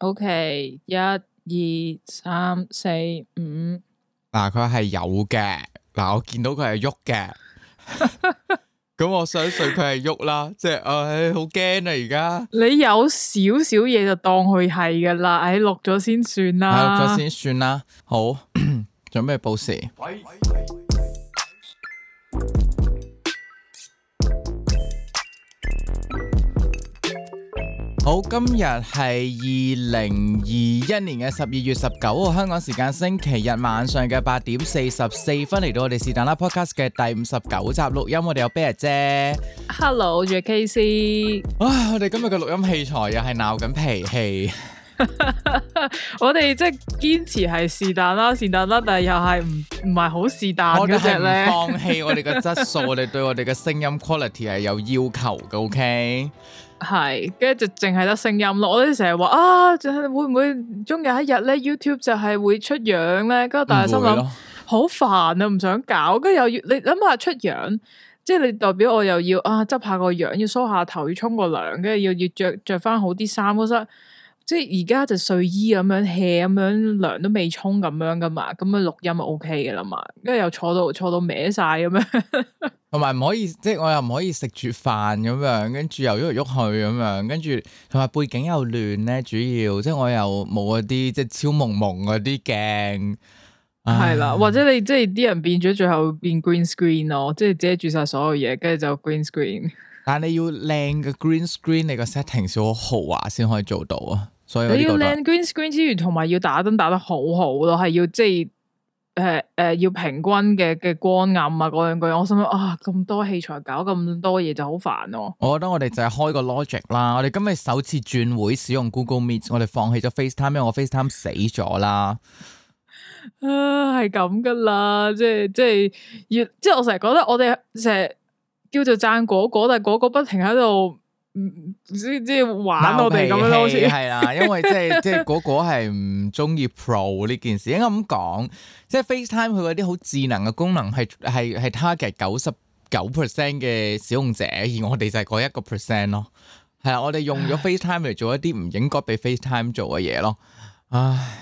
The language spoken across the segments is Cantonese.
O K，一、二、okay、三、四、五。嗱，佢係有嘅。嗱，我見到佢係喐嘅。咁我想信佢係喐啦，即係唉，哎、好驚啊！而家你有少少嘢就當佢係㗎啦，唉，錄咗先算啦。係，錄咗先算啦。好，準備報時？好，今日係二零二一年嘅十二月十九號，香港時間星期日晚上嘅八點四十四分，嚟到我哋是但啦 Podcast 嘅第五十九集錄音，我哋有 Bear 姐，hello，仲有 KC，啊，我哋今日嘅錄音器材又係鬧緊脾氣， 我哋即係堅持係是但啦，是但啦，但又係唔唔係好是但嗰隻咧，放棄我哋嘅質素， 我哋對我哋嘅聲音 quality 係有要求嘅，OK。係，跟住就淨係得聲音咯。我哋成日話啊，會唔會終有一日咧？YouTube 就係會出樣咧。跟住但係心諗好煩啊，唔想搞。跟住又要你諗下出樣，即係你代表我又要啊，執下個樣，要梳下頭，要沖個涼，跟住要要着着翻好啲衫。嗰陣。即係而家就睡衣咁樣 hea 咁樣涼都未沖咁樣噶嘛，咁樣錄音就 OK 嘅啦嘛，跟住又坐到坐到歪晒咁樣，同埋唔可以即係我又唔可以食住飯咁樣，跟住又喐嚟喐去咁樣，跟住同埋背景又亂咧，主要即係我又冇嗰啲即係超蒙蒙嗰啲鏡，係啦，嗯、或者你即係啲人變咗最後變 green screen 咯，即係遮住晒所有嘢，跟住就 green screen。但你要靚嘅 green screen，你個 setting 要好豪華先可以做到啊。所你要靚 green screen 之餘，同埋要打燈打得好好咯，係要即係誒誒，要平均嘅嘅光暗啊嗰兩句。我心諗啊，咁多器材搞咁多嘢就好煩哦、啊。我覺得我哋就係開個 logic 啦。我哋今日首次轉會使用 Google Meet，我哋放棄咗 Face Time，因為我 Face Time 死咗啦。啊，係咁噶啦，即係即係，越即係我成日覺得我哋成日叫做讚果果，但係果果不停喺度。即即玩我哋咁樣好似係啦，因為即即嗰個係唔中意 Pro 呢件事，應該咁講，即 FaceTime 佢嗰啲好智能嘅功能係係係，target 九十九 percent 嘅使用者，而我哋就係嗰一個 percent 咯。係啦，我哋用咗 FaceTime 嚟做一啲唔應該俾 FaceTime 做嘅嘢咯。唉，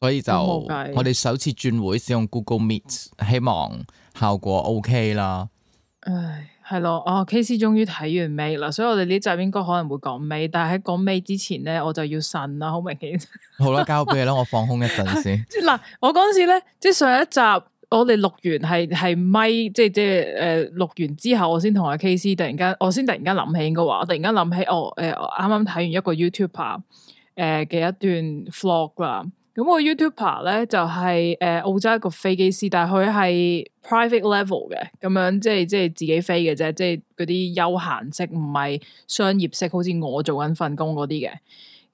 所以就我哋首次轉會使用 Google Meet，希望效果 OK 啦。唉。係咯，哦，KC 終於睇完 Maid 啦，所以我哋呢集應該可能會講 Maid，但係喺講 Maid 之前咧，我就要呻啦，明顯 好明顯。好啦，交俾你啦，我放空一陣先。嗱、 啊，我嗰陣時咧，即係上一集我哋錄完係係咪，即係即係誒錄完之後，我先同阿 KC 突然間，我先突然間諗起應該話，我突然間諗起、哦呃、我誒，啱啱睇完一個 YouTuber 誒、呃、嘅一段 vlog 啦。咁我 YouTuber 咧，就係、是、誒、呃、澳洲一個飛機師，但係佢係 private level 嘅，咁樣即係即係自己飛嘅啫，即係嗰啲休閒式，唔係商業式，好似我做緊份工嗰啲嘅。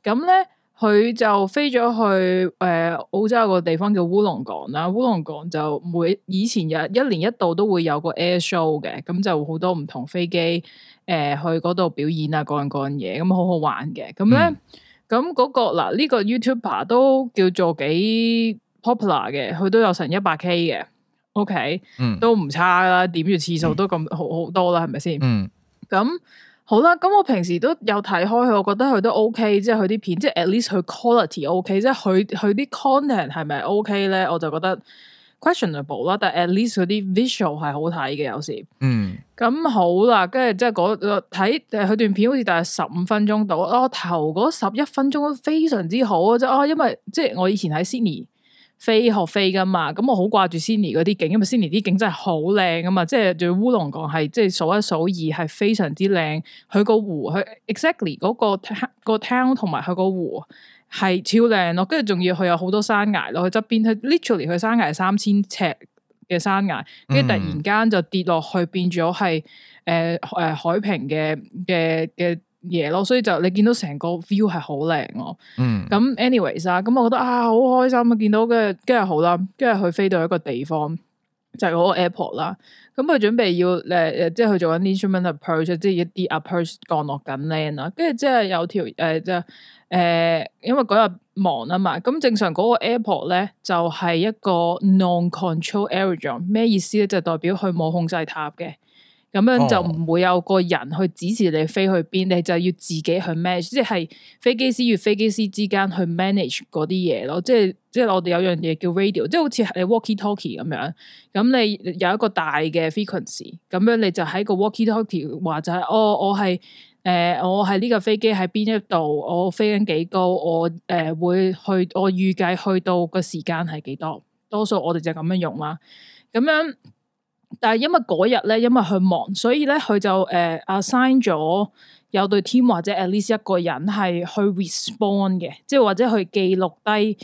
咁咧佢就飛咗去誒、呃、澳洲一個地方叫烏龍崗啦，烏龍崗就每以前日一年一度都會有個 air show 嘅，咁就好多唔同飛機誒、呃、去嗰度表演啊，各樣各樣嘢，咁好好玩嘅。咁咧。嗯咁嗰個嗱，呢個 YouTuber 都叫做幾 popular 嘅，佢都有成一百 K 嘅，OK，嗯，都唔差啦，點擊次數都咁好好、嗯、多啦，係咪先？嗯，咁好啦，咁我平時都有睇開佢，我覺得佢都 OK，即係佢啲片，即係 at least 佢 quality OK，即係佢佢啲 content 係咪 OK 咧？我就覺得。questionable 啦，但 at least 嗰啲 visual 係好睇嘅有時。嗯，咁好啦，跟住即係嗰，睇佢段片，好似大約十五分鐘到。哦，頭嗰十一分鐘都非常之好啊，即、就是、哦，因為即係我以前喺 Sydney 飛學飛㗎嘛，咁我好掛住 Sydney 嗰啲景，因為 Sydney 啲景真係好靚啊嘛，即係對烏龍港係即係數一數二，係非常之靚。佢個湖，佢 exactly 嗰、個、個 town 同埋佢個湖。係超靚咯，跟住仲要佢有好多山崖落去側邊，佢 literally 佢山崖係三千尺嘅山崖，跟住突然間就跌落去變咗係誒誒海平嘅嘅嘅嘢咯，所以就你見到成個 view 係好靚咯。嗯，咁 anyways 啊，咁我覺得啊好開心啊，見到跟住跟住好啦，跟住佢飛到一個地方。就係嗰個 airport 啦，咁佢準備要誒誒、呃，即係去做緊 instrument approach，即係一啲 approach 降落緊 land 啦。跟、呃、住即係有條誒即係因為嗰日忙啊嘛，咁正常嗰個 airport 咧就係、係、一個 non-control aerodrome。咩意思咧？就係、代表佢冇控制塔嘅。咁樣就唔會有個人去指示你飛去邊，你就要自己去 manage，即係飛機師與飛機師之間去 manage 嗰啲嘢咯。即係即係我哋有樣嘢叫 radio，即係好似你 walkie-talkie 咁樣。咁你有一個大嘅 frequency，咁樣你就喺個 walkie-talkie 話就係、是，哦，我係誒、呃，我係呢個飛機喺邊一度，我飛緊幾高，我誒、呃、會去，我預計去到個時間係幾多？多數我哋就咁樣用啦。咁樣。但係因為嗰日咧，因為佢忙，所以咧佢就誒、uh, assign 咗。有對 team 或者 at least 一個人係去 respond 嘅，即係或者去記錄低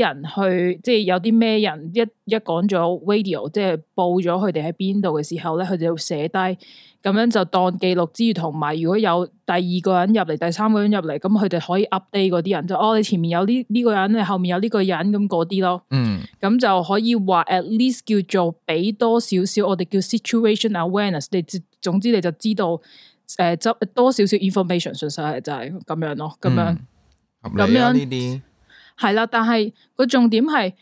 啲人去，即係有啲咩人一一講咗 v i d e o 即係報咗佢哋喺邊度嘅時候咧，佢哋就寫低，咁樣就當記錄之餘，同埋如果有第二個人入嚟、第三個人入嚟，咁佢哋可以 update 嗰啲人就哦，你前面有呢呢個人，你後面有呢個人咁嗰啲咯。嗯，咁就可以話 at least 叫做俾多少少，我哋叫 situation awareness，你總之你就知道，誒，執、呃、多少少 information 信息就係咁樣咯，咁樣咁、嗯、樣呢啲係啦。但係個重點係呢、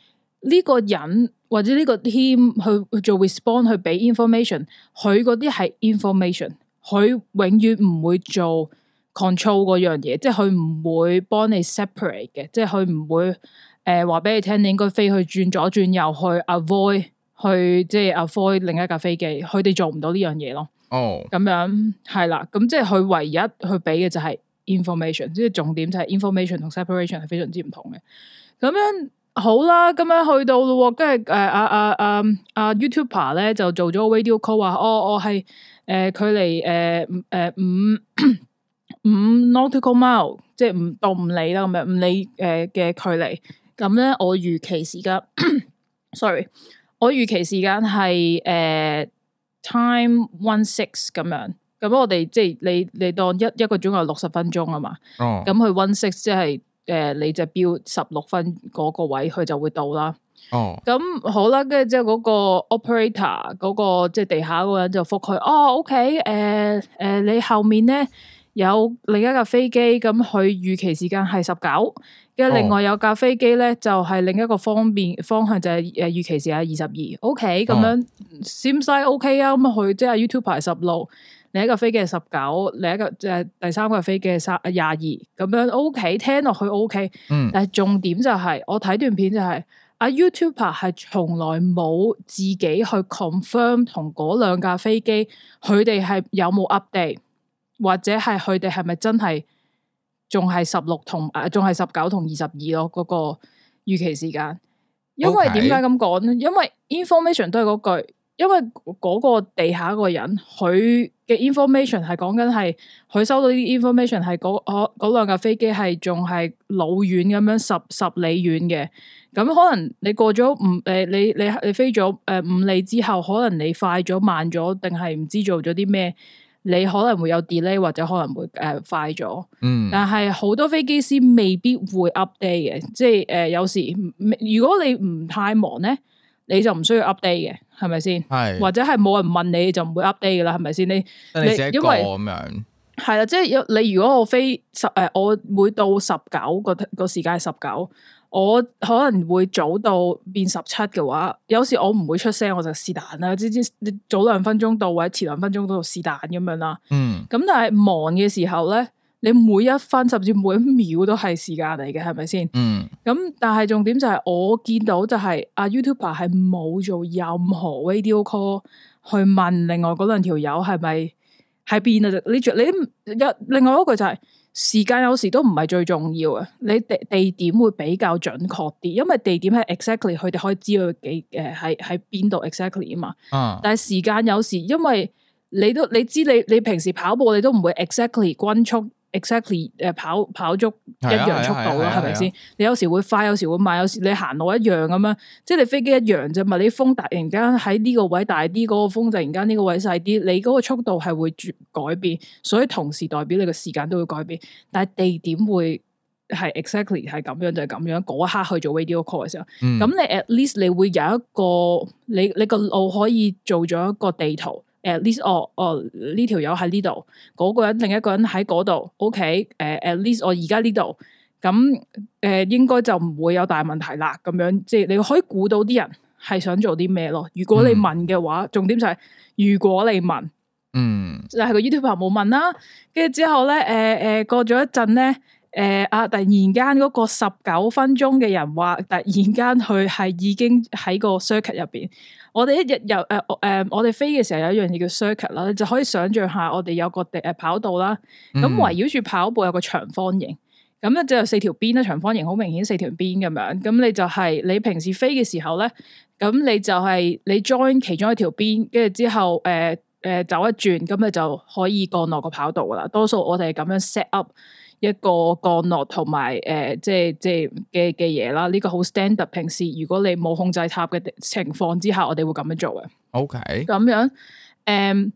呢個人或者呢個 team 去做 respond 去俾 information，佢嗰啲係 information，佢永遠唔會做 control 嗰樣嘢，即係佢唔會幫你 separate 嘅，即係佢唔會誒話俾你聽，你應該飛去轉左轉右去 avoid 去即係 avoid 另一架飛機，佢哋做唔到呢樣嘢咯。哦，咁、嗯、樣係啦，咁、呃、即係佢唯一去俾嘅就係 information，即係重點就係 information 同 separation 係非常之唔同嘅。咁樣好啦，咁樣去到咯，跟住誒啊，啊，啊、uh, 阿、uh, YouTuber 咧就做咗個 video call 話，哦，我係誒、呃、距離誒誒五五 nautical mile，即係唔到唔理啦，咁樣唔理誒嘅距離。咁咧我預期時間 ，sorry，我預期時間係誒。呃 Time one six 咁樣，咁我哋即係你你當一一,一個鐘有六十分鐘啊嘛，咁佢 one six 即係誒、呃、你隻表十六分嗰個位佢就會到啦。咁、哦、好啦，跟住即係嗰個 operator 嗰、那個即係地下嗰個人就覆佢，哦，OK，誒、呃、誒、呃，你後面咧有另一架飛機，咁佢預期時間係十九。因另外有架飛機咧，就係、是、另一個方便方向就係、是、誒預期時係二十二，OK 咁樣，陝西、哦、OK 啊，咁佢即係 YouTuber 係十六，另一個飛機係十九，另一個誒第三個飛機係三廿二，咁樣 OK 聽落去 OK，嗯、但係重點就係、是、我睇段片就係、是、阿、嗯啊、YouTuber 係從來冇自己去 confirm 同嗰兩架飛機佢哋係有冇 update 或者係佢哋係咪真係？仲係十六同誒，仲係十九同二十二咯，嗰個預期時間。因為點解咁講咧？Okay. 因為 information 都係嗰句，因為嗰個地下一個人，佢嘅 information 係講緊係佢收到啲 information 係嗰嗰兩架飛機係仲係老遠咁樣十十里遠嘅。咁可能你過咗五誒，你你你，你，你飛咗誒五里之後，可能你快咗慢咗，定係唔知做咗啲咩？你可能會有 delay 或者可能會誒、呃、快咗，嗯、但係好多飛機師未必會 update 嘅，即係誒有時如果你唔太忙咧，你就唔需要 update 嘅，係咪先？係是 或者係冇人問你就唔會 update 嘅啦，係咪先？你你，你因為咁這樣係啦，即係有你如果我飛十誒、呃，我每到十九嗰個時間係十九，我可能會早到變十七嘅話，有時我唔會出聲，我就是但啦。即即你早兩分鐘到或者遲兩分鐘到，是、嗯、但咁樣啦。嗯。咁但係忙嘅時候咧，你每一分甚至每一秒都係時間嚟嘅，係咪先？嗯。咁但係重點就係、是、我見到就係、是、阿 YouTuber 係冇做任何 video call 去問另外嗰兩條友係咪喺邊啊？你你有另外一句就係、是。時間有時都唔係最重要啊，你地地點會比較準確啲，因為地點係 exactly，佢哋可以知道幾誒喺喺邊度 exactly 啊嘛。但係時間有時，因為你都你知你你平時跑步你都唔會 exactly 均速，Exactly，誒、uh, 跑跑足一樣速度咯，係咪先？你有時會快，有時會慢，有時你行路一樣咁樣，即係你飛機一樣啫嘛。你風突然間喺呢個位大啲，嗰、嗰個風突然間呢個位細啲，你嗰個速度係會變改變，所以同時代表你個時間都會改變，但係地點會係 exactly 係咁樣就係咁樣。嗰、就係、一刻去做 video call 嘅時候，咁、嗯、你 at least 你會有一個你你個腦可以做咗一個地圖。誒、oh, oh，at least 我我呢條友喺呢度，嗰個人另一個人喺嗰度，OK？誒誒，at least 我而家呢度，咁誒應該就唔會有大問題啦。咁樣即係、就是、你可以估到啲人係想做啲咩咯。如果你問嘅話，嗯、重點就係如果你問，嗯，就係個 YouTuber 冇問啦。跟住之後咧，誒、uh, 誒、uh, 過咗一陣咧。誒、呃、啊！突然間嗰個十九分鐘嘅人話，突然間佢係已經喺個 circuit 入邊、呃呃。我哋一日又誒誒，我哋飛嘅時候有一樣嘢叫 circuit 啦，就可以想像下我哋有個誒跑道啦。咁圍繞住跑步有個長方形，咁咧就有四條邊啦。長方形好明顯四條邊咁樣。咁你就係你平時飛嘅時候咧，咁你就係你 join 其中一條邊，跟住之後誒誒、呃呃、走一轉，咁你就可以降落個跑道噶啦。多數我哋係咁樣 set up。一個降落同埋誒，即係即係嘅嘅嘢啦。呢個好 standard。平時如果你冇控制塔嘅情況之下，我哋會咁樣做嘅。OK。咁樣誒，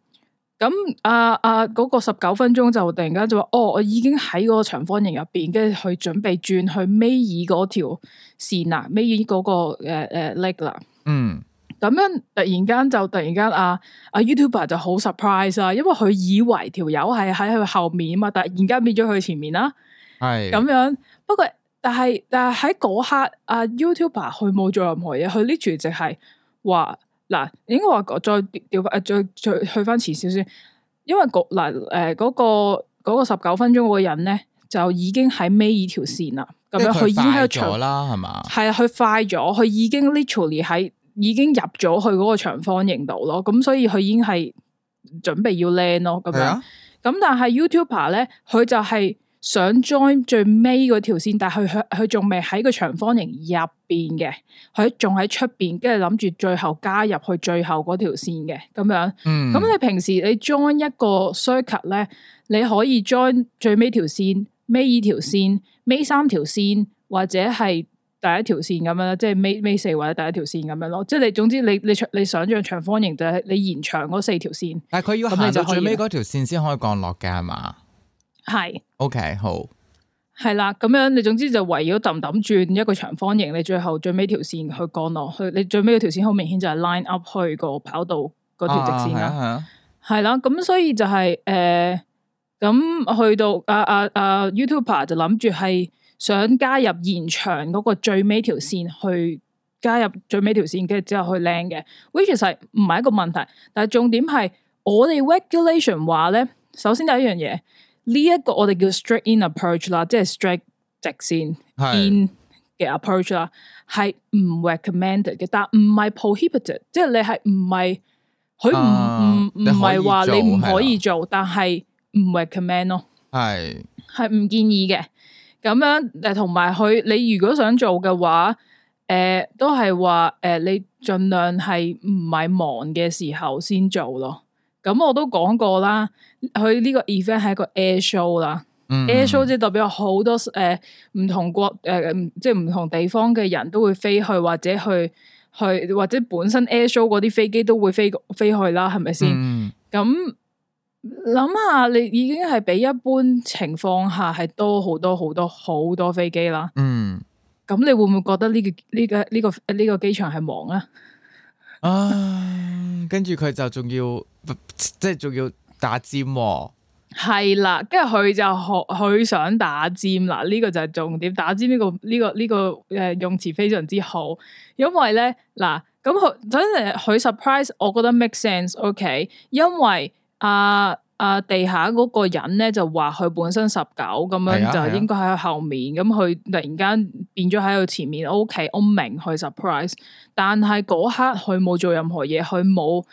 咁阿阿嗰個十九分鐘就突然間就話，哦，我已經喺嗰個長方形入邊，跟住去準備轉去尾二嗰條線尾尾、那個、啊，尾二嗰個誒誒 leg 啦。嗯。咁樣突然間就突然間啊阿 YouTuber 就好 surprise 啊，因為佢以為條友係喺佢後面啊，但突然間變咗佢前面啦。係咁樣，不過但係但係喺嗰刻阿 YouTuber 佢冇做任何嘢，佢 literally 即係話嗱，應該話再調翻誒，再再去翻前少少，因為嗰嗱誒嗰個個十九分鐘嗰個人咧就已經喺尾二條線啦，咁樣佢快咗啦係嘛，係啊佢快咗，佢已經 literally 喺。已經入咗去嗰個長方形度咯，咁所以佢已經係準備要 land 咯咁樣。咁、啊、但係 YouTuber 咧，佢就係想 join 最尾嗰條線，但係佢佢仲未喺個長方形入邊嘅，佢仲喺出邊，跟住諗住最後加入去最後嗰條線嘅咁樣。嗯，咁你平時你 join 一個 circuit 咧，你可以 join 最尾條線、尾二條線、尾三條線或者係。第一條線咁樣啦，即係尾尾四或者第一條線咁樣咯。即係你總之你你你想象，長方形就係你延長嗰四條線。但係佢要行到就最尾嗰條線先可以降落嘅係嘛？係。是 OK，好。係啦，咁樣你總之就圍繞揼揼轉一個長方形，你最後最尾條線去降落去，你最尾嗰條線好明顯就係 line up 去個跑道嗰條直線啦。係、啊啊啊、啦，咁所以就係、是、誒，咁、呃、去到啊啊啊，啊 YouTube 就諗住係。想加入延長嗰個最尾條線，去加入最尾條線，跟住之後去攬嘅，which 其實唔係一個問題。但係重點係我哋 regulation 話咧，首先第一樣嘢呢，一個我哋叫 straight in approach 啦，即係 straight 直線是 in 嘅 approach 啦，係唔 recommended 嘅，但唔係 prohibited，即係你係唔係佢唔唔唔係話你唔可以做，的但係唔 recommend 咯是，係係唔建議嘅。咁樣誒，同埋佢，你如果想做嘅話，誒、呃，都係話誒，你盡量係唔係忙嘅時候先做咯。咁我都講過啦，佢呢個 event 係一個 air show 啦、mm hmm.，air show 即係代表好多誒唔同國、呃誒、呃，即係唔同地方嘅人都會飛去，或者去去或者本身 air show 嗰啲飛機都會飛飛去啦，係咪先？咁、mm。Hmm. 諗下，你已經係比一般情況下係多好多好多好多，多飛機啦。嗯，咁你會唔會覺得呢、這個呢、這個呢、這個呢、這個機場係忙 啊？啊，跟住佢就仲要，即係仲要打尖、哦。係啦，跟住佢就學，佢想打尖啦。嗱呢、這個就係重點。打尖呢、這個呢、這個呢、這個誒，用詞非常之好。因為咧，嗱咁佢真係佢 surprise，我覺得 make sense。OK，因為。啊啊！Uh, uh, 地下嗰個人咧就話佢本身十九咁樣，就應該喺佢後面。咁佢、啊嗯、突然間變咗喺佢前面。OK，我明佢 surprise，但係嗰刻佢冇做任何嘢，佢冇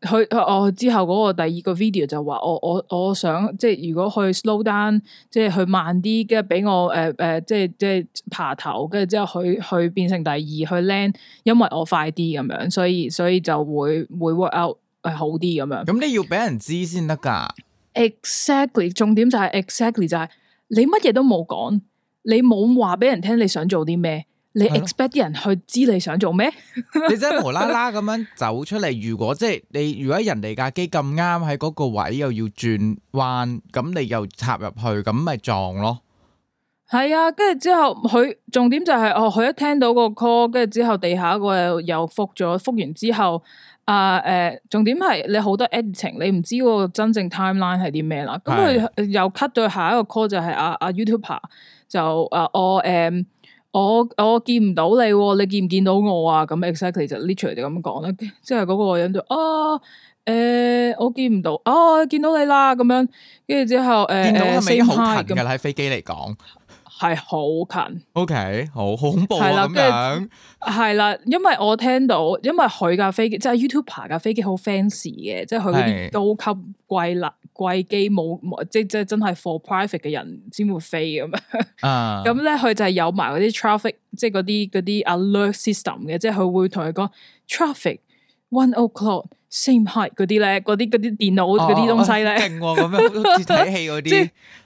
佢我之後嗰個第二個 video 就話我我我想即係如果去 slow down，即係去慢啲，跟住俾我誒誒、uh, uh,，即係即係爬頭，跟住之後佢佢變成第二去 land，因為我快啲咁樣，所以所以就會會 work out。係好啲咁樣，咁你要俾人知先得㗎。Exactly，重點就係 Exactly 就係你乜嘢都冇講，你冇話俾人聽你想做啲咩，你 expect 啲 人去知你想做咩？ 你真係無啦啦咁樣走出嚟。如果即係你，如果人哋架機咁啱喺嗰個位，又要轉彎，咁你又插入去，咁咪撞咯。係啊，跟住之後佢重點就係，哦，佢一聽到個 call，跟住之後地下個又復咗，復完之後。啊，誒，uh, 重點係你好多 editing，你唔知嗰個真正 timeline 係啲咩啦。咁佢是的、嗯、又 cut 到下一個 call 就係阿阿 YouTuber 就啊，啊，啊，我誒我我見唔到你、啊，你見唔見到我啊？咁 exactly 就 literally 就咁講啦，即係嗰個人就：啊「啊誒，我、啊啊、見唔到，哦、啊、見到你啦咁樣，跟住之後誒。見到係咪好近㗎喺、啊、飛機嚟講。係、okay, 好近，OK，好恐怖啊！咁係啦，因為我聽到，因為佢架飛機即係、就是、YouTuber 架飛機好 fancy 嘅，是即係佢嗰啲高級貴立貴機冇，即即，即真係 for private 嘅人先會飛咁樣。咁咧佢就係有埋嗰啲 traffic，即係嗰啲啲 alert system 嘅，即係佢會同佢講 traffic one o'clock same height 嗰啲咧，嗰啲嗰啲電腦嗰啲東西咧，勁咁、oh, oh, 哎、 樣好似睇戲嗰啲。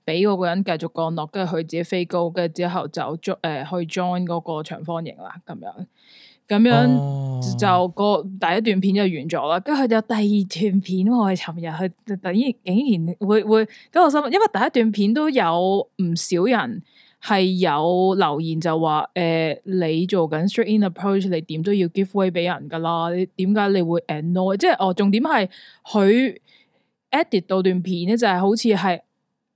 俾嗰個人繼續降落，跟住佢自己飛高，跟住之後就誒去 join 嗰個長方形啦。咁樣咁樣、oh. 就、個第一段片就完咗啦。跟住佢有第二段片，我係尋日去，突然竟然會會咁，我心因為第一段片都有唔少人係有留言就話誒、呃，你做緊 straight in approach，你點都要 give way 俾人噶啦？點解你會 annoy？即係哦，重點係佢 edited 到段片咧，就係好似係。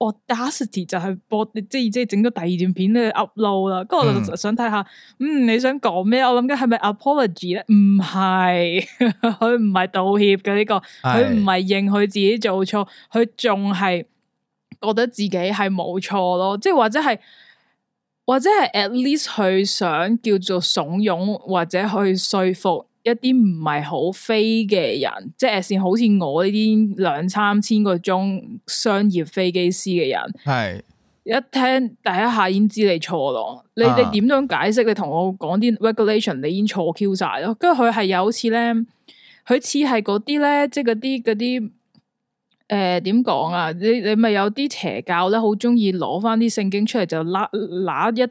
Audacity 就係播即係即係整咗第二段片咧 upload 啦，咁我就想睇下，嗯，嗯，你想講咩？我諗緊係咪 apology 咧？唔係，佢唔係道歉嘅呢個，佢唔係認佢自己做錯，佢仲係覺得自己係冇錯咯，即係或者係或者係 at least 佢想叫做慫恿或者去說服。一啲唔係好飛嘅人，即係好似我呢啲兩三千個鐘商業飛機師嘅人，係是一聽第一下已經知你錯咯。你哋點樣解釋？你同我講啲 regulation，你已經錯 Q 晒咯。跟住佢係有次咧，佢似係嗰啲咧，即係嗰啲嗰啲誒點講啊？你你咪有啲邪教咧，好中意攞翻啲聖經出嚟就揦揦一。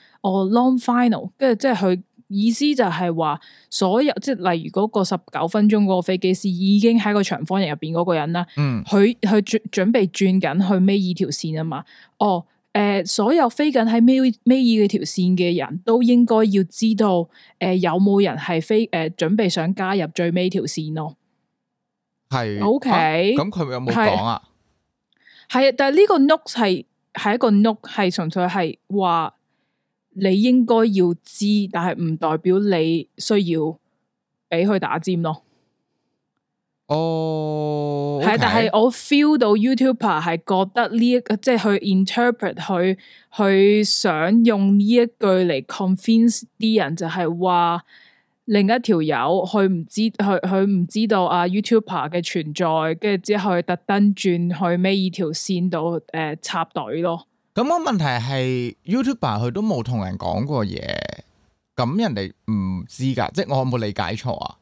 哦、oh，long final，跟住即係佢意思就係話，所有即係例如嗰個十九分鐘嗰個飛機師已經喺個長方形入邊嗰個人啦，嗯，佢佢準準備轉緊去尾二條線啊嘛。哦，誒，所有飛緊喺尾尾二嗰條線嘅人都應該要知道，誒、呃，有冇人係飛誒、呃、準備想加入最尾條線咯？係，O K，咁佢有冇講啊？係是 Okay, 啊，係啊，但係呢個 note 係係一個 note，係純粹係話。你應該要知，但係唔代表你需要俾佢打尖咯。哦，係，但係我 feel 到 YouTuber 係覺得呢，一即係去 interpret，佢去想用呢一句嚟 convince 啲人，就係話另一條友佢唔知，佢佢唔知道啊 YouTuber 嘅存在，跟住之後特登轉去尾二條線度誒、呃、插隊咯。咁個問題係 YouTuber 佢都冇同人講過嘢，咁人哋唔知噶，即係我有冇理解錯啊？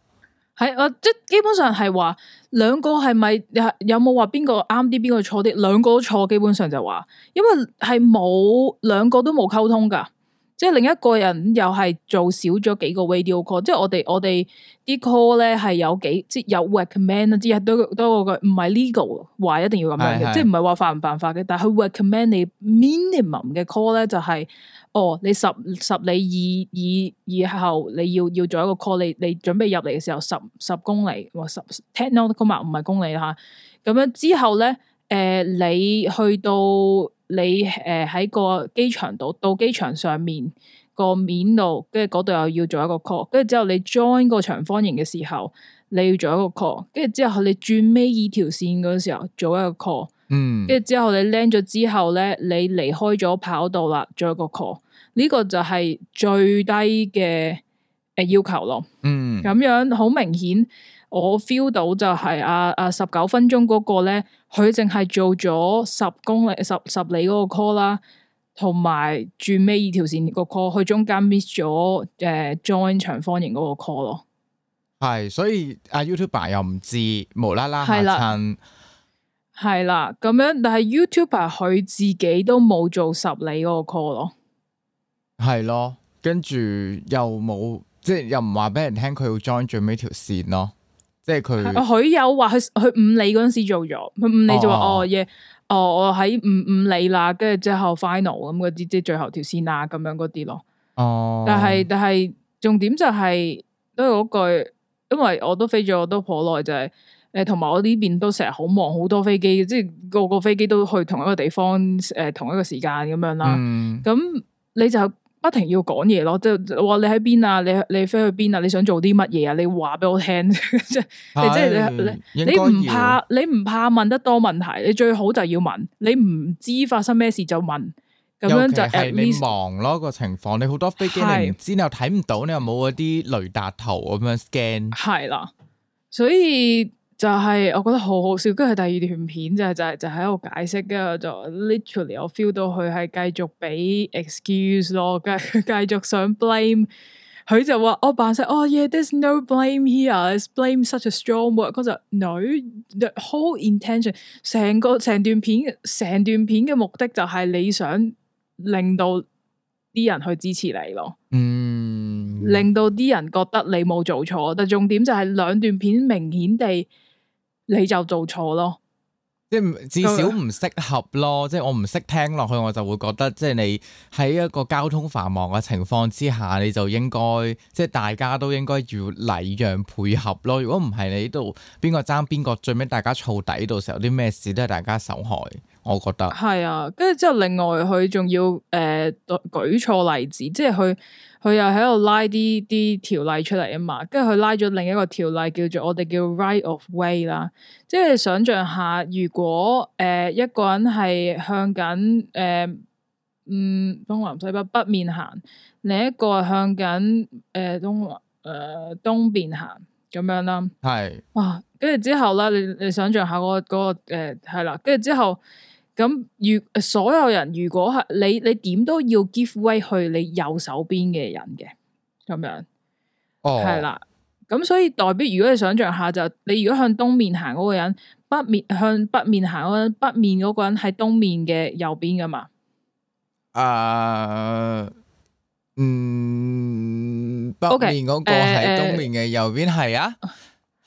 係啊，即係基本上係話兩個係咪有有冇話邊個啱啲邊個錯啲？兩個都錯，基本上就話，因為係冇兩個都冇溝通噶。即係另一個人又係做少咗幾個 video call，即係我哋我哋啲 call 咧係有幾即係有 recommend 啊，即係都都我個唔係 legal 話一定要咁樣嘅，是是即係唔係話犯唔犯法嘅，但係佢 recommend 你 minimum 嘅 call 咧就係、是，哦，你十十里以以後你要要做一個 call，你你準備入嚟嘅時候十十公里或、哦、十 ten mile 唔係公里嚇，咁樣之後咧，誒、呃、你去到。你誒喺個機場度，到機場上面個面度，跟住嗰度又要做一個 call，跟住之後你 join 個長方形嘅時候，你要做一個 call，跟住之後你轉尾二條線嗰時候做一個 call，嗯，跟住之後你 land 咗之後咧，你離開咗跑道啦，做一個 call，呢個就係最低嘅誒要求咯，嗯，咁樣好明顯，我 feel 到就係啊，阿十九分鐘嗰個咧。佢淨係做咗十公里、十十里嗰個 call 啦，同埋最尾二條線個 call，佢中間 miss 咗、呃、join 長方形嗰個 call 咯。係，所以阿 YouTuber 又唔知，無啦啦下親。係啦，係啦，咁樣但係 YouTuber 佢自己都冇做十里嗰個 call 咯。係咯，跟住又冇，即係又唔話俾人聽佢要 join 最尾條線咯。即係佢，佢有話佢佢五理嗰陣時做咗，佢五理就話哦耶、哦，哦我喺五五理啦，跟住之後 final 咁嗰啲即係最後，最後條線啊咁樣嗰啲咯。哦但，但係但係重點就係、是、都係嗰句，因為我都飛咗我都頗耐，就係誒同埋我呢邊都成日好忙，好多飛機，即係個個飛機都去同一個地方誒、呃、同一個時間咁樣啦。咁、嗯、你就，不停要講嘢咯，即係話你喺邊啊，你你飛去邊啊，你想做啲乜嘢啊？你話俾我聽，即係即係你怕你唔怕你唔怕問得多問題，你最好就要問，你唔知發生咩事就問，咁樣就 at least, 你忙咯個情況，你好多飛機是你唔知你又睇唔到，你又冇嗰啲雷達頭咁樣 scan，係啦，所以。就係我覺得好好笑，跟住第二段片就係就係就喺度解釋，跟住就 literally 我 feel 到佢係繼續俾 excuse 咯，跟 住繼續想 blame 佢就話我扮晒，oh, oh, yeah, there's no blame here, it's blame such a strong word。佢就 no the whole intention，成個成段片成段片嘅目的就係你想令到啲人去支持你咯，嗯，令到啲人覺得你冇做錯，但重點就係兩段片明顯地。你就做錯咯，即係至少唔適合咯，即係我唔識聽落去，我就會覺得，即係你喺一個交通繁忙嘅情況之下，你就應該，即係大家都應該要禮讓配合咯。如果唔係，你呢度邊個爭邊個，最尾大家燥底，到時候啲咩事都係大家受害。我覺得係啊，跟住之後另外佢仲要誒、呃、舉，舉錯例子，即係佢。佢又喺度拉啲啲條例出嚟啊嘛，跟住佢拉咗另一個條例叫做我哋叫 right of way 啦，即係想象下，如果誒、呃、一個人係向緊誒嗯、呃、東南西北北面行，另一個係向緊誒、呃、東誒、呃、東邊行咁樣啦，係，哇，跟住之後咧，你你想象下嗰個嗰個係啦，跟住之後。咁，如所有人如果係你，你點都要 give way 去你右手邊嘅人嘅，咁樣，哦，係啦。咁所以代表，如果你想象下，就你如果向東面行嗰個人，北面向北面行嗰北面嗰個人喺東面嘅右邊㗎嘛？啊，uh, 嗯，北面嗰個係東面嘅右邊係啊。Okay, uh,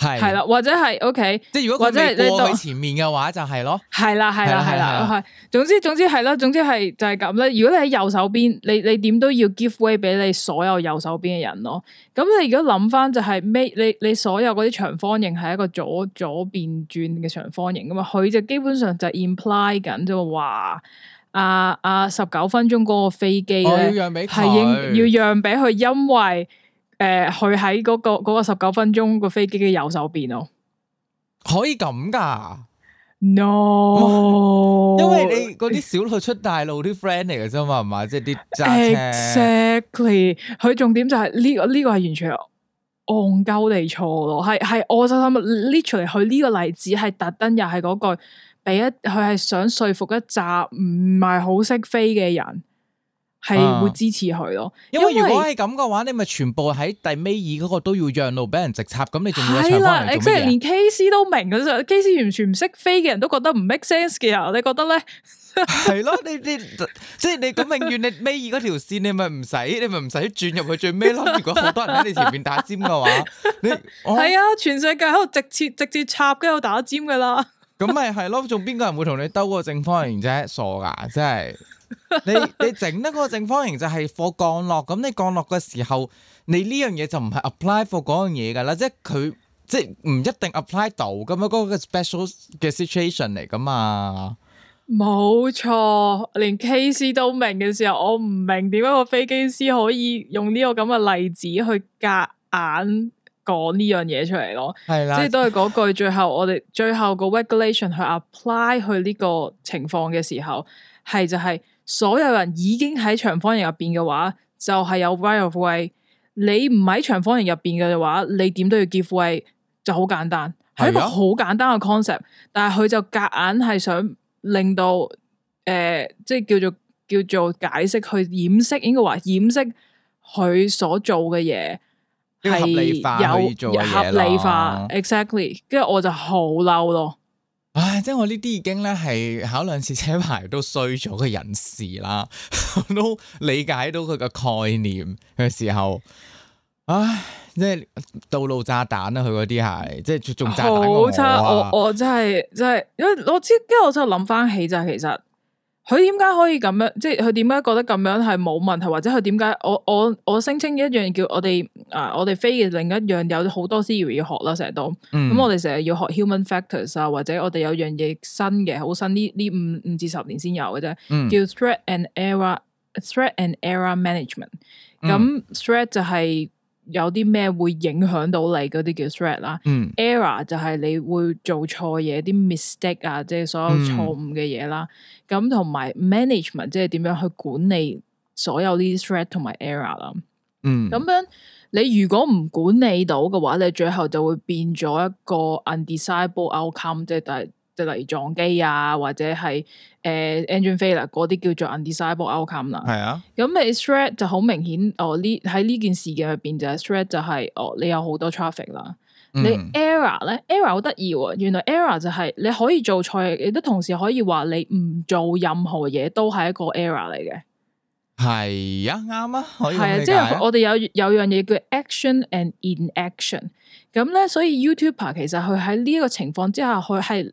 係啦，或者係，OK，即係如果佢哋過佢前面嘅話就係咯。係啦，係啦，係啦，係。總之總之係咯，總之係就係咁啦。如果你喺右手邊，你你點都要 give way 俾你所有右手邊嘅人咯。咁你如果諗翻就係、是、咩？你你所有嗰啲長方形係一個左左邊轉嘅長方形噶嘛？佢就基本上就 imply 緊就話，啊啊、呃呃、十九分鐘嗰個飛機咧係要要讓俾佢，因為。誒，佢喺嗰個、嗰個十九分鐘個飛機嘅右手邊咯，可以咁噶？No，哇因為你嗰啲小路出大路啲 friend 嚟嘅啫嘛，係嘛 's？即係啲揸車。Exactly，佢重點就係呢個呢個係完全戇鳩地錯咯，係係我真心拎出嚟。佢呢個例子係特登又係嗰句，俾一佢係想說服一紮唔係好識飛嘅人，係會支持佢咯，因為,因為如果係咁嘅話，你咪全部喺第尾二嗰個都要讓路俾人直插，咁你仲要搶翻嚟咁嘅嘢？係啦，你即係連 K C 都明嘅，就 K C 完全唔識飛嘅人都覺得唔 make sense 嘅啊？你覺得咧？係咯，你你即係你咁，永遠你尾二嗰條線，你咪唔使，你咪唔使轉入去最尾啦。如果好多人喺你前面打尖嘅話， 你係啊，全世界喺度直接直接插跟住打尖噶啦。咁咪係咯，仲邊個人會同你兜個正方形啫？傻噶，真係。 你你整得個正方形就係貨降落，咁你降落嘅時候你呢樣嘢就唔係 apply for 嗰樣嘢噶啦，即係佢即係唔一定 apply 到咁樣嗰個 special 嘅 situation 嚟噶嘛？冇錯，連 KC 都明嘅時候，我唔明點解個飛機師可以用呢個咁嘅例子去夾硬講呢樣嘢出嚟咯。係啦，即係都係嗰句，最後我哋最後個 regulation 去 apply 去呢個情況嘅時候係就係、是。所有人已經喺長方形入邊嘅話，就係有 right of way。你唔喺長方形入邊嘅話，你點都要 give way，就好簡單，係一個好簡單嘅 concept。的但係佢就夾硬係想令到誒、呃，即係叫做叫做解釋去掩飾，應該話掩飾佢所做嘅嘢係有合理化，合理化，exactly。跟住我就好嬲咯。唉，即係我呢啲已經咧係考兩次車牌都衰咗嘅人士啦， 我都理解到佢個概念嘅時候，唉，即係道路炸彈啦、啊，佢嗰啲係，即係仲炸彈過我,好差我啊我！我我真係真係，因為我知，今日我真係諗翻起就係其實。佢點解可以咁樣？即係佢點解覺得咁樣係冇問題？或者佢點解？我我我聲稱一樣叫我哋啊，我哋飛嘅另一樣有好多 theory 要學啦，成日都咁，嗯、我哋成日要學 human factors 啊，或者我哋有樣嘢新嘅，好新呢呢五五至十年先有嘅啫，叫 threat and error threat and error management。咁、嗯、threat 就係、是。有啲咩會影響到你嗰啲叫 threat 啦、嗯、error 就係你會做錯嘢，啲 mistake 啊，即係所有錯誤嘅嘢啦。咁同埋、嗯、management 即係點樣去管理所有呢啲 threat 同埋 error 啦。嗯，咁樣你如果唔管理到嘅話，你最後就會變咗一個 undesirable outcome，即係但係。就例如撞機啊，或者係誒、呃、engine failure 嗰啲叫做 undesirable outcome 啦。係是啊、嗯、啊，咁嘅 thread 就好明顯。哦，呢喺呢件事嘅入邊就係 thread 就係哦，你有好多 traffic 啦。你 error 咧，error 好得意喎。原來 error 就係你可以做錯，亦都同時可以話你唔做任何嘢都係一個 error 嚟嘅。係啊，啱啊，可以係啊，即係我哋有有樣嘢叫 action and inaction。咁咧，所以 YouTuber 其實佢喺呢一個情況之下，佢係。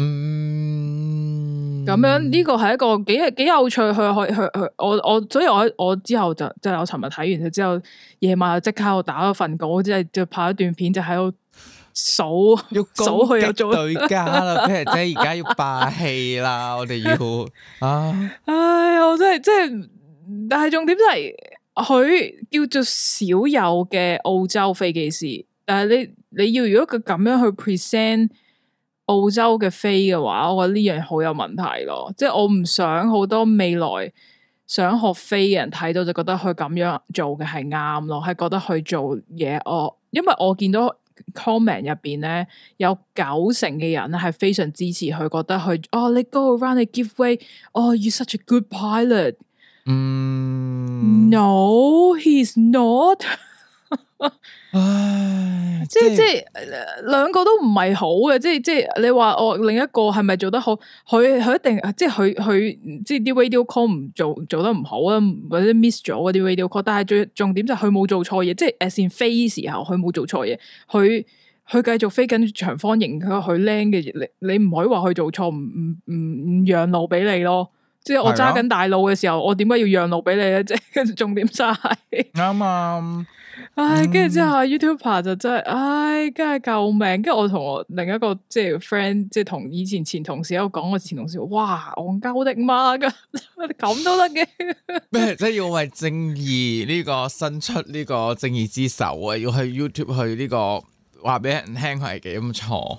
嗯，咁樣呢個係一個幾幾有趣，佢可以去去我我，所以我我之後就就是，我尋日睇完佢之後，夜晚就即刻我打咗份稿，即係就是，拍一段片，就喺度數，要數去對家啦 p e t e 而家要霸氣啦，我哋要啊，唉，我真係真係，但係重點就係佢叫做少有嘅澳洲飛機師，但係你你要如果佢咁樣去 present。澳洲嘅飛嘅話，我覺得呢樣好有問題咯，即係我唔想好多未來想學飛嘅人睇到就覺得佢咁樣做嘅係啱咯，係覺得佢做嘢哦。Oh, 因為我見到 comment 入邊咧有九成嘅人係非常支持佢，覺得佢哦你 go around, give way 哦、oh, you such a good pilot，嗯、mm.，no he's not。唉， 即係即係兩個都唔係好嘅，即係即係你話我、哦、另一個係咪做得好？佢佢一定即係佢佢即係啲 radio call 唔做做得唔好啊，或者 miss 咗嗰啲 radio call。但係最重點就係佢冇做錯嘢，即係 as in 飛時候佢冇做錯嘢，佢佢繼續飛緊長方形佢僆嘅，你你唔可以話佢做錯，唔唔唔讓路俾你咯。即係我揸緊大路嘅時候，的我點解要讓路俾你咧？即 係重點揸是笑、嗯，係啱啊！唉、哎，跟住之後 YouTuber 就真係唉、哎，真係救命！我跟住我同我另一個即係 friend，即係同以前前同事喺度講我前同事，哇！戇鳩嘅嘛，咁都得嘅咩？即係要為正義呢、這個伸出呢個正義之手啊！要去 YouTube 去呢、這個話俾人聽佢係幾咁錯。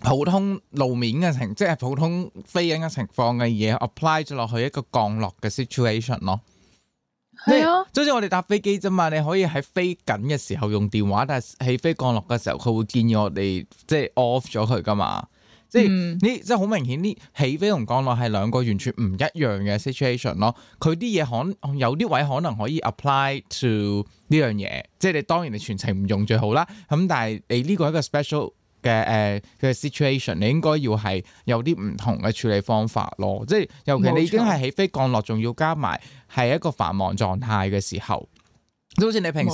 普通路面嘅情，即係普通飛緊嘅情況嘅嘢，apply 咗落去一個降落嘅 situation 咯。係啊，總之我哋搭飛機啫嘛，你可以喺飛緊嘅時候用電話，但係起飛降落嘅時候，佢會建議我哋即係 off 咗佢噶嘛。即係呢、嗯，即係好明顯，呢起飛同降落係兩個完全唔一樣嘅 situation 咯。佢啲嘢可有啲位可能可以 apply to 呢樣嘢，即係你當然你全程唔用最好啦。咁但係你呢個係一個 special。嘅誒嘅 situation，你應該要係有啲唔同嘅處理方法咯，即係尤其你已經係起飛降落，仲要加埋係一個繁忙狀態嘅時候，好似你平時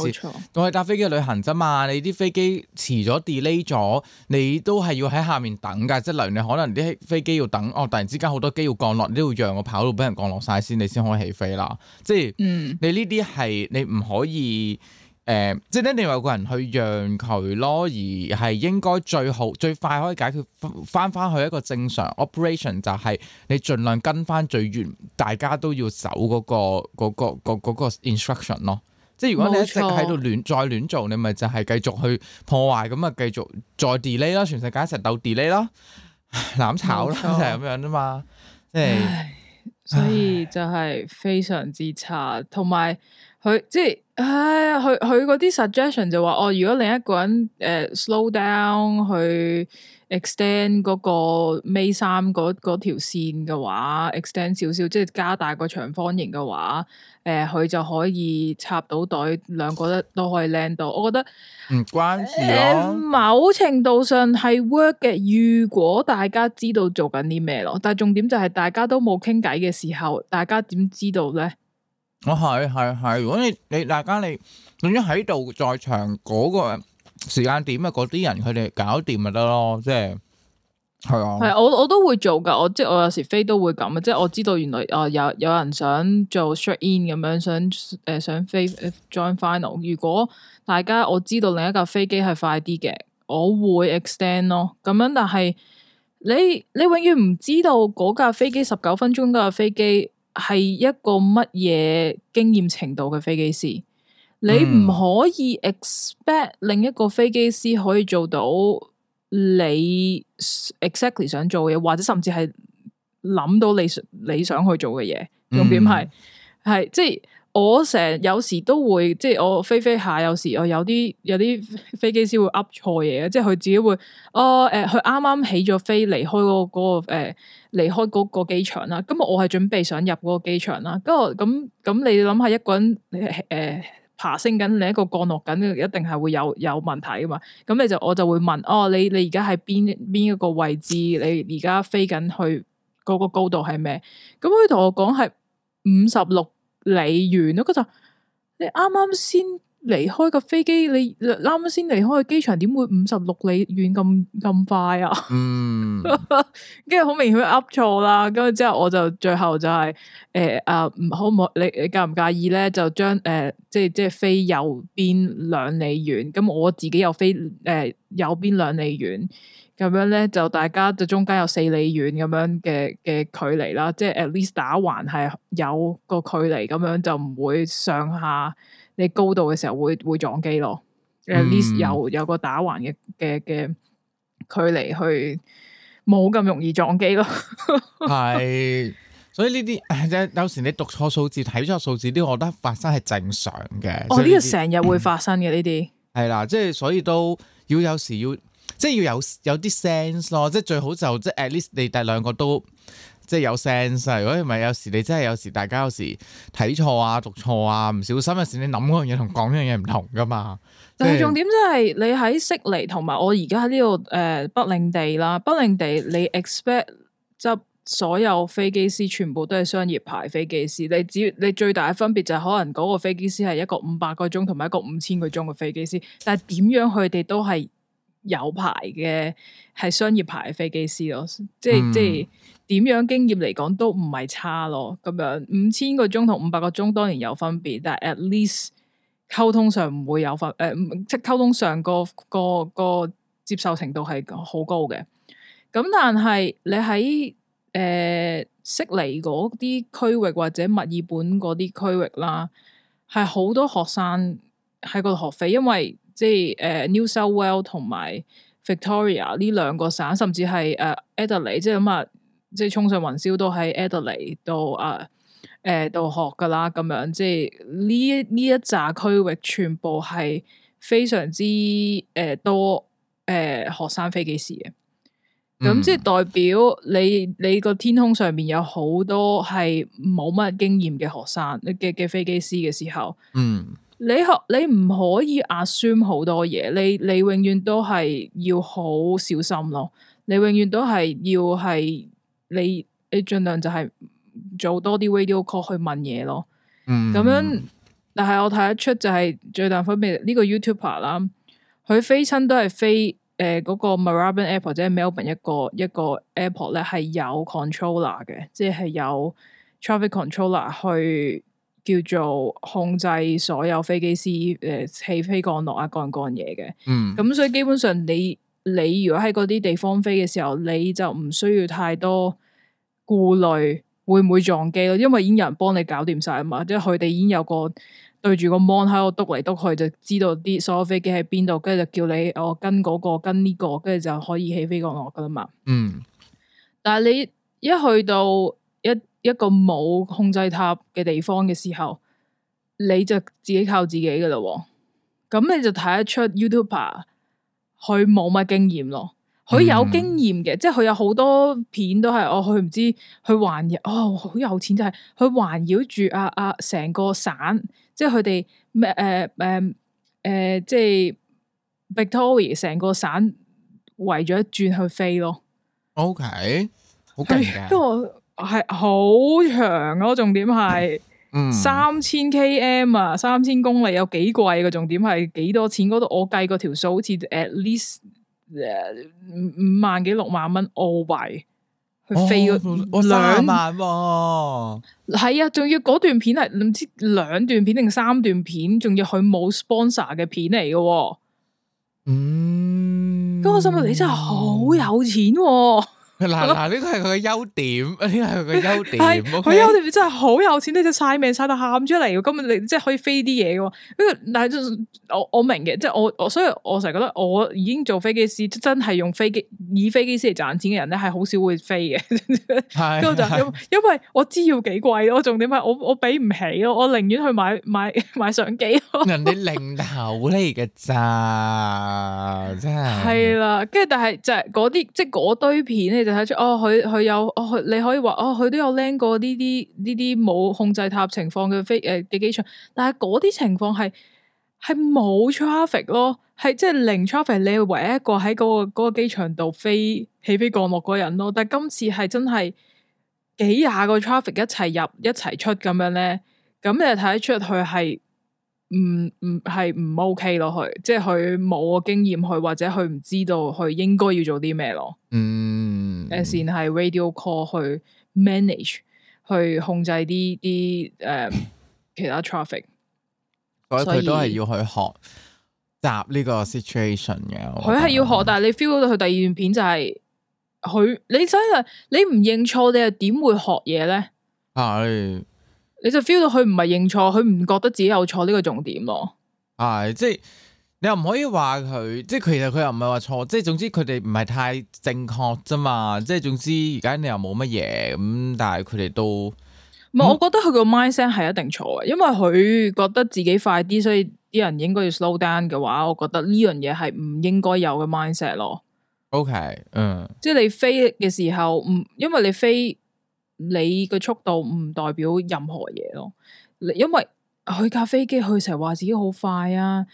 我係錯搭飛機旅行啫嘛，你啲飛機遲咗 delay 咗，你都係要喺下面等㗎，即係例如你可能啲飛機要等，哦突然之間好多機要降落，你都要讓我跑道俾人降落晒先，你先可以起飛啦，即係、嗯、你呢啲係你唔可以。誒、呃，即係一定有個人去讓佢咯，而係應該最好最快可以解決翻翻去一個正常 operation，就係你儘量跟翻最遠，大家都要走嗰個嗰個嗰個嗰個 instruction 咯。即係如果你一直喺度亂再亂做，你咪就係繼續去破壞，咁啊繼續再 delay 啦，全世界一齊鬥 delay 啦， 攬炒啦吧，就係咁樣啫嘛。即係所以就係非常之差，同埋唉。佢即係佢佢嗰啲 suggestion 就話哦，如果另一個人誒、呃、slow down 去 extend 嗰個眉三嗰嗰條線嘅話，extend 少少即係加大個長方形嘅話，誒、呃、佢就可以插到袋兩個都都可以 land 到。我覺得唔關事、啊呃、某程度上係 work 嘅，如果大家知道做緊啲咩咯，但係重點就係大家都冇傾偈嘅時候，大家點知道咧？我係係係，如果你你大家你總之喺度在場嗰個時間點，就是，啊，嗰啲人佢哋搞掂咪得咯，即係係啊。係我我都會做噶，我即係我有時飛都會咁啊，即係我知道原來啊、呃、有有人想做 short in 咁樣，想誒、呃、想飛、uh, join final。如果大家我知道另一架飛機係快啲嘅，我會 extend 咯。咁樣，但係你你永遠唔知道嗰架飛機十九分鐘嗰架飛機。係一個乜嘢經驗程度嘅飛機師？嗯、你唔可以 expect 另一個飛機師可以做到你 exactly 想做嘅嘢，或者甚至係諗到你你想去做嘅嘢。重點係係即係。我成日，有時都會即係我飛飛下，有時我有啲有啲飛機師會 up 錯嘢，即係佢自己會哦誒，佢啱啱起咗飛離開嗰、嗰、嗰個誒離、呃、開個機場啦。今、嗯、日我係準備想入嗰個機場啦，咁咁咁你諗下一個人誒、呃、爬升緊，另一個降落緊，一定係會有有問題噶嘛？咁、嗯、你就我就會問哦，你你而家喺邊邊一個位置？你而家飛緊去嗰、嗰個高度係咩？咁佢同我講係五十六。嚟完咯，佢就你啱啱先離開個飛機，你啱啱先離開個機場，點會五十六里遠咁咁快啊？嗯，跟住好明顯噏錯啦。咁之後我就最後就係、是、誒、呃、啊，唔好唔好你你介唔介意咧？就將誒、呃、即係即係飛右邊兩里遠，咁我自己又飛誒、呃、右邊兩里遠，咁樣咧就大家就中間有四里遠咁樣嘅嘅距離啦。即係 at least 打橫係有個距離，咁樣就唔會上下。你高度嘅時候會會撞機咯 at least 有有個打橫嘅嘅嘅距離去冇咁容易撞機咯。係， 所以呢啲有有時你讀錯數字睇錯數字，呢我覺得發生係正常嘅。哦，呢個成日會發生嘅呢啲係啦，即係 些所以都要有時要即係要有有啲 sense 咯，即係最好就即、是、係 at least 你哋兩個都。即係有 sense 如果唔係有時你真係有時大家有時睇錯啊、讀錯啊、唔小心嗰時你諗嗰樣嘢同講嗰樣嘢唔同噶嘛。但係重點即係你喺悉尼同埋我而家喺呢度誒北領地啦，北領地你 expect 執所有飛機師全部都係商業牌飛機師，你只你最大嘅分別就係可能嗰個飛機師係一個五百個鐘同埋一個五千個鐘嘅飛機師，但係點樣佢哋都係有牌嘅，係商業牌飛機師咯，即係即係。嗯點樣經驗嚟講都唔係差咯，咁樣五千個鐘同五百個鐘當然有分別，但係 at least 溝通上唔會有分，誒、呃，即係溝通上個個個接受程度係好高嘅。咁但係你喺誒悉尼嗰啲區域或者墨爾本嗰啲區域啦，係好多學生喺嗰度學費，因為即係誒、呃、New South Wales 同埋 Victoria 呢兩個省，甚至係誒、呃、Adelaide 即係咁啊。呃即係衝上雲霄都喺 Adelaide 度啊誒、呃呃、度學噶啦咁樣，即係呢呢一扎區域全部係非常之誒、呃、多誒、呃、學生飛機師嘅，咁即係代表你、嗯、你個天空上面有好多係冇乜經驗嘅學生嘅嘅飛機師嘅時候，嗯，你學你唔可以 assume 好多嘢？你你永遠都係要好小心咯，你永遠都係要係。你你盡量就係做多啲 radio call 去問嘢咯，嗯，咁樣，但係我睇得出就係、是、最大分別呢、這個 YouTuber 啦，佢飛親都係飛誒個、呃那個 Moorabbin Airport，即係 Melbourne 一個一個 airport 咧，係有 controller 嘅，即係有 traffic controller 去叫做控制所有飛機師誒、呃、起飛降落啊，幹幹嘢嘅。嗯。咁所以基本上你你如果喺嗰啲地方飛嘅時候，你就唔需要太多。顧慮會唔會撞機咯？因為已經有人幫你搞掂晒啊嘛，即係佢哋已經有個對住個 mon 喺度篤嚟篤去，就知道啲所有飛機喺邊度，跟住就叫你我跟嗰個跟呢個，跟住、這個、就可以起飛降落噶啦嘛。嗯。但係你一去到一一個冇控制塔嘅地方嘅時候，你就自己靠自己噶啦、哦，咁你就睇得出 YouTuber 佢冇乜經驗咯。佢有經驗嘅，嗯、即係佢有好多片都係我佢唔知佢環哦好有錢，就係、是、佢環繞住啊啊成個省，即係佢哋咩誒誒誒，即係 Victoria 成個省圍咗一轉去飛咯。OK，好緊要，因為係好長咯。重點係三千 km 啊，三千公里有幾貴？個重點係幾多錢？嗰度我計嗰條數，好似 at least。誒，五萬幾六萬蚊澳幣佢飛咗了兩、哦、萬喎，係啊，仲、啊、要嗰段片係唔知兩段片定三段片，仲要佢冇 sponsor 嘅片嚟嘅，嗯，咁我心諗你真係好有錢、啊。嗱嗱，呢、啊這個係佢嘅優點，呢、這個係佢嘅優點。佢的 Okay? 優點真係好有錢，你就晒命晒到喊出嚟，咁你即係可以飛啲嘢㗎。呢個。但係我我明嘅，即係我我所以我成日覺得，我已經做飛機師，真係用飛機以飛機師嚟賺錢嘅人咧，係好少會飛嘅。係，跟住就因因為我知要幾貴，我重點係我我俾唔起咯，我寧願去買買買相機。 人哋零頭嚟嘅咋，真係。係啦，跟住但係就係嗰啲即係嗰堆片咧你睇出哦，佢佢有哦，你可以話哦，佢都有 learn 過呢啲呢啲冇控制塔情況嘅飛誒嘅機場，但係嗰啲情況係係冇 traffic 咯，係即係零 traffic，你係唯一一個喺嗰個嗰個機場度飛起飛降落嘅人咯。但係今次係真係幾廿個 traffic 一齊入一齊出咁樣咧，咁你睇得出佢係。唔唔係唔 OK 咯，佢即係佢冇個經驗，佢或者佢唔知道佢應該要做啲咩咯。嗯，誒，先係 radio call 去 manage，去控制啲啲誒其他 traffic。 所以佢都係要去學習呢個 situation 嘅。佢係要學，但係你 feel 到佢第二段片就係、是、佢，你真係你唔認錯，你又點會學嘢咧？係。你就 feel 到佢唔係認錯，佢唔覺得自己有錯呢個重點咯。係、啊，即係你又唔可以話佢，即係其實佢又唔係話錯，即係總之佢哋唔係太正確啫嘛。即係總之而家你又冇乜嘢咁，但係佢哋都，唔係、嗯、我覺得佢個 mindset 係一定錯嘅，因為佢覺得自己快啲，所以啲人應該要 slow down 嘅話，我覺得呢樣嘢係唔應該有嘅 mindset 咯。OK，嗯，即係你飛嘅時候，唔，因為你飛。你嘅速度唔代表任何嘢咯，因為佢架飛機佢成日話自己好快啊，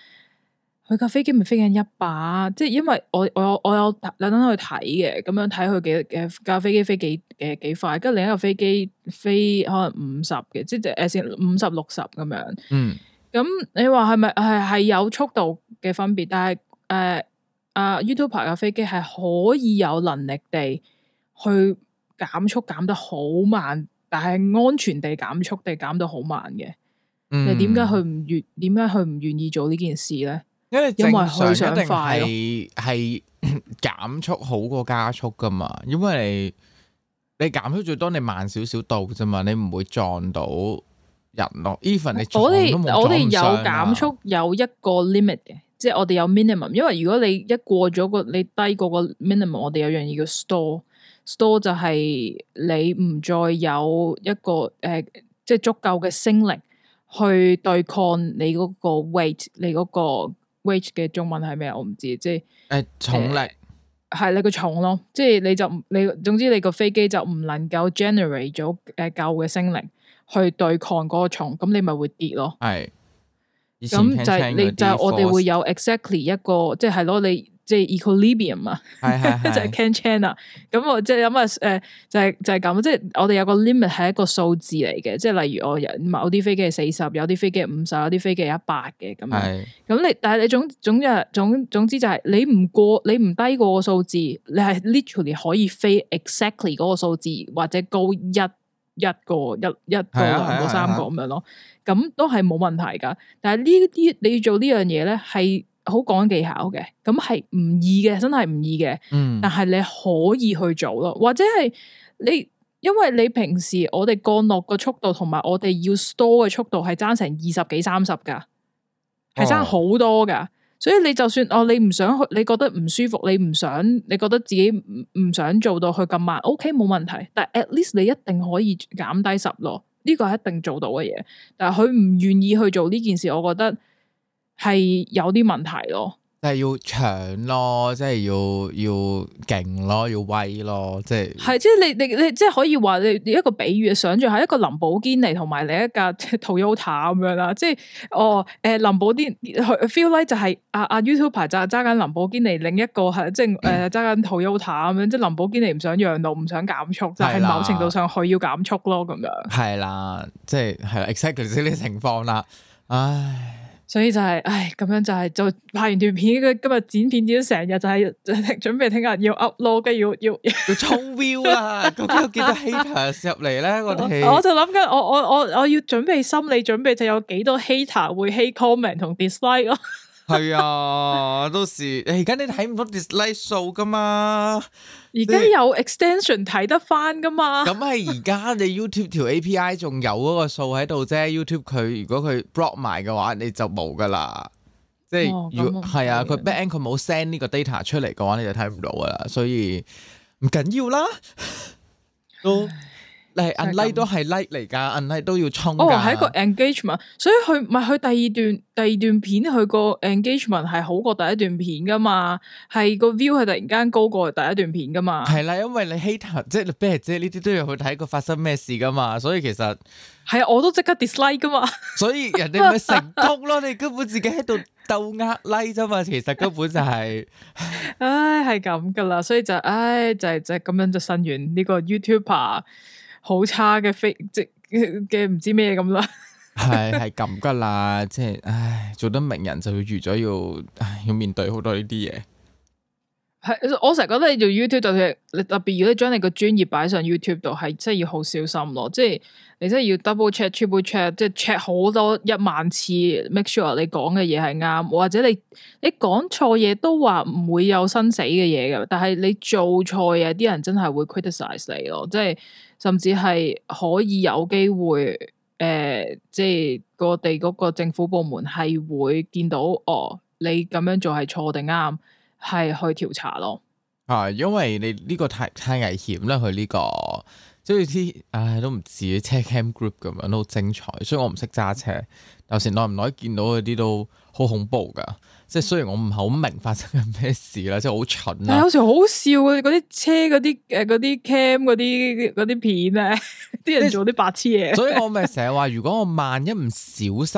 佢架飛機咪飛緊一把，啊，即係因為我我我有等等去睇嘅，咁樣睇佢幾誒架飛機飛幾誒幾快，跟住另一個飛機飛可能五十嘅，即係誒先五十六十咁樣，嗯，咁你話係咪係係有速度嘅分別，但係誒、呃、啊 YouTuber 架飛機係可以有能力地去。減速減得好慢，但係安全地減速地減，地減到好慢嘅。你點解佢唔願？點解佢唔願意做呢件事咧？因為正常一定係係減速好過加速噶嘛。因為你你減速最多你慢少少度啫嘛，你唔會撞到人咯。even 你我哋我哋有減速有一個 limit 嘅，即係我哋有 minimum。因為如果你一過咗個你低過個 minimum，我哋有樣嘢叫 store。Store 就係你唔再有一個誒、呃，即係足夠嘅升力去對抗你嗰個 weight，你嗰個 weight 嘅中文係咩？我唔知，即係誒、欸、重力係、呃、你個重咯，即係你就你總之你個飛機就唔能夠 generate 咗誒夠嘅升力去對抗嗰個重，咁你咪會跌咯。係，咁就係你就我哋會有 exactly 一個，即係係咯，你。即係 equilibrium 啊，就係 can chain 啦。咁、就係就係、我即係咁啊，誒就係就係咁。即係我哋有個 limit 係一個數字嚟嘅。即、就、係、係、例如我某啲飛機係四十，有啲飛機係五十，有啲飛機係一百嘅咁樣。咁是是 你但係你總總日總總之就係你唔過你唔低過個數字，你係 literally 可以飛 exactly 嗰個數字，或者高一一個一一個三、啊啊、個咁樣咯。咁、啊啊、都係冇問題噶。但係呢啲你要做呢樣嘢咧係。好講技巧嘅，咁係唔易嘅，真係唔易嘅。嗯，但係你可以去做咯，或者係你，因為你平時我哋降落個速度同埋我哋要 store 嘅速度係差成二十幾三十噶，係差好多噶。哦、所以你就算哦，你唔想去，你覺得唔舒服，你唔想，你覺得自己唔唔想做到去咁慢，OK，冇問題。但係 at least 你一定可以減低十咯，呢、呢個係一定做到嘅嘢。但係佢唔願意去做呢件事，我覺得。係有啲問題咯，但係要搶咯，即係要要勁咯，要威咯，即係係即係你你你即係可以話你一個比喻，想象係一個林寶堅尼同埋另一架 Toyota 咁樣啦，即係哦誒林寶堅 feel like 就係啊，啊 YouTuber 就揸緊林寶堅尼，另一個係即係誒揸緊 Toyota 咁樣，即係林寶堅尼唔想讓到，唔想減速，就係某程度上佢要減速咯咁樣。係啦，即係係 exactly 呢啲情況啦，唉。所以就係、是，唉，咁樣就係、是、就拍完段片，佢今日剪片剪成日就係、是就是、準，準備聽日要 upload，跟住要要要衝 view 啦。究竟有幾多 hater 入嚟咧？我我就諗緊，我我我我要準備心理準備，就有幾多 hater 會 hate comment 同 dislike 咯。 係 啊，到時而家你睇唔到 dislike 數噶嘛？而家有 extension 睇得翻噶嘛？咁係而家你 you YouTube 條 API 仲有嗰個數喺度啫，YouTube 佢如果佢 block 埋嘅話，你就冇噶啦。即係、哦、要係啊，佢 ban 佢冇 send 呢個 data 出嚟嘅話，你就睇唔到噶啦。所以唔緊要啦， 都。你係 unlike 都係 like 嚟噶，unlike 都要充噶。哦，係一個 engagement，所以佢唔係佢第二段第二段片佢個 engagement 係好過第一段片噶嘛，係個 view 係突然間高過第一段片噶嘛。係啦，因為你 hate 即係 bad 即係呢啲都要去睇個發生咩事噶嘛，所以其實係啊，我都即刻 dislike 噶嘛。 所以人哋咪成功咯，你根本自己喺度鬥呃 like 啫嘛，其實根本就係、是、 唉係咁噶啦，所以就唉就是、就咁、是、樣就伸完呢個 YouTuber。好差嘅飛即嘅唔知咩咁啦，係係咁噶啦，即係唉，做得名人就要預咗要唉，要面對好多呢啲嘢。係我成日覺得你做 YouTube，就係，你特別如果你將你個專業擺上 YouTube 度，係真係要好小心咯。即係你真係要 double check、triple check，即係 check 好多一萬次，make sure 你講嘅嘢係啱，或者你你講錯嘢都話唔會有生死嘅嘢噶。但係你做錯嘢，啲人真係會 criticise 你咯，即係。甚至係可以有機會，誒、呃，即係各地嗰個政府部門係會見到哦，你咁樣做係錯定啱，係去調查咯。啊，因為你呢個太太危險啦，佢呢、呢個，所以啲，唉、哎，都唔知，車 cam group 咁樣都好精彩，所以我唔識揸車，有時耐唔耐見到嗰啲都好恐怖噶。即係雖然我唔係好明發生緊咩事啦，即係好蠢啊！但 有時好笑嗰、啊、啲車、嗰啲誒、嗰啲 cam、嗰啲啲片啊，啲 人做啲白痴嘢。所以我咪成日話，如果我萬一唔小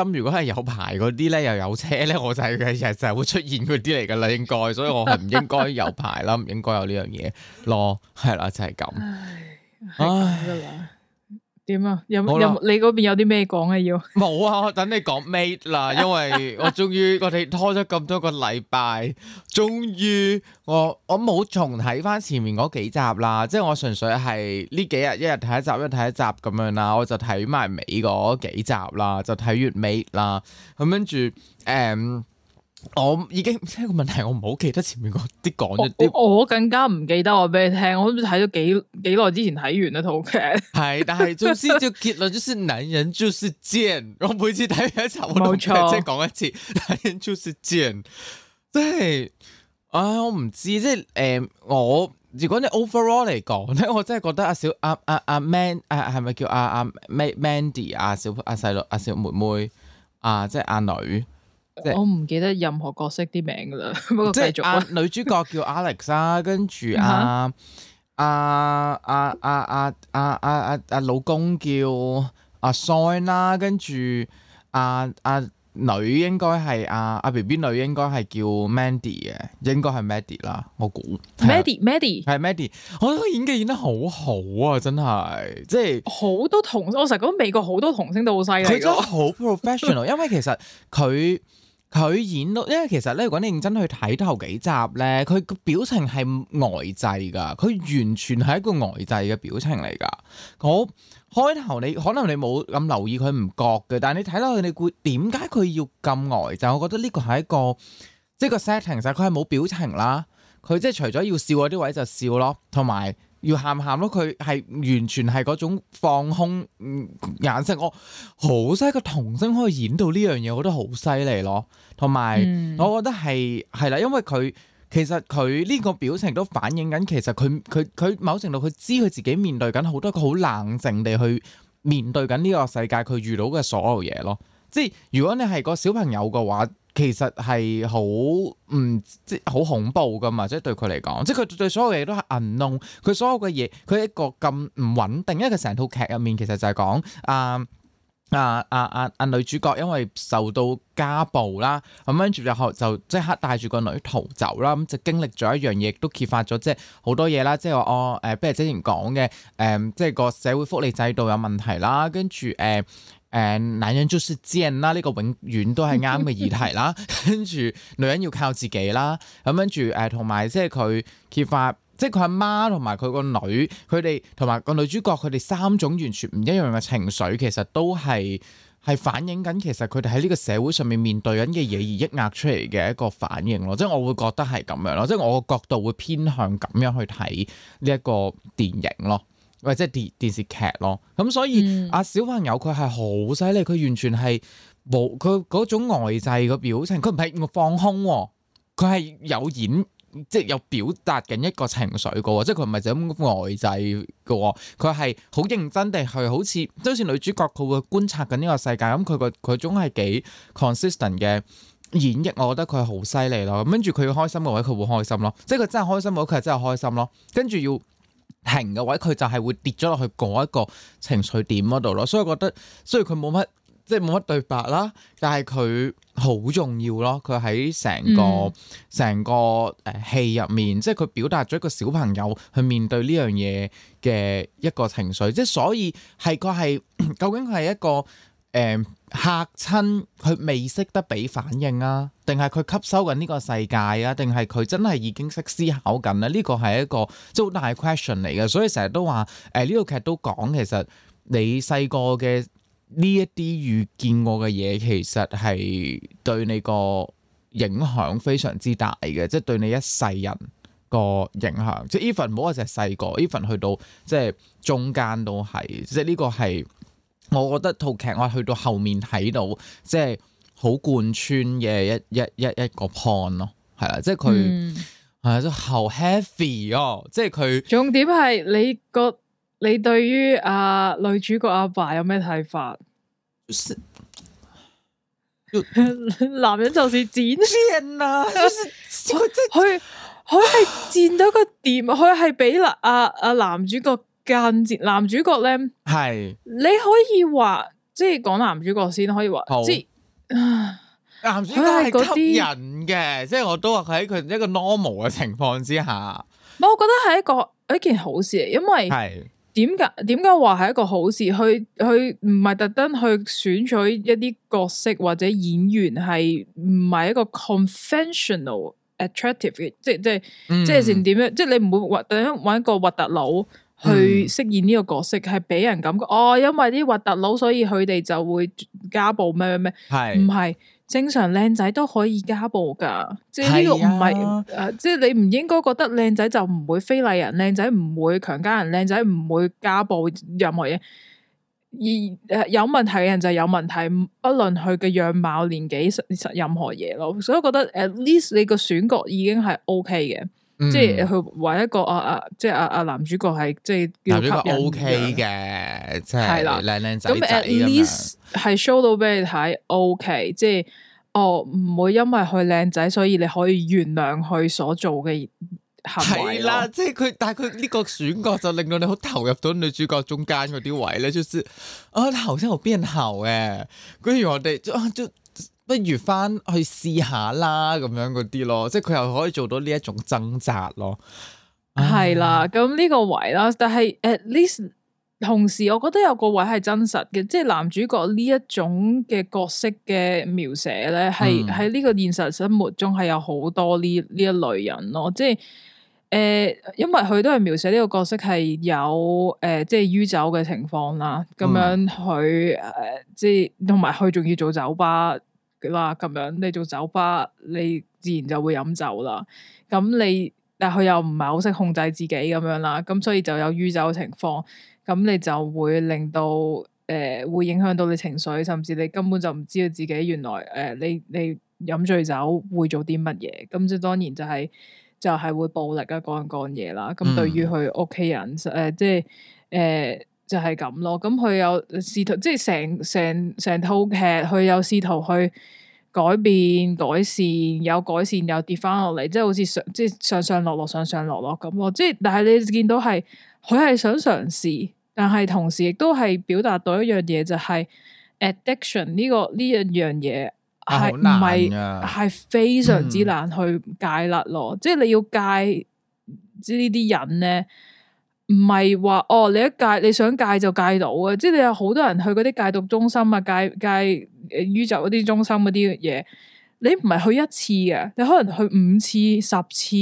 心，如果係有牌嗰啲咧，又有車咧，我就係日日就會出現嗰啲嚟噶啦。應該，所以我係唔應該有牌啦，唔 應該有呢樣嘢咯。係啦，就係、是、咁。唉點啊？有有你嗰邊有啲咩講啊？要冇啊！我等你講 Maid 啦，因為我終於我哋拖咗咁多個禮拜，終於我我冇重睇翻前面嗰幾集啦，即係我純粹係呢幾日一日睇一集，一睇一集咁樣啦，我就睇埋尾嗰幾集啦，就睇完 Maid 啦，咁跟住誒。嗯我已經即係個問題，我唔好記得前面嗰啲講啲。我更加唔記得我俾你聽，我都唔知睇咗幾幾耐之前睇完一套劇。係但係總之就結論，就是男人就是賤。我每次睇完一集都差唔多，錯即係講一次，男人就是賤啊。即係，唉、呃，我唔知，即係誒，我如果你 overall 嚟講咧，我真係覺得阿小阿阿阿 Man 誒係咪叫阿阿咩 Mandy？阿、啊、小阿細佬阿小妹妹啊，即係阿女。即我唔記得任何角色啲名噶啦，不過繼續。即啊、 女主角叫 Alex 啊，跟住阿阿阿阿阿阿阿阿老公叫阿 Sean 啦，跟住阿阿女應該係阿阿 B B 女應該係叫 Mandy 嘅，應該係 Mandy 啦，我估。Mandy，Mandy 係 Mandy，我覺得演技演得好好啊，真係，即係好多童。我成日覺得美國好多童星都好犀利，佢真係好 professional， 因為其實佢。佢演到，因為其實咧，如果你認真去睇頭幾集咧，佢個表情係呆滯㗎，佢完全係一個呆滯嘅表情嚟㗎。好，開頭你可能你冇咁留意佢唔覺嘅，但係你睇到佢你估點解佢要咁呆滯？我覺得呢個係一個即係、就係、個 setting，其實佢係冇表情啦，佢即係除咗要笑嗰啲位就笑咯，同埋。要喊喊咯，佢係完全係嗰種放空、嗯、眼神。我好犀利個童星可以演到呢樣嘢，我覺得好犀利咯。同埋，嗯、我覺得係係啦，因為佢其實佢呢個表情都反映緊，其實佢佢佢某程度佢知佢自己面對緊好多，佢好冷靜地去面對緊呢個世界，佢遇到嘅所有嘢咯。即係如果你係個小朋友嘅話。其實係好唔即係好恐怖噶嘛，即係對佢嚟講，即係佢對所有嘢都係 unknown，佢所有嘅嘢，佢一個咁唔穩定。因為佢成套劇入面其實就係講啊啊啊啊啊女主角因為受到家暴啦，咁跟住就學就即刻帶住個女逃走啦。咁就經歷咗一樣嘢，都揭發咗即係好多嘢啦。即係話哦，誒、呃，比如之前講嘅誒，即係個社會福利制度有問題啦，跟住誒。呃誒，男人就是賤啦，呢、呢個永遠都係啱嘅議題啦。跟住 女人要靠自己啦。咁跟住誒，同、呃、埋即係佢揭發，即係佢阿媽同埋佢個女，佢哋同埋個女主角，佢哋三種完全唔一樣嘅情緒，其實都係係反映緊其實佢哋喺呢個社會上面面對緊嘅嘢而抑壓出嚟嘅一個反應咯。即係我會覺得係咁樣咯。即係我個角度會偏向咁樣去睇呢一個電影咯。或者係電電視劇咯，咁所以阿、嗯、小朋友佢係好犀利，佢完全係冇佢嗰種呆滯個表情，佢唔係放空，佢係有演，即係有表達緊一個情緒㗎，即係佢唔係就咁呆滯㗎，佢係好認真地去，好似即好似女主角佢會觀察緊呢個世界，咁佢個佢總係幾 consistent 嘅演繹，我覺得佢係好犀利咯。跟住佢開心嘅話，佢會開心咯，即係佢真係開心嘅話，佢係真係開心咯。跟住要停嘅位佢就係會跌咗落去嗰一個情緒點嗰度咯，所以我覺得雖然佢冇乜即係冇乜對白啦，但係佢好重要咯，佢喺成個成、嗯、個誒戲入面，即係佢表達咗一個小朋友去面對呢樣嘢嘅一個情緒，即係所以係佢係究竟佢係一個誒。呃嚇親佢未識得俾反應啊？定係佢吸收緊呢個世界啊？定係佢真係已經識思考緊咧、啊？呢個係一個即係好大 question 嚟嘅。所以成日都話誒呢套劇都講其實你細個嘅呢一啲遇見過嘅嘢，其實係對你個影響非常之大嘅，即係對你一世人個影響。即係 even 唔好話就係細個，even 去到即係中間都係，即係呢個係。我覺得套劇我去到後面睇到，即係好貫穿嘅一一一一個 point 咯，係啦，即係佢係都好 heavy 哦，即係佢重點係你覺你對於阿、呃、女主角阿爸爸有咩睇法？呃、 男人就是剪賤啊，就 是佢佢佢係賤到個點，佢係俾男阿阿男主角。間接男主角咧，係，是你可以話即係講男主角先可以話，好即係男主角係啲人嘅，即係我都話佢喺佢一個 normal 嘅情況之下，我覺得係一個一件好事嚟，因為係點解點解話係一個好事？去，佢唔係特登去選取一啲角色或者演員係唔係一個 conventional attractive 嘅？即係即係、嗯、即係點樣？即係你唔會話特登玩一個核突佬。去飾演呢個角色，係俾人感覺哦，因為啲核突佬，所以佢哋就會家暴咩咩咩，係唔係？正常靚仔都可以家暴噶，即係呢個唔係，啊啊，即係你唔應該覺得靚仔就唔會非禮人，靚仔唔會強姦人，靚仔唔會家暴任何嘢。而誒有問題嘅人就有問題，不論佢嘅樣貌年紀、年紀、實任何嘢咯。所以我覺得 at least 你個選角已經係 OK 嘅。嗯、即係佢玩一個啊啊，即係啊啊男主角係即係男主角 O K 嘅，即係靚靚仔咁。At least 係 show 到俾你睇 O K，即係哦，唔會因為佢靚仔，所以你可以原諒佢所做嘅行為咯。係啦，即係佢，但係佢呢個選角就令到你好投入到女主角中間嗰啲位咧，就是啊頭先我邊喉嘅，居然我哋不如翻去試下啦，咁樣嗰啲咯，即係佢又可以做到呢一種掙扎咯。係啦，咁呢個位啦，但係 at least 同時我覺得有個位係真實嘅，即係男主角呢一種嘅角色嘅描寫咧，係喺呢個現實生活中係有好多呢呢一類人咯。即係誒、呃，因為佢都係描寫呢個角色係有誒、呃，即係酗酒嘅情況啦，咁樣佢誒、嗯呃、即係同埋佢仲要做酒吧。啦咁樣，你做酒吧，你自然就會飲酒啦。咁你但係佢又唔係好識控制自己咁樣啦，咁所以就有酗酒嘅情況。咁你就會令到誒、呃，會影響到你情緒，甚至你根本就唔知道自己原來誒、呃，你你飲醉酒會做啲乜嘢。咁即係當然就係、是、就係、是、會暴力啊，咁樣咁嘢啦。咁對於佢屋企人誒，即係誒。呃就係咁咯，咁佢又試圖，即係成成成套劇，佢又試圖去改變、改善，有改善又跌翻落嚟，即係好似上即係上上落落、上上落落咁咯。即係但係你見到係佢係想嘗試，但係同時亦都係表達到一樣嘢，就係 addiction 呢個呢一樣嘢係唔係係非常之難去戒甩咯？即係你要戒即呢啲人咧。唔係話哦，你一戒你想戒就戒到啊。即係你有好多人去嗰啲戒毒中心啊、戒戒宇宙嗰啲中心嗰啲嘢，你唔係去一次嘅，你可能去五次、十次，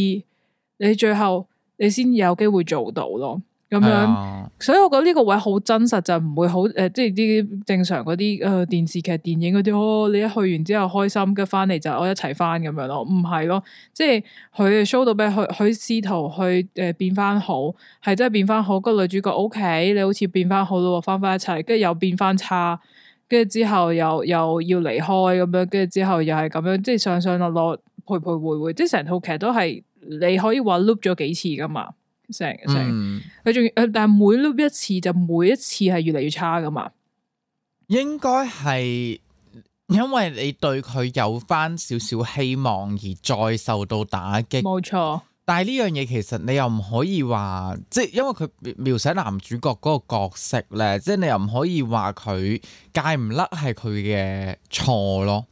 你最後你先有機會做到咯。咁樣，啊、所以我覺得呢個位好真實，就唔、是、會好誒、呃，即係啲正常嗰啲誒電視劇、電影嗰啲哦。你一去完之後開心跟，翻嚟就我一齊翻咁樣咯，唔係咯，即係佢 show 到俾佢，佢試圖去誒變翻好，係真係變翻好。個女主角 O、OK, K，你好似變翻好咯，翻翻一齊，跟住又變翻差，跟住之後又又要離開咁樣，跟住之後又係咁樣，即係上上落落，徘徊徘徊，即係成套劇都係你可以話 loop 咗幾次噶嘛。成佢仲誒，但係每碌一次就每一次係越嚟越差噶嘛？應該係因為你對佢有翻少少希望而再受到打擊，冇錯。但係呢樣嘢其實你又唔可以話，即係因為佢描寫男主角嗰個角色咧，即係你又唔可以話佢戒唔甩係佢嘅錯咯。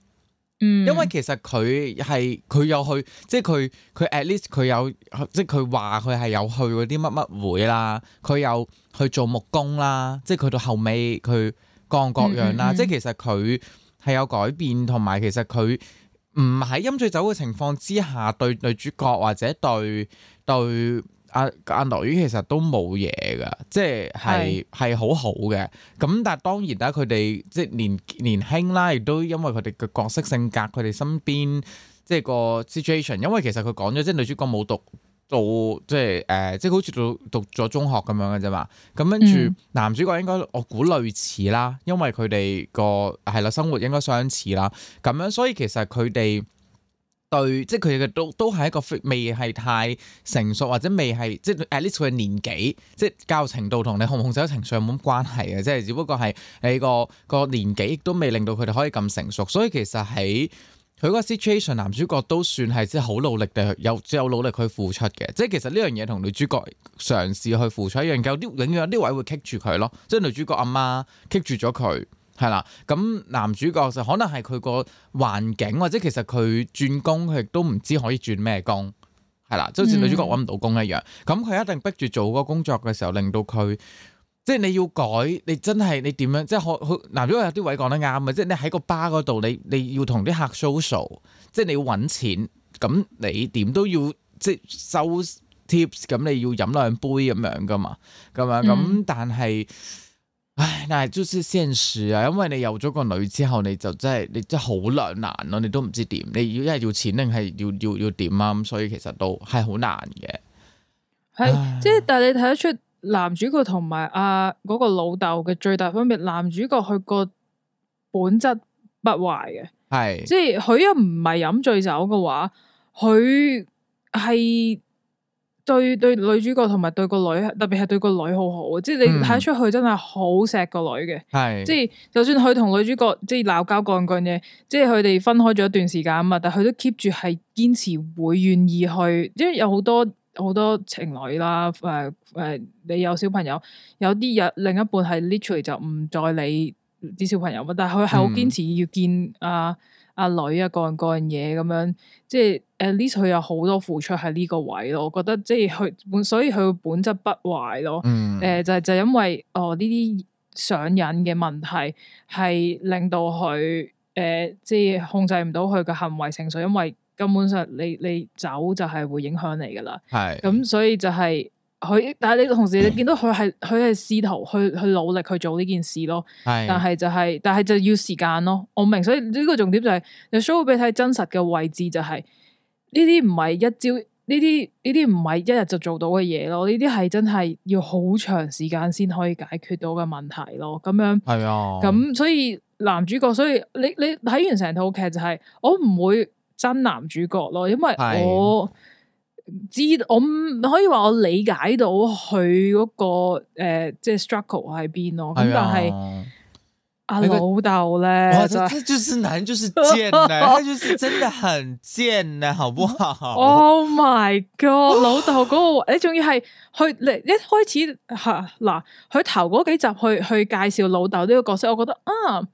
嗯，因為其實佢係佢有去，即係佢佢 at least 佢有，即係佢話佢係有去嗰啲乜乜會啦，佢有去做木工啦，即係佢到後尾佢各樣各樣啦，嗯嗯嗯即係其實佢係有改變，同埋其實佢唔喺飲醉酒嘅情況之下對，對女主角或者對對。阿阿樂宇其實都冇嘢㗎，即係係係好好嘅。咁但係當然啦，啊，佢哋即係年年輕啦，亦都因為佢哋嘅角色性格，佢哋身邊即係個 situation。因為其實佢講咗，即係女主角冇讀到，即係誒、呃，即係好似讀讀咗中學咁樣嘅啫嘛。咁跟住男主角應該我估類似啦，因為佢哋個係啦生活應該相似啦。咁樣所以其實佢哋。對，即係佢嘅都都係一個未係太成熟，或者未係即係 at least 佢嘅年紀，即係教育程度同你控唔控制情緒冇乜關係嘅，即係只不過係你個個年紀亦都未令到佢哋可以咁成熟，所以其實喺佢嗰個 situation，男主角都算係即係好努力地有有努力去付出嘅，即係其實呢樣嘢同女主角嘗試去付出一樣，有啲永遠有啲位會棘住佢咯，即係女主角阿媽棘住咗佢。係啦，咁男主角就可能係佢個環境，或者其實佢轉工，佢亦都唔知可以轉咩工，係啦，就好似女主角揾唔到工一樣。咁佢、嗯、一定逼住做嗰工作嘅時候，令到佢即係你要改，你真係你點樣，即係可男主角有啲位講得啱啊，即係你喺個吧嗰度，你你要同啲客 social 即係你要搵錢，咁你點都要即係收 tips，咁你要飲兩杯咁樣噶嘛，咁樣咁，嗯、但係。唉，但係就是現實啊！因為你有咗個女之後，你就真係你真係好兩難咯，啊，你都唔知點，你要一係要錢，定係要要要點啊？咁所以其實都係好難嘅。係是，唉即係但係你睇得出男主角同埋啊嗰個老豆嘅最大分別，男主角佢，啊個本質不壞嘅，係是，即係佢又唔係飲醉酒嘅話，佢係。對對，對女主角同埋對個女，特別係對個女好好，即係你睇出去、嗯、真係好錫個女嘅。係是，即係就算佢同女主角即係鬧交嗰兩句即係佢哋分開咗一段時間啊嘛，但係佢都 keep 住係堅持會願意去，因為有好多好多情侶啦，誒、呃、誒、呃，你有小朋友，有啲人另一半係 literally 就唔再理啲小朋友啊，但係佢係好堅持要見啊。嗯呃阿女啊，個人個人嘢咁樣，即係誒，至少佢有好多付出喺呢個位咯。我覺得即係佢本，所以佢本質不壞咯。誒、嗯呃，就就因為哦呢啲上癮嘅問題，係令到佢誒、呃，即係控制唔到佢嘅行為情緒，因為根本上你你走就係會影響你噶啦。係咁是、嗯，所以就係、是。佢，但係你同時你見到佢係佢係試圖去去努力去做呢件事咯，是的 但係就係、是，但係就要時間咯。我明，所以呢個重點就係、是，你 show 俾佢真實嘅位置就係、是，呢啲唔係一朝，呢啲呢啲唔係一日就做到嘅嘢咯。呢啲係真係要好長時間先可以解決到嘅問題咯。咁樣係的啊樣，咁所以男主角，所以你你睇完成套劇就係、是，我唔會憎男主角咯，因為我。知我可以話我理解到佢嗰個誒，即係 struggle 喺邊咯。咁但係阿、哎呀啊、老豆咧，哇！真係、就是、就是男，就是賤咧、啊， 佢就是真的很賤咧、啊，好不好？Oh my god！老豆嗰、那個，你仲 要係佢，你一開始吓嗱，佢、啊、頭嗰幾集去去介紹老豆呢個角色，我覺得啊。嗯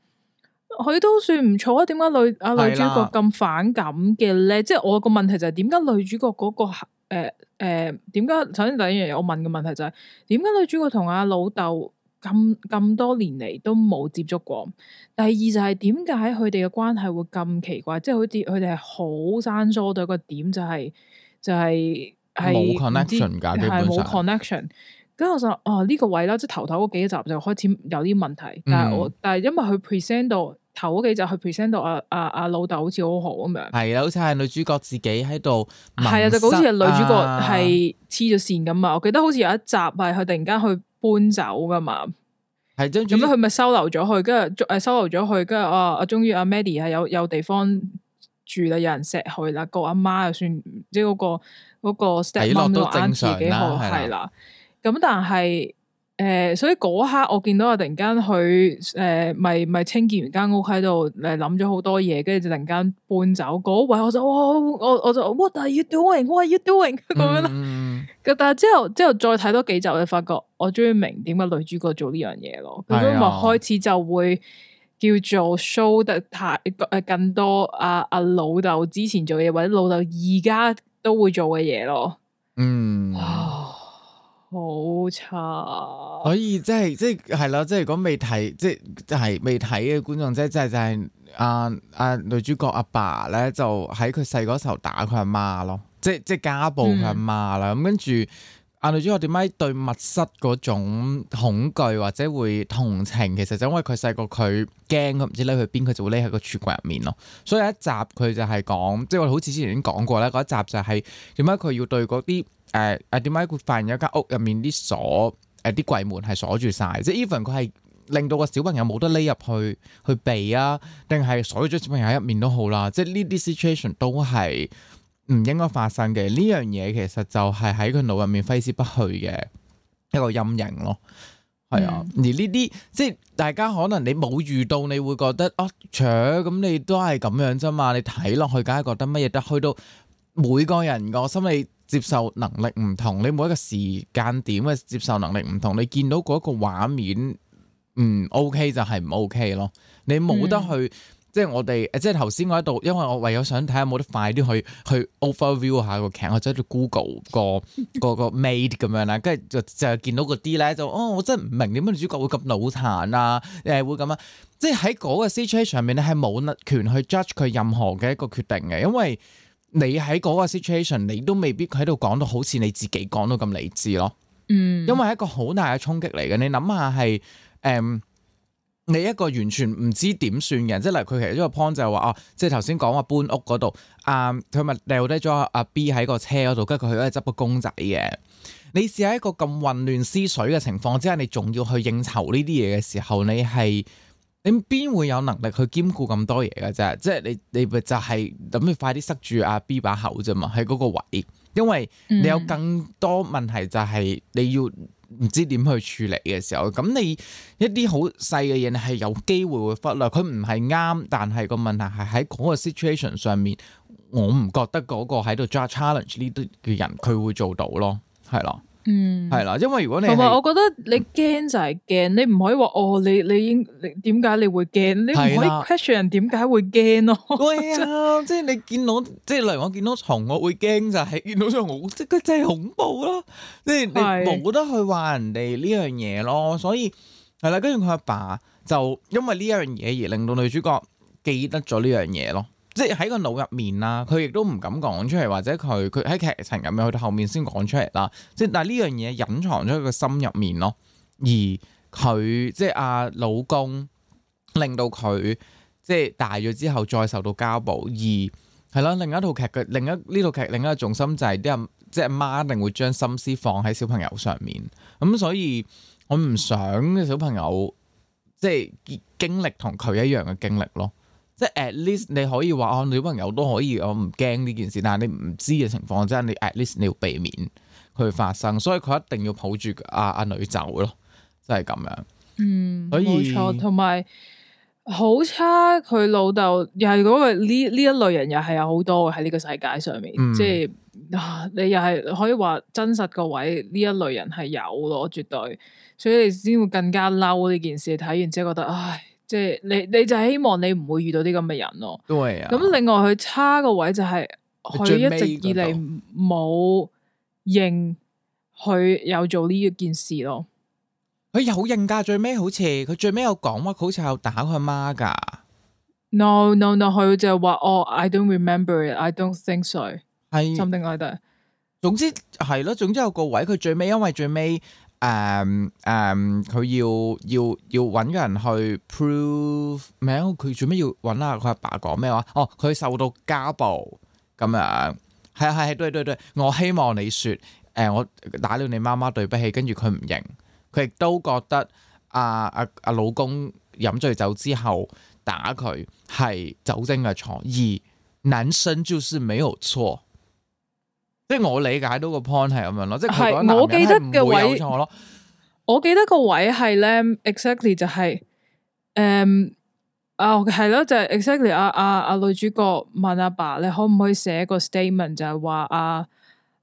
佢都算唔錯啊？點解女啊女主角咁反感嘅咧？是的 即係我個問題就係點解女主角嗰、那個誒誒？點、呃、解、呃、首，首先第一樣嘢我問嘅問題就係點解女主角同阿老豆咁咁多年嚟都冇接觸過？第二就係點解佢哋嘅關係會咁奇怪？即係好似佢哋係好生疏到一個點、就是，就係就係係冇 connection 噶，係冇 connection。咁我就哦呢、這個位啦，即係頭頭嗰幾集就開始有啲問題。嗯、但係我但係因為佢 present 到。頭嗰幾集去 present 到阿阿阿老豆好似好好咁樣，係啊，好似係女主角自己喺度。係啊，就好似係女主角係黐咗線咁啊！我記得好似有一集係佢突然間去搬走㗎嘛。係，咁佢咪收留咗佢，跟住誒收留咗佢，跟住啊，阿終於阿、啊、Maddy 係有有地方住啦，有人錫佢啦。個、啊、阿媽,媽就算即係嗰、嗰個、嗰個 step 的媽媽都幾好，係啦。咁但係。誒，uh, 所以嗰刻我見到我突然間去誒，咪、uh, 咪清潔完間屋喺度，誒諗咗好多嘢，跟住就突然間搬走嗰位，我就我我，我就我我我就 What are you doing? What are you doing？咁 這樣啦，mm. 但係之後之後再睇多幾集，就發覺我終於明點解女主角做呢樣嘢咯。咁樣咪開始就會叫做 show 得太誒更多阿、啊、阿、啊啊啊、老豆之前做嘢，或者老豆而家都會做嘅嘢咯。嗯。Mm. 好差，可以即係即係係咯，即係如果未睇，即係即係未睇嘅觀眾，即係就係阿阿女主角阿爸咧，就喺佢細個時候打佢阿媽咯，即即家暴佢阿媽啦。咁、嗯、跟住阿女主角點解對密室嗰種恐懼或者會同情，其實就因為佢細個佢驚佢唔知匿去邊，佢就會匿喺個櫥櫃入面咯。所以有一集佢就係講，即係我哋好似之前已經講過咧，嗰一集就係點解佢要對嗰啲。誒誒點解佢發現有間屋入面啲鎖誒啲櫃門係鎖住晒？即係、uh, uh, even 佢係令到個小朋友冇得匿入去去避啊？定係鎖咗小朋友喺入面都好啦？即係呢啲 situation 都係唔應該發生嘅。呢樣嘢其實就係喺佢腦入面揮之不去嘅一個陰影咯。係啊，而呢啲即係大家可能你冇遇到，你會覺得啊，唓，咁你都係咁樣啫嘛。你睇落去梗係覺得乜嘢都去到每個人個心理。接受能力唔同，你每一個時間點嘅接受能力唔同，你見到嗰一個畫面唔、嗯、OK 就係唔 OK 咯。你冇得去，嗯、即係我哋，即係頭先我喺度，因為我唯有想睇下冇得快啲去去 overview 下個劇，我即係喺度 Google 個個 Maid 咁樣啦，跟住就就見到嗰啲咧，就哦，我真係唔明點解女主角會咁腦殘啊？誒，會咁啊？即係喺嗰個 situation 上面，你係冇權去 judge 佢任何嘅一個決定嘅，因為。你喺嗰個 situation，你都未必喺度講到好似你自己講到咁理智咯。嗯，mm. 因為一個好大嘅衝擊嚟嘅。你諗下係誒，你一個完全唔知點算嘅，即係例如佢其實一個 point 就係話哦，即係頭先講話搬屋嗰度，啊佢咪掉低咗阿 B 喺個車嗰度，跟住佢喺度執個公仔嘅。你試下一個咁混亂思緒嘅情況之下，你仲要去應酬呢啲嘢嘅時候，你係。你邊會有能力去兼顧咁多嘢㗎啫？即係你你咪就係諗住快啲塞住阿 B 把口啫嘛，喺嗰個位。因為你有更多問題就係你要唔知點去處理嘅時候，咁你一啲好細嘅嘢係有機會會忽略。佢唔係啱，但係個問題係喺嗰個 situation 上面，我唔覺得嗰個喺度 judge challenge 呢啲嘅人佢會做到咯，係咯。嗯，係啦，因為如果你同埋我覺得你驚就係驚，嗯、你唔可以話哦，你你應點解你會驚？你唔可以 question 點解會驚咯。即係你見到即係例如我見到蟲我會驚就係、是、見到隻蟲，即係真係恐怖咯。即係的你冇得去話人哋呢樣嘢咯，所以係啦。跟住佢阿爸就因為呢樣嘢而令到女主角記得咗呢樣嘢咯。即係喺個腦入面啦，佢亦都唔敢講出嚟，或者佢佢喺劇情入面去到後面先講出嚟啦。即係但係呢樣嘢隱藏咗個心入面咯。而佢即係阿老公令到佢即係大咗之後再受到家暴，而係咯。另一套劇嘅，另一呢套劇另一個重心就係啲人即係阿媽一定會將心思放喺小朋友上面。咁、嗯、所以我唔想小朋友即係經歷同佢一樣嘅經歷咯。即係 at least 你可以話我女朋友都可以，我唔驚呢件事。但係你唔知嘅情況之下，你 at least 你要避免佢發生。所以佢一定要抱住阿阿女走咯，即係咁樣。嗯，冇錯。同埋好差，佢老豆又係嗰個呢呢一類人，又係有好多喺呢個世界上面。嗯、即係、啊、你又係可以話真實個位呢一類人係有咯，絕對。所以你先會更加嬲呢件事。睇完之後覺得唉。即係你，你就希望你唔會遇到啲咁嘅人咯。咁、啊、另外佢差個位就係佢一直以嚟冇認佢有做呢一件事咯。佢有好認噶，最尾好似佢最尾有講話，佢好似有打佢媽噶。No no no，佢就話哦、oh, I don't remember it，I don't think so，係 something like that。總之係咯，總之有個位佢最尾，因為最尾。誒誒，佢、um, um, 要要要揾人去 prove 咩？佢做咩要揾下佢阿爸講咩話？哦，佢受到家暴咁樣，係啊，係都對對對。我希望你説，誒、呃、我打了你媽媽，對不起。跟住佢唔認，佢亦都覺得阿阿阿老公飲醉酒之後打佢係酒精嘅錯，而男生就是沒有錯。即係我理解到個 point 係咁樣咯，即係佢講男人係唔會有錯咯。我記得個位係咧，exactly 就係誒啊係咯，就係、是、exactly 阿阿阿女主角問阿爸，爸你可唔可以寫個 statement 就係話阿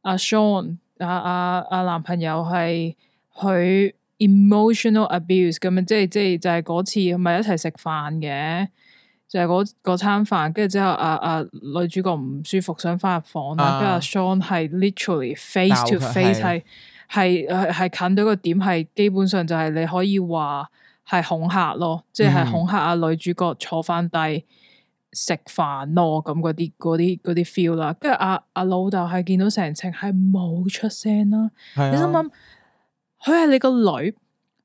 阿 Sean 阿阿阿男朋友係佢 emotional abuse 咁樣，即係即係就係、是、嗰次係咪一齊食飯嘅。就係嗰餐飯，跟住之後阿阿、啊啊、女主角唔舒服，想翻入房啦。跟住、uh, 阿 Sean 係 literally face to face，係係係近到個點，係基本上就係你可以話係恐嚇咯，即係恐嚇阿、啊嗯、女主角坐翻低食飯咯，咁嗰啲啲啲 feel 啦。跟住阿阿老豆係見到成程係冇出聲啦、啊。啊、你心諗佢係你個女，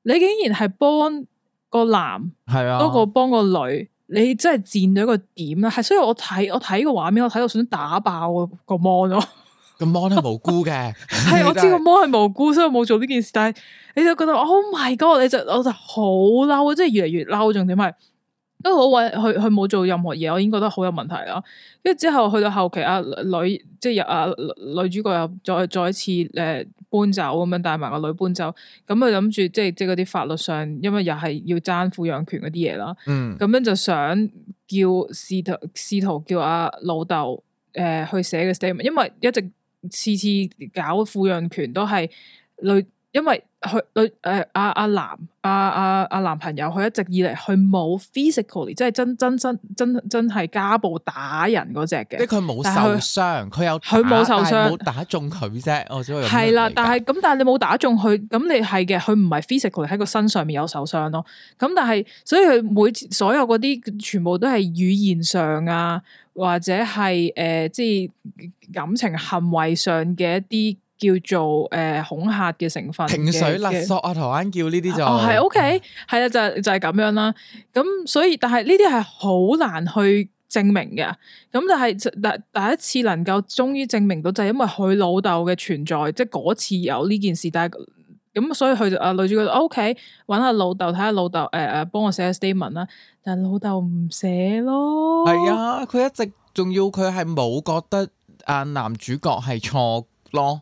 你竟然係幫個男，多過幫個女是、啊。你真係賤到一個點啦，係所以我睇我睇個畫面，我睇到想打爆個 mon 咯。個 mon 係無辜嘅，係 我知個 mon 係無辜，所以冇做呢件事。但係你就覺得 Oh my God！你就我就好嬲，即係越嚟越嬲，重點係，因為我話佢佢冇做任何嘢，我已經覺得好有問題啦。跟住之後去到後期，阿、啊、女即係、啊、阿女主角又再再一次誒。呃搬走咁樣帶埋個女搬走，咁佢諗住即係即係嗰啲法律上，因為又係要爭撫養權嗰啲嘢啦，咁、嗯、樣就想叫試圖試圖叫阿老豆誒、呃、去寫個 statement，因為一直次次搞撫養權都係類因為。佢誒阿阿男阿阿阿男朋友，佢一直以嚟佢冇 physically，即係真真真真真係家暴打人嗰隻嘅。即係佢冇受傷，佢有佢冇受傷，冇打中佢啫。我只係係啦，但係咁，但係你冇打中佢，咁你係嘅，佢唔係 physically 喺個身上面有受傷咯。咁但係所以佢每所有嗰啲全部都係語言上啊，或者係誒即係感情行為上嘅一啲。叫做誒、呃、恐嚇嘅成分，情緒勒索啊！台灣叫呢啲就係、哦、OK，係啊，就係、就係、係、咁樣啦。咁所以，但係呢啲係好難去證明嘅。咁但係第第一次能夠終於證明到，就係因為佢老豆嘅存在，即係嗰次有呢件事。但係咁，所以佢就啊女主角 OK，揾下老豆睇下老豆，誒誒，幫我寫 statement 啦。但係老豆唔寫咯，係啊，佢一直仲要佢係冇覺得啊男主角係錯咯。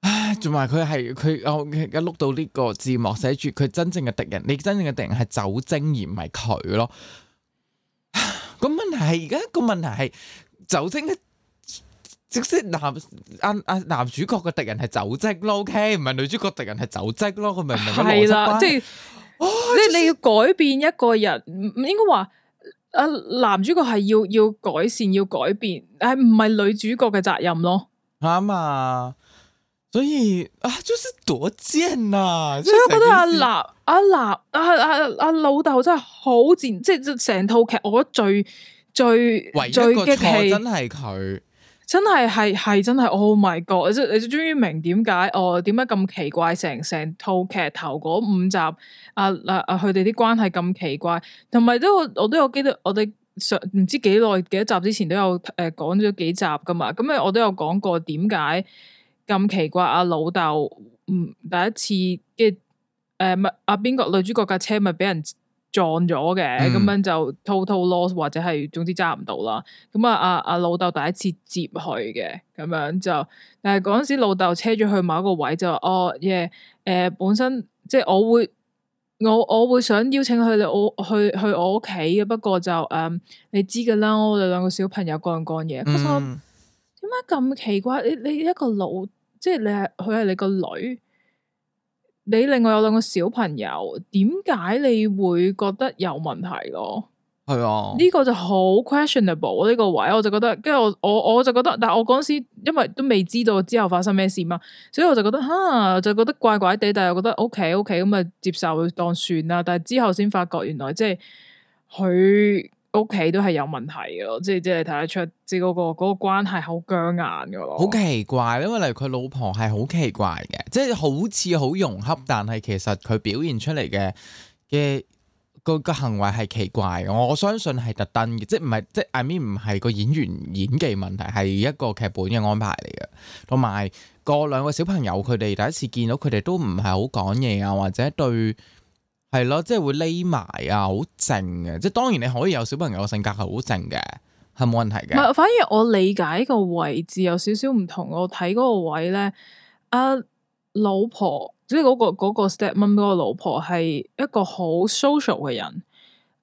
唉，仲埋佢係佢，我而家碌到呢個字幕寫住佢真正嘅敵人，你真正嘅敵人係酒精而唔係佢咯。咁問題係而家個問題係酒精咧，即係男阿阿男主角嘅敵人係酒精咯，OK 唔係女主角敵人係酒精咯，佢明唔係冇乜關係。即係你要改變一個人，應該話阿男主角係要要改善要改變，係唔係女主角嘅責任咯？啱啊。所以啊，就是多賤、啊、所以我覺得阿立、阿立、阿阿阿老豆真係好賤，即係成套劇，我覺得最最唯一一個錯真係佢，真係係係真係，oh my god！即係你終於明點解哦？點解咁奇怪？成成套劇頭嗰五集，啊，阿阿佢哋啲關係咁奇怪，同埋都我都有記得，我哋上唔知幾耐幾多集之前都有誒講咗幾集噶嘛，咁啊我都有講過點解。咁奇怪啊！老豆，嗯，第一次即係，誒、呃，咪阿邊個女主角架車咪俾人撞咗嘅，咁、嗯、樣就 total loss 或者係總之揸唔到啦。咁啊，阿阿老豆第一次接佢嘅，咁樣就，但係嗰陣時老豆車住去某一個位就哦耶，誒、yeah，呃，本身即係我會，我我會想邀請佢哋，我去去我屋企嘅，不過就誒、嗯，你知噶啦，我哋兩個小朋友干干嘢，佢話點解咁奇怪？你你一個老即係你係佢係你個女，你另外有兩個小朋友，點解你會覺得有問題咯？係啊，呢個就好 questionable 呢個位，我就覺得，跟住我我我就覺得，但係我嗰時因為都未知道之後發生咩事嘛，所以我就覺得吓，就覺得怪怪地，但係覺得 ok ok 咁啊接受當算啦。但係之後先發覺原來即係佢。屋企都係有問題嘅咯，即係即係睇得出，即係嗰個嗰個關係好僵硬嘅咯。好奇怪，因為例如佢老婆係好奇怪嘅，即係好似好融洽，但係其實佢表現出嚟嘅嘅個個行為係奇怪嘅。我相信係特登嘅，即係唔係即係 I mean 唔係個演員演技問題，係一個劇本嘅安排嚟嘅。同埋個兩個小朋友佢哋第一次見到佢哋都唔係好講嘢啊，或者對。係咯，即係會匿埋啊，好靜嘅。即係當然你可以有小朋友個性格係好靜嘅，係冇問題嘅。反而我理解個位置有少少唔同。我睇嗰個位咧，阿、啊、老婆即係嗰、嗰個、嗰個嗰個 step mom 嗰個老婆係一個好 social 嘅人。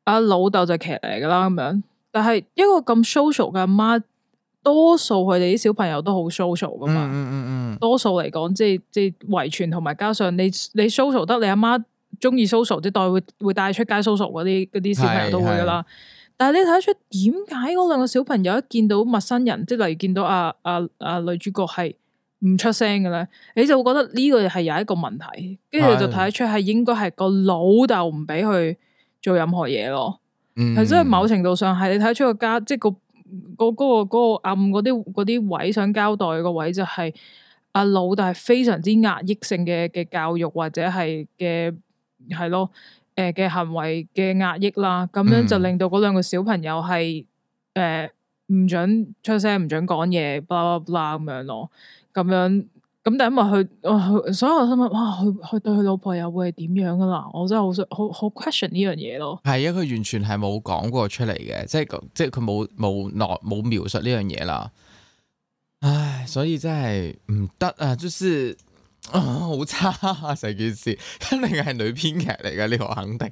阿、啊、老豆就劇嚟噶啦，咁樣。但係一個咁 social 嘅阿媽，多數佢哋啲小朋友都好 social 噶嘛。嗯，嗯嗯嗯。多數嚟講，即係即係遺傳同埋加上你你，你 social 得你阿媽。中意 social 即係代會會帶出街 social 嗰啲嗰啲小朋友都會噶啦，但係你睇得出點解嗰兩個小朋友一見到陌生人，即係例如見到阿阿阿女主角係唔出聲嘅咧，你就會覺得呢個係有一個問題，跟住就睇得出係應該係個老豆唔俾佢做任何嘢咯，係即係某程度上係你睇得出個家即係、嗰個、嗰個嗰、嗰個暗嗰啲啲位想交代個位就係、是、阿老豆係非常之壓抑性嘅嘅教育或者係嘅。係咯，誒嘅、呃、行為嘅壓抑啦，咁樣就令到嗰兩個小朋友係誒唔准出聲，唔准講嘢，blah blah blah 咁樣咯，咁樣咁但係一咪佢，所以我心諗，哇，佢佢對佢老婆又會係點樣噶啦？我真係好想好好 question 呢樣嘢咯。係啊，佢完全係冇講過出嚟嘅，即係即係佢冇冇內冇描述呢樣嘢啦。唉，所以真係唔得啊，就是。哦、好差啊！成件事肯定係女編劇嚟嘅，呢個肯定。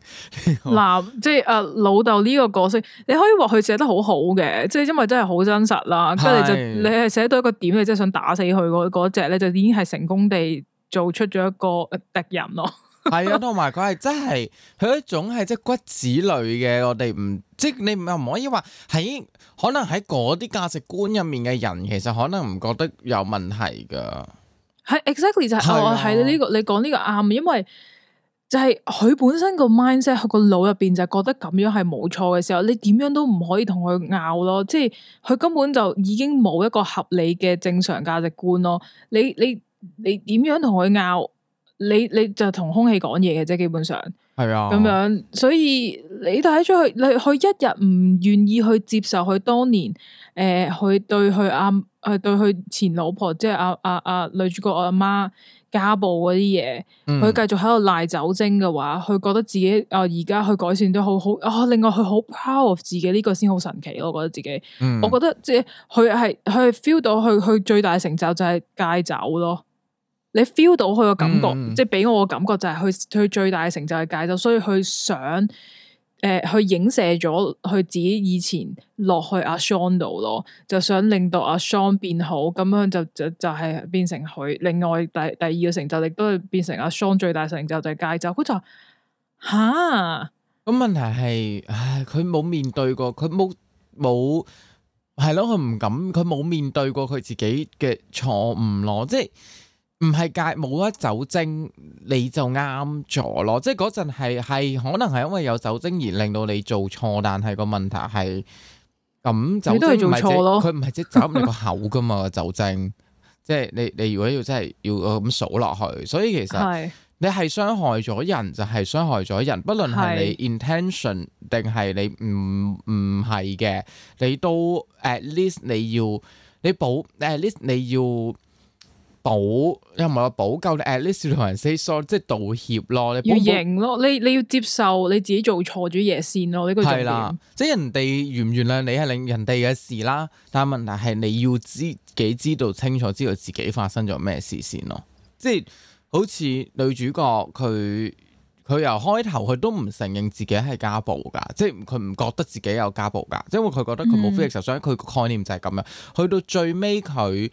嗱、呢個呃，即係誒、呃、老豆呢個角色，你可以話佢寫得好好嘅，即係因為真係好真實啦。即係是就你係寫到一個點，你真係想打死佢嗰嗰隻咧，就已經係成功地做出咗一個、呃、敵人咯。係啊、嗯，同埋佢係真係佢一種係即係骨子裏嘅，我哋唔即係你唔唔可以話喺可能喺嗰啲價值觀入面嘅人，其實可能唔覺得有問題噶。係 exactly 就係我係呢個你講呢個啱，因為就係佢本身個 mindset，佢個腦入邊就覺得咁樣係冇錯嘅時候，你點樣都唔可以同佢拗咯。即係佢根本就已經冇一個合理嘅正常價值觀咯。你你你點樣同佢拗，你你，你，你就同空氣講嘢嘅啫。基本上係啊，咁 Yeah. 樣。所以你睇咗去，你佢一日唔願意去接受佢當年誒，佢、呃、對佢啱。Um, 係對佢前老婆，即係阿阿阿女主角阿媽家暴嗰啲嘢，佢繼、嗯、續喺度賴酒精嘅話，佢覺得自己啊而家去改善都好好。哦，另外佢好 proud of 自己呢、呢個先好神奇，我覺得自己，嗯、我覺得即係佢係佢係 feel 到佢佢最大成就就係戒酒咯。你 feel 到佢個感覺，嗯、即係俾我個感覺就係佢佢最大嘅成就係戒酒，所以佢想。誒、去、呃、影射咗佢自己以前落去阿、啊、Sean 度咯，就想令到阿、啊、Sean 變好，咁樣就就就係變成佢。另外第第二個成就亦都變成阿、啊、Sean 最大成就就係戒酒。佢就吓，咁問題係，唉，佢冇面對過，佢冇冇係咯，佢唔敢，佢冇面對過佢自己嘅錯誤咯，即係。唔係戒冇得酒精你就啱咗咯，即係嗰陣係係可能係因為有酒精而令到你做錯，但係個問題係咁酒都唔係即係佢唔係即係走你個口噶嘛酒精，即係你你如果要真係要咁數落去，所以其實你係傷害咗人就係、是、傷害咗人，不論係你 intention 定係你唔唔係嘅，你都 at least 你要你補誒，at least 你要。補又唔係話補救，at least 同人 say sorry，即係道歉咯。要認咯，你你，保你，你要接受你自己做錯咗嘢先咯。呢、呢個係啦，即係人哋原唔原諒你係令人哋嘅事啦。但係問題係你要知自己知道清楚，知道自己發生咗咩事先咯。即係好似女主角佢佢由開頭佢都唔承認自己係家暴噶，即係佢唔覺得自己有家暴噶，因為佢覺得佢冇飛嘅時候，所以佢個概念就係咁樣。去到最尾佢。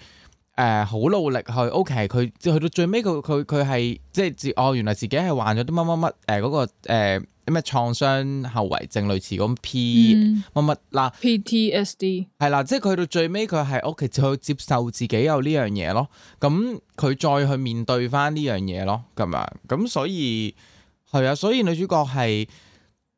誒，好、呃、努力去，OK，佢去到最尾，佢佢佢係即係自哦，原來自己係患咗啲乜乜乜誒，嗰、呃嗰個誒咩創傷後遺症類似咁 P 乜乜嗱，PTSD 係啦、嗯，即係佢去到最尾，佢係 OK，就去接受自己有呢樣嘢咯。咁、嗯、佢再去面對翻呢樣嘢咯，咁樣咁、嗯、所以係啊，所以女主角係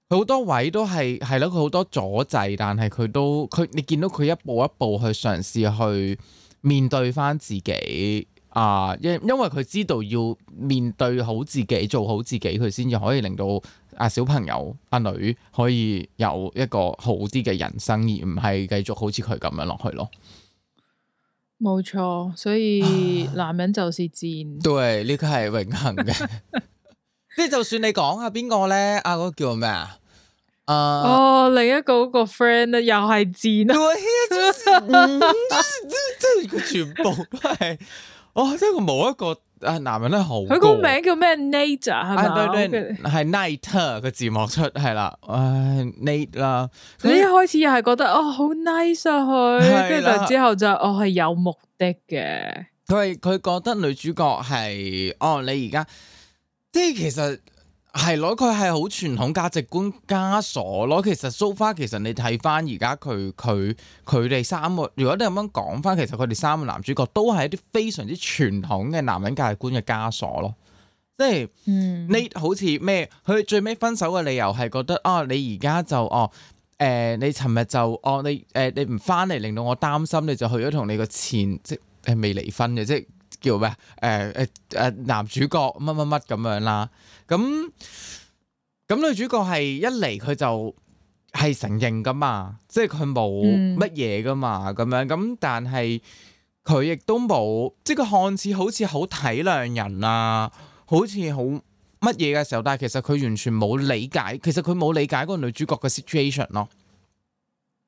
佢好多位都係係咯，佢好、啊、多阻滯，但係佢都佢你見到佢一步一步去嘗試去。去面對返自己啊，因因為佢知道要面對好自己，做好自己，佢先至可以令到啊小朋友阿女可以有一個好啲嘅人生，而唔係繼續好似佢咁樣落去咯。冇錯，所以男人就是賤。 啊、對，呢個係永恆嘅。即 係 就算你講下邊個咧，啊嗰、嗰個、叫咩啊？哦，uh, oh, 另一個個 friend 咧又係賤，對啊，即係佢全部都係，哦，即係佢冇一個誒男人咧好，佢個名叫咩？Nate 係嘛？對對，係 Nate 個字幕出係啦，誒、uh,，Nate 啦，佢一開始又係覺得哦好 nice 啊佢，跟住、啊、的之後就我係、哦、有目的嘅，佢係佢覺得女主角係哦你而家即係其實。係咯，佢係好傳統價值觀枷鎖咯。其實 so far 其實你睇翻而家佢佢佢哋三個，如果你咁樣講翻，其實佢哋三個男主角都係一啲非常之傳統嘅男人價值觀嘅枷鎖咯。即係，嗯，你好似咩？佢最尾分手嘅理由係覺得啊，你而家就哦，誒，你尋日就哦，你誒、哦呃，你唔翻嚟令到我擔心，你就去咗同你個前即係未離婚嘅即。叫咩？誒誒誒，男主角乜乜乜咁樣啦、啊。咁咁女主角係一嚟，佢就係承認㗎嘛，即係佢冇乜嘢㗎嘛咁、嗯、樣。咁但係佢亦都冇，即係佢看似好似好體諒人啊，好似好乜嘢嘅時候，但係其實佢完全冇理解。其實佢冇理解嗰個女主角嘅 situation 咯。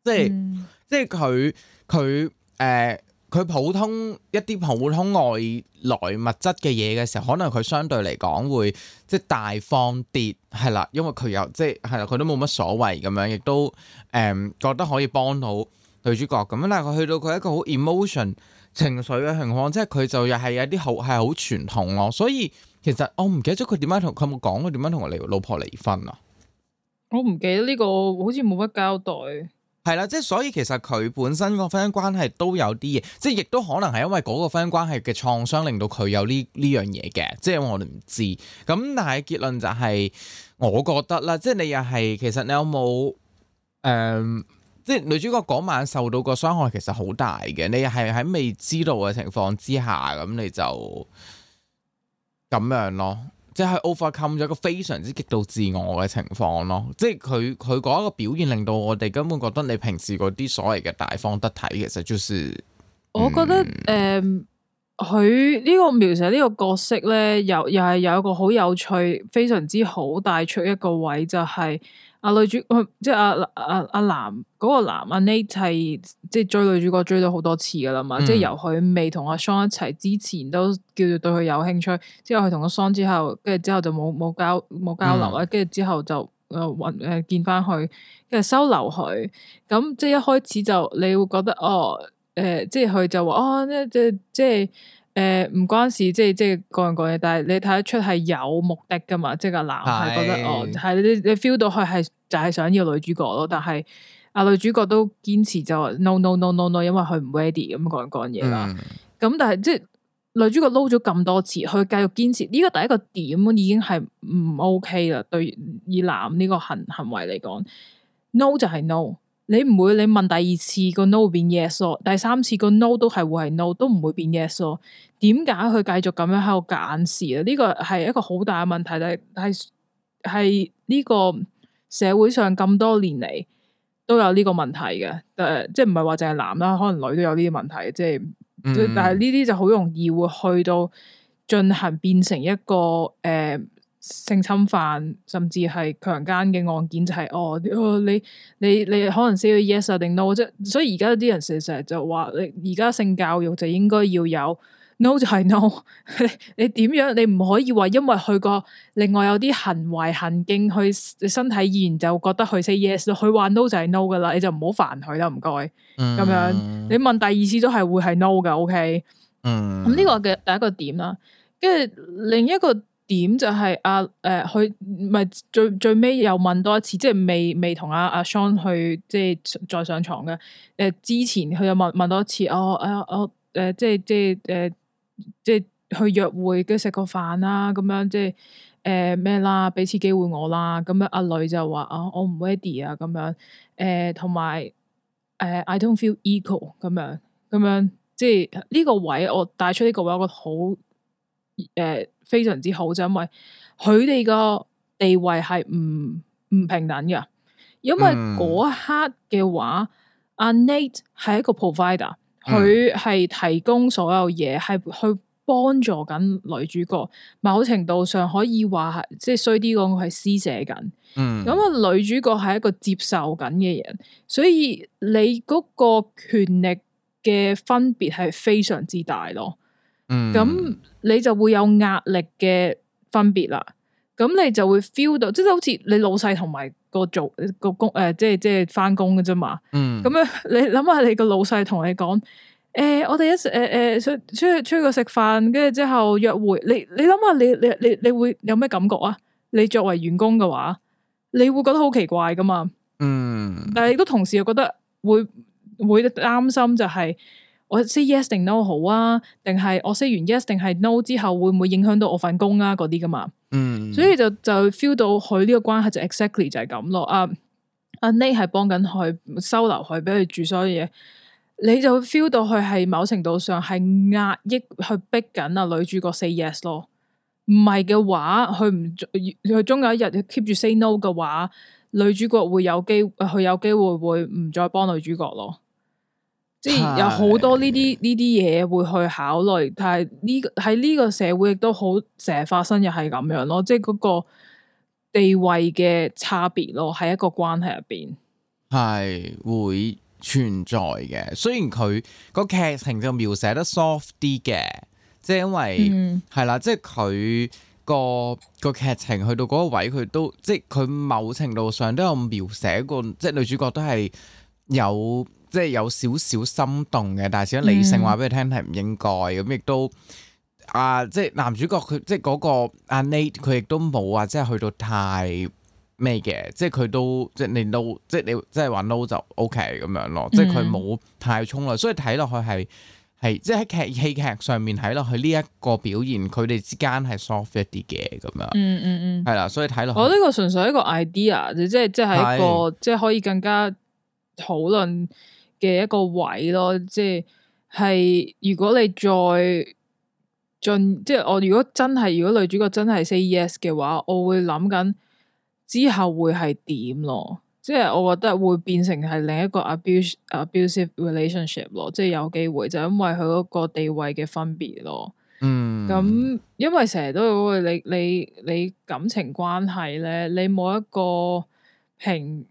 即係、嗯、即係佢佢誒。佢普通一啲普通外來物質嘅嘢嘅時候，可能佢相對嚟講會即係大方啲，係啦，因為佢又即係佢都冇乜所謂咁樣，亦都誒、嗯、覺得可以幫到女主角咁樣。但係佢去到佢一個好 emotion 情緒嘅情況，即係佢就又係有啲好係好傳統咯。所以其實我唔記得咗佢點樣同佢冇講佢點樣同我老婆離婚啊？我唔記得呢個好似冇乜交代。係啦， 即係所以其實佢本身個婚姻關係都有啲嘢，即係亦都可能係因為嗰個婚姻關係嘅創傷，令到佢有呢呢樣嘢嘅，即係我哋唔知。咁但係結論就係，我覺得啦，即係你又係其實你有冇誒、呃，即係女主角嗰晚受到個傷害其實好大嘅，你又係喺未知道嘅情況之下，咁你就咁樣咯。即係 overcome 咗一個非常之極度自我嘅情況咯，即係佢佢嗰一個表現令到我哋根本覺得你平時嗰啲所謂嘅大方得體其實就是，我覺得誒，佢呢、嗯呃、個描寫，呢個角色咧，又又係有一個好有趣、非常之好帶出一個位就係、是。阿女主，即係阿阿阿男嗰、嗰個男阿 Nate 係即係追女主角追咗好多次噶啦嘛，嗯、即係由佢未同阿 Sean 一齊之前都叫做對佢有興趣，之後佢同阿 Sean 之後，跟住之後就冇冇交冇交流啦，跟住、嗯、之後就誒揾誒見翻佢，跟住收留佢，咁即係一開始就你會覺得哦，誒、呃、即係佢就話哦呢、呃、即即係。誒，唔、呃、關事，即係即係講人講嘢，但係你睇得出係有目的噶嘛？即係個男係覺得是哦，係你你 feel 到佢係就係想要女主角咯。但係啊女主角都堅持就 no no no no no，no 因為佢唔 ready 咁講講嘢啦。咁、嗯、但係即係女主角撈咗咁多次，去繼續堅持呢、這個第一個點已經係唔 OK 啦。對以男呢個行行為嚟講，no 就係 no。你唔會，你問第二次，個 no 變 yes 第三次，個 no 都係會係 no，都唔會變 yes 咯。點解佢繼續咁樣喺度夾眼視呢，呢個係一個好大嘅問題，但係係係呢個社會上咁多年嚟，都有呢個問題嘅。誒，即係唔係話淨係男啦，可能女都有呢啲問題。即係，嗯、但係呢啲就好容易會去到進行變成一個誒。呃性侵犯甚至係強姦嘅案件就係、是、哦你你你可能 say yes 啊定 no 啫，所以而家啲人成日就話你而家性教育就應該要有 no 就係 no， 你點樣你唔可以話因為佢個另外有啲行為行徑去身體意願就覺得佢 say yes，佢話 no 就係 no 噶啦，你就唔好煩佢啦，唔該，咁樣你問第二次都係會係 no 噶，ok，咁呢、嗯嗯、個嘅第一個點啦，跟住另一個。點就係阿誒，佢、呃、唔係最最尾又問多一次，即係未未同阿阿 Sean 去即係再上床嘅。誒、呃，之前佢又問問多一次，哦，誒、呃，我、呃、誒，即係即係誒，即係去約會、啊，跟住食個飯啦，咁樣即係誒咩啦，俾次機會我啦。咁樣阿女就話啊、哦，我唔 ready 啊，咁樣誒，同埋誒，I don't feel equal 咁樣，咁樣，樣即係呢、呢個位我帶出呢個位，我好。誒、呃，非常之好，就因為佢哋個地位係唔唔平等嘅，因為嗰一刻嘅話，阿、嗯、Nate 係一個 provider，佢係提供所有嘢，係去幫助緊女主角，某程度上可以話係即係衰啲講，佢係施捨緊。嗯，咁啊，女主角係一個接受緊嘅人，所以你嗰個權力嘅分別係非常之大咯。咁、嗯、你就會有壓力嘅分別啦，咁你就會 feel 到，即、就、係、是、好似你老細同埋個做個工誒，即係即係翻工嘅啫嘛。咁、就、樣、是就是嗯、你諗下，想想你個老細同你講，誒、呃，我哋一誒誒、呃、出出去出去個食飯，跟住之後約會，你你諗下你你你你會有咩感覺啊？你作為員工嘅話，你會覺得好奇怪㗎嘛？嗯，但係你都同時又覺得會會，會擔心就係、是。我 say yes 定 no 好啊？定係我 say 完 yes 定係 no 之後會唔會影響到我份工啊？嗰啲㗎嘛，嗯，所以就就 feel 到佢呢個關係就 exactly 就係咁咯。阿阿 Nay 係幫緊佢收留佢，俾佢住所有嘢，你就 feel 到佢係某程度上係壓抑去逼緊啊女主角 say yes 咯。唔係嘅話，佢唔佢終有一日佢 keep 住 say no 嘅話，女主角會有機佢有，有機會會唔再幫女主角咯。即係有好多呢啲呢啲嘢會去考慮，但係呢喺呢個社會亦都好成日發生，又係咁樣咯。即係嗰個地位嘅差別咯，喺一個關係入邊係會存在嘅。雖然佢、嗰個劇情就描寫得 soft 啲嘅，即係因為係啦、嗯，即係佢、嗰個、嗰個劇情去到嗰個位，佢都即係佢某程度上都有描寫過，即係女主角都係有。即係有少少心動嘅，但係想理性話俾佢聽係唔應該咁，亦都啊、呃，即係男主角佢即係、那、嗰個阿 Nate，佢亦都冇話即係去到太咩嘅，即係佢都即係你 no，即係你即係話 no 就 OK 咁樣咯，即係佢冇太衝咯，嗯、所以睇落去係係即係喺劇戲劇上面睇落去呢一個表現，佢哋之間係 soft 一啲嘅咁樣，嗯嗯嗯，係啦，所以睇落去，我呢個純粹一個 idea，即係即係一個即係是是可以更加討論嘅一個位咯，即係如果你再進，即係我如果真係如果女主角真係 say yes 嘅話，我會諗緊之後會係點咯。即係我覺得會變成係另一個 abuse abusive relationship 咯，即係有機會就因為佢嗰個地位嘅分別咯。嗯，咁因為成日都會你你你感情關係咧，你冇一個平。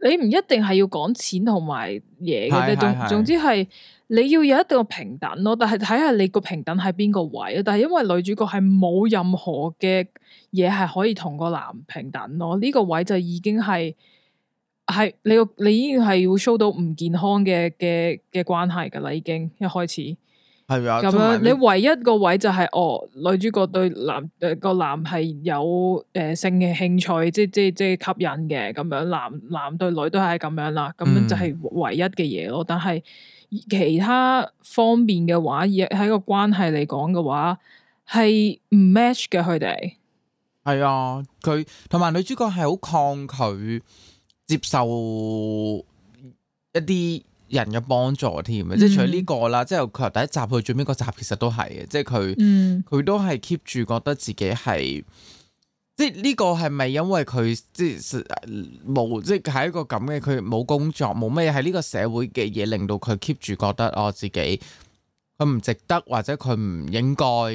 你唔一定係要講錢同埋嘢嘅啫，總總之係你要有一定嘅平等咯。但係睇下你個平等係邊個位。啊，但係因為女主角係冇任何嘅嘢係可以同個男平等咯。呢、這個位就已經係係你個你已經係要 show 到唔健康嘅嘅嘅關係噶啦，已經一開始。係啊，咁樣你唯一個位就係、是、哦，女主角對男誒個、呃、男係有誒、呃、性嘅興趣，即即即吸引嘅咁樣，男男對女都係咁樣啦，咁樣就係唯一嘅嘢咯。但係其他方面嘅話，喺個關係嚟講嘅話，係唔 match 嘅佢哋。係啊，佢同埋女主角係好抗拒接受一啲。人嘅幫助添，即係除咗呢、這個啦，mm hmm. 即係佢第一集去最尾嗰集，其實都係嘅，即係佢佢都係 keep 住覺得自己係，即係呢個係咪因為佢即係冇，即係係一個咁嘅佢冇工作冇咩喺呢個社會嘅嘢，令到佢 keep 住覺得哦自己佢唔值得或者佢唔應該攞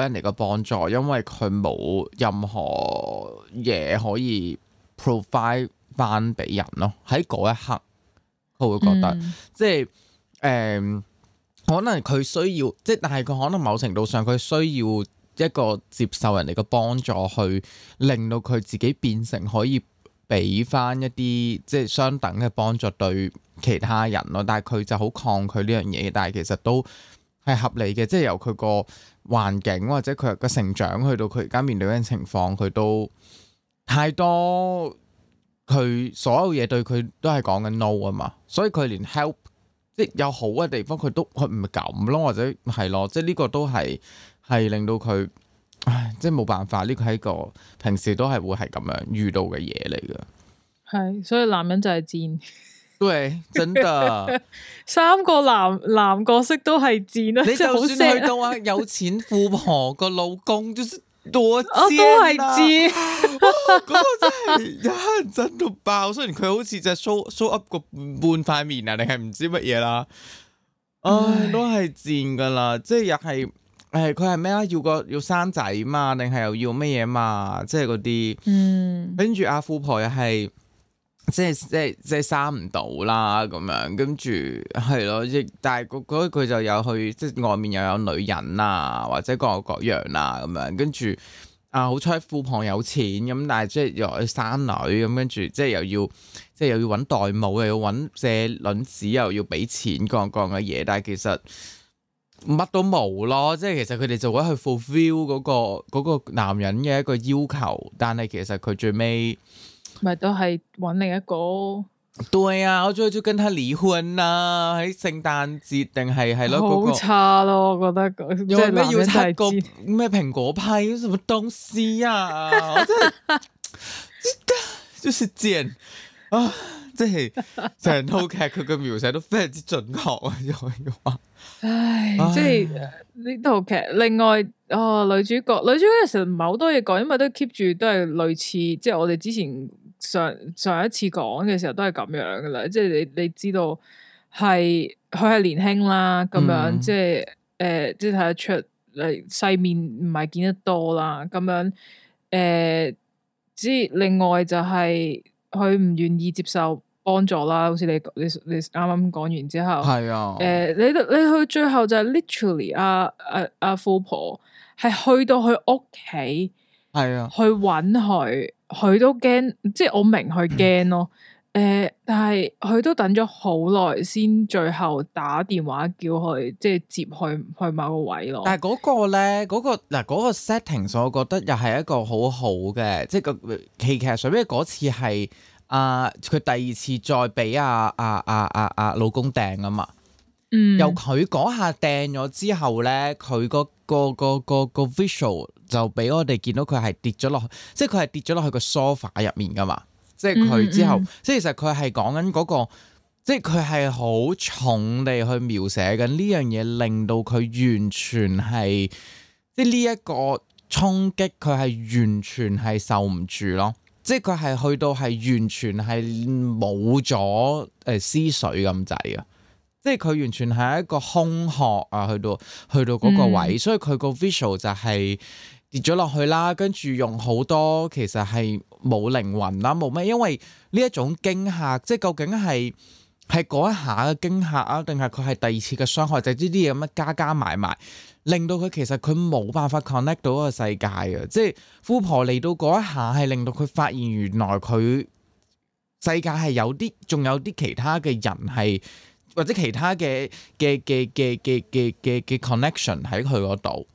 人嚟嘅幫助，因為佢冇任何嘢可以 provide 翻俾人咯。喺嗰一刻。佢會覺得，嗯、即係誒、呃，可能佢需要，即係但係佢可能某程度上，佢需要一個接受人哋嘅幫助去，去令到佢自己變成可以俾翻一啲即係相等嘅幫助對其他人咯。但係佢就好抗拒呢樣嘢，但係其實都係合理嘅，即係由佢個環境或者佢個成長去到佢而家面對嘅情況，佢都太多。佢所有嘢對佢都係講緊 no 啊嘛，所以佢連 help 即係有好嘅地方佢都佢唔敢咯，或者係咯，即係呢個都係係令到佢，唉，即係冇辦法。呢、呢個係一個平時都係會係咁樣遇到嘅嘢嚟嘅。係，所以男人就係賤，都 係真噶。 三個男男角色都係賤啊！你就算去到啊有錢富婆個老公，就是，多尖啊！咁我、哦啊 哦嗰個，真係一陣都爆，雖然佢好似只係 show up 個半塊面啊，定係唔知乜嘢啦。唉、哎，都係賤噶啦，即係又係誒，佢係咩啊？要個要生仔嘛？定係又要乜嘢嘛？即係嗰啲，嗯，跟住阿富婆又係。即係即係即係生唔到啦咁樣，跟住係咯，亦但係嗰嗰佢就有去即係外面又有女人啊，或者各樣各樣啦、啊、咁樣，跟住啊好彩富婆有錢咁，但係即係又去生女咁，跟住即係又要即係又要揾代母，又要揾借卵子，又要俾錢，各各嘅嘢，但係其實乜都冇咯，即係其實佢哋就會去 fulfill 嗰個嗰、嗰個男人嘅一個要求，但係其實佢最尾。咪都係揾另一個對啊！我最後就跟他離婚啦、啊，喺聖誕節定係係咯，好差咯，我覺得嗰個咩要提供代表？咩蘋果批什麼東西啊！真係，真係， 就是賤啊！即係成套劇佢嘅描寫都非常之準確啊！又係話，唉，唉即係呢套劇，另外啊、哦，女主角女主角其實唔係好多嘢講，因為都 keep 住都係類似，即係我哋之前。上上一次講嘅時候都係咁樣噶啦，即係你你知道係佢係年輕啦，咁樣、嗯、即係誒、呃，即係睇得出嚟，世面唔係見得多啦，咁樣誒，之、呃，另外就係佢唔願意接受幫助啦，好似你你你啱啱講完之後係啊，誒、呃，你你去最後就係 literally 阿、啊、阿阿、啊、富、啊、婆係去到佢屋企係啊，去揾佢。佢都驚，即係我明佢驚咯，誒、嗯欸，但係佢都等咗好耐，先最後打電話叫佢，即係接佢去去某個位咯。但係嗰個咧，嗰、嗰個嗱，嗰、嗰個 setting，所以我覺得又係一個好好嘅，即係個戲劇上面嗰次係阿佢第二次再俾阿阿阿阿阿老公掟啊嘛。由佢嗰下掟咗之後咧，佢嗰、個、個、個、個 visual 就俾我哋見到佢係跌咗落去，即係佢係跌咗落去個 sofa 入面噶嘛。即係佢之後，嗯嗯即係其實佢係講緊嗰個，即係佢係好重地去描寫緊呢樣嘢，令到佢完全係即係呢一個衝擊，佢係完全係受唔住咯。即係佢係去到係完全係冇咗誒思緒咁滯噶。即係佢完全係一個空殼啊，去到去到嗰個位，嗯、所以佢個 visual 就係跌咗落去啦。跟住用好多其實係冇靈魂啦、啊，冇咩，因為呢一種驚嚇，即係究竟係係嗰一下嘅驚嚇啊，定係佢係第二次嘅傷害，就呢啲嘢咁樣加加埋埋，令到佢其實佢冇辦法 connect 到嗰個世界啊。即係富婆嚟到嗰一下，係令到佢發現原來佢世界係有啲，仲有啲其他嘅人係。或者其他嘅嘅嘅嘅嘅嘅嘅 connection 喺佢嗰度，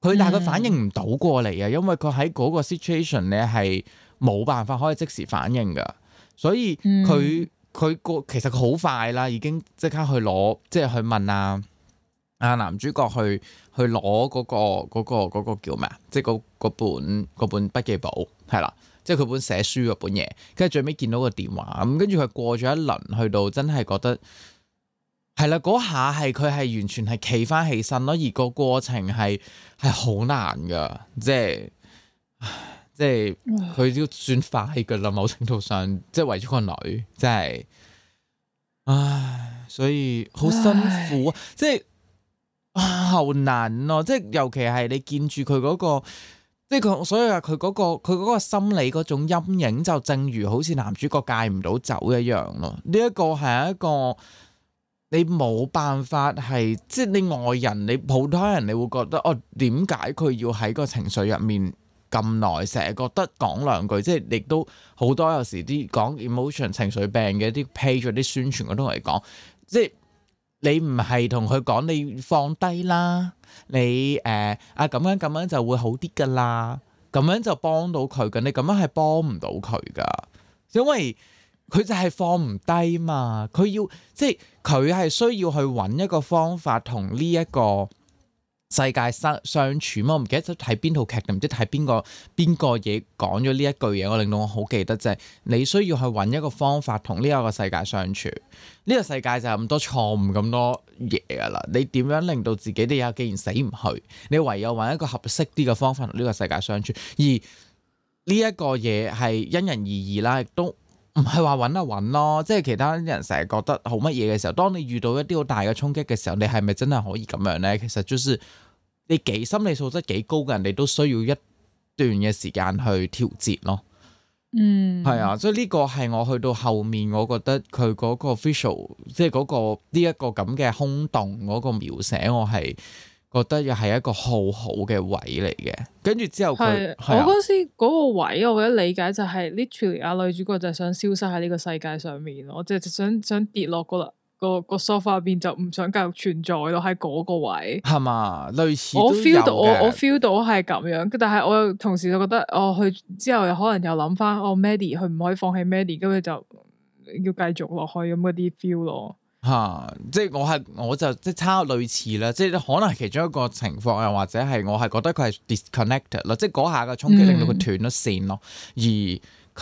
佢、mm. 但係佢反應唔到過嚟啊，因為佢喺嗰個 situation 咧係冇辦法可以即時反應噶，所以佢佢個其實佢好快啦，已經即刻去攞，即係去問啊啊男主角去去攞嗰個嗰個嗰個叫咩啊？即係嗰本嗰本筆記簿係啦，即係佢本寫書嗰本嘢，跟住最尾見到個電話，咁，跟住佢過咗一輪去到真係覺得。係啦，嗰下係佢係完全係企翻起身咯，而個過程係係好難噶，即係即係佢都算快噶啦，某程度上即係為咗個女，即係唉，所以好辛苦唉啊，即係好難咯，即係尤其係你見住佢嗰個，即係佢所以話佢嗰個佢嗰個心理嗰種陰影，就正如好似男主角戒唔到酒一樣咯，呢一個係一個。你冇辦法係，即係你外人，你普通人，你會覺得哦，點解佢要喺個情緒入面咁耐？成日覺得講兩句，即係亦都好多有時啲講 emotion 情緒病嘅一啲 page、啲宣傳嗰度嚟講，即係你唔係同佢講，你放低啦，你誒、呃、啊咁樣咁樣就會好啲㗎啦，咁樣就幫到佢嘅，你咁樣係幫唔到佢㗎，因為。佢就係放唔低嘛，佢要即係佢係需要去揾一個方法同呢一個世界相相處嘛。我唔記得睇邊套劇，唔知睇邊個邊個嘢講咗呢一句嘢，我令到我好記得就係你需要去揾一個方法同呢個世界相處。呢個世界就係咁多錯誤咁多嘢噶啦，你點樣令到自己啲有既然死唔去，你唯有揾一個合適啲嘅方法同呢個世界相處。而呢一個嘢係因人而異啦，亦都。唔係話揾一揾咯，即係其他人成日覺得好乜嘢嘅時候，當你遇到一啲好大嘅衝擊嘅時候，你係咪真係可以咁樣呢？其實就是你幾心理素質幾高嘅人，你都需要一段嘅時間去調節咯。嗯，係啊，所以呢個係我去到後面，我覺得佢嗰個 official，即係嗰個呢一個咁嘅空洞嗰個描寫，我係。覺得又係一個好好嘅位嚟嘅，跟住之後佢，的有我嗰時嗰個位，我覺得理解就係 literally 阿女主角就想消失喺呢個世界上面，我即係想想跌落，那個啦，那個個梳化入邊，就唔想繼續存在咯，喺嗰個位係嘛，類似我我。我 feel 到我我 feel 到係咁樣，但係我又同時就覺得，我、哦、佢之後又可能又諗翻，我 Maddy 佢唔可以放棄 Maddy，咁咪就要繼續落去咁嗰啲 feel 咯。嚇、啊！即係我係，我就即係差類似啦。即係可能其中一個情況，又或者係我係覺得佢係 disconnected 咯。即係嗰下嘅衝擊令到佢斷咗線咯，而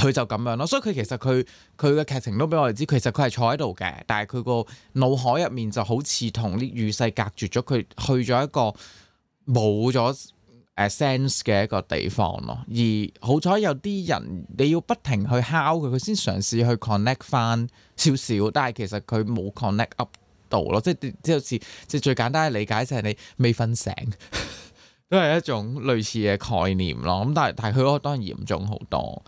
佢就咁樣咯。所以佢其實佢佢嘅劇情都俾我哋知，其實佢係坐喺度嘅，但係佢個腦海入面就好似同啲與世隔絕咗，佢去咗一個冇咗誒 sense 嘅一個地方咯，而好彩有啲人你要不停去敲佢，佢先嘗試去 connect 翻少少，但係其實佢冇 connect up 到咯，即係即係好似即係最簡單嘅理解就係你未瞓醒。 都係一種類似嘅概念咯。咁但係但係佢嗰個當然嚴重好多，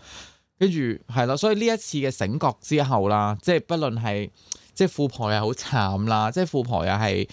跟住係咯，所以呢一次嘅醒覺之後啦，即係不論係即係富婆又好慘啦，即係富婆又係誒。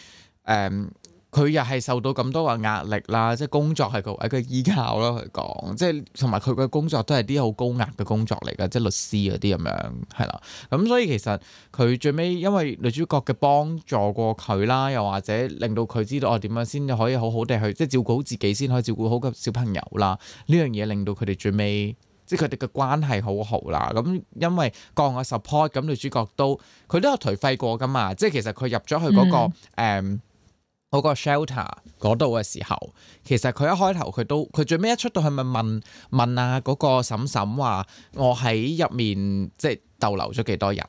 嗯佢又係受到咁多個壓力啦，即係工作係佢一個依靠咯。佢講，即係同埋佢嘅工作都係啲好高壓嘅工作嚟噶，即係律師嗰啲咁樣，係啦。咁、嗯、所以其實佢最尾因為女主角嘅幫助過佢啦，又或者令到佢知道哦、我點樣先可以好好地去即係照顧好自己，先可以照顧好個小朋友啦。呢樣嘢令到佢哋最尾即係佢哋嘅關係好好啦。咁、嗯、因為講 support 咁女主角都佢都有頹廢過噶嘛。即係其實佢入咗去嗰、那個、嗯嗰個 shelter 嗰度嘅時候，其實佢一開頭佢都佢最尾一出到去咪問問啊，嗰個嬸嬸話我喺入面即係逗留咗幾多人？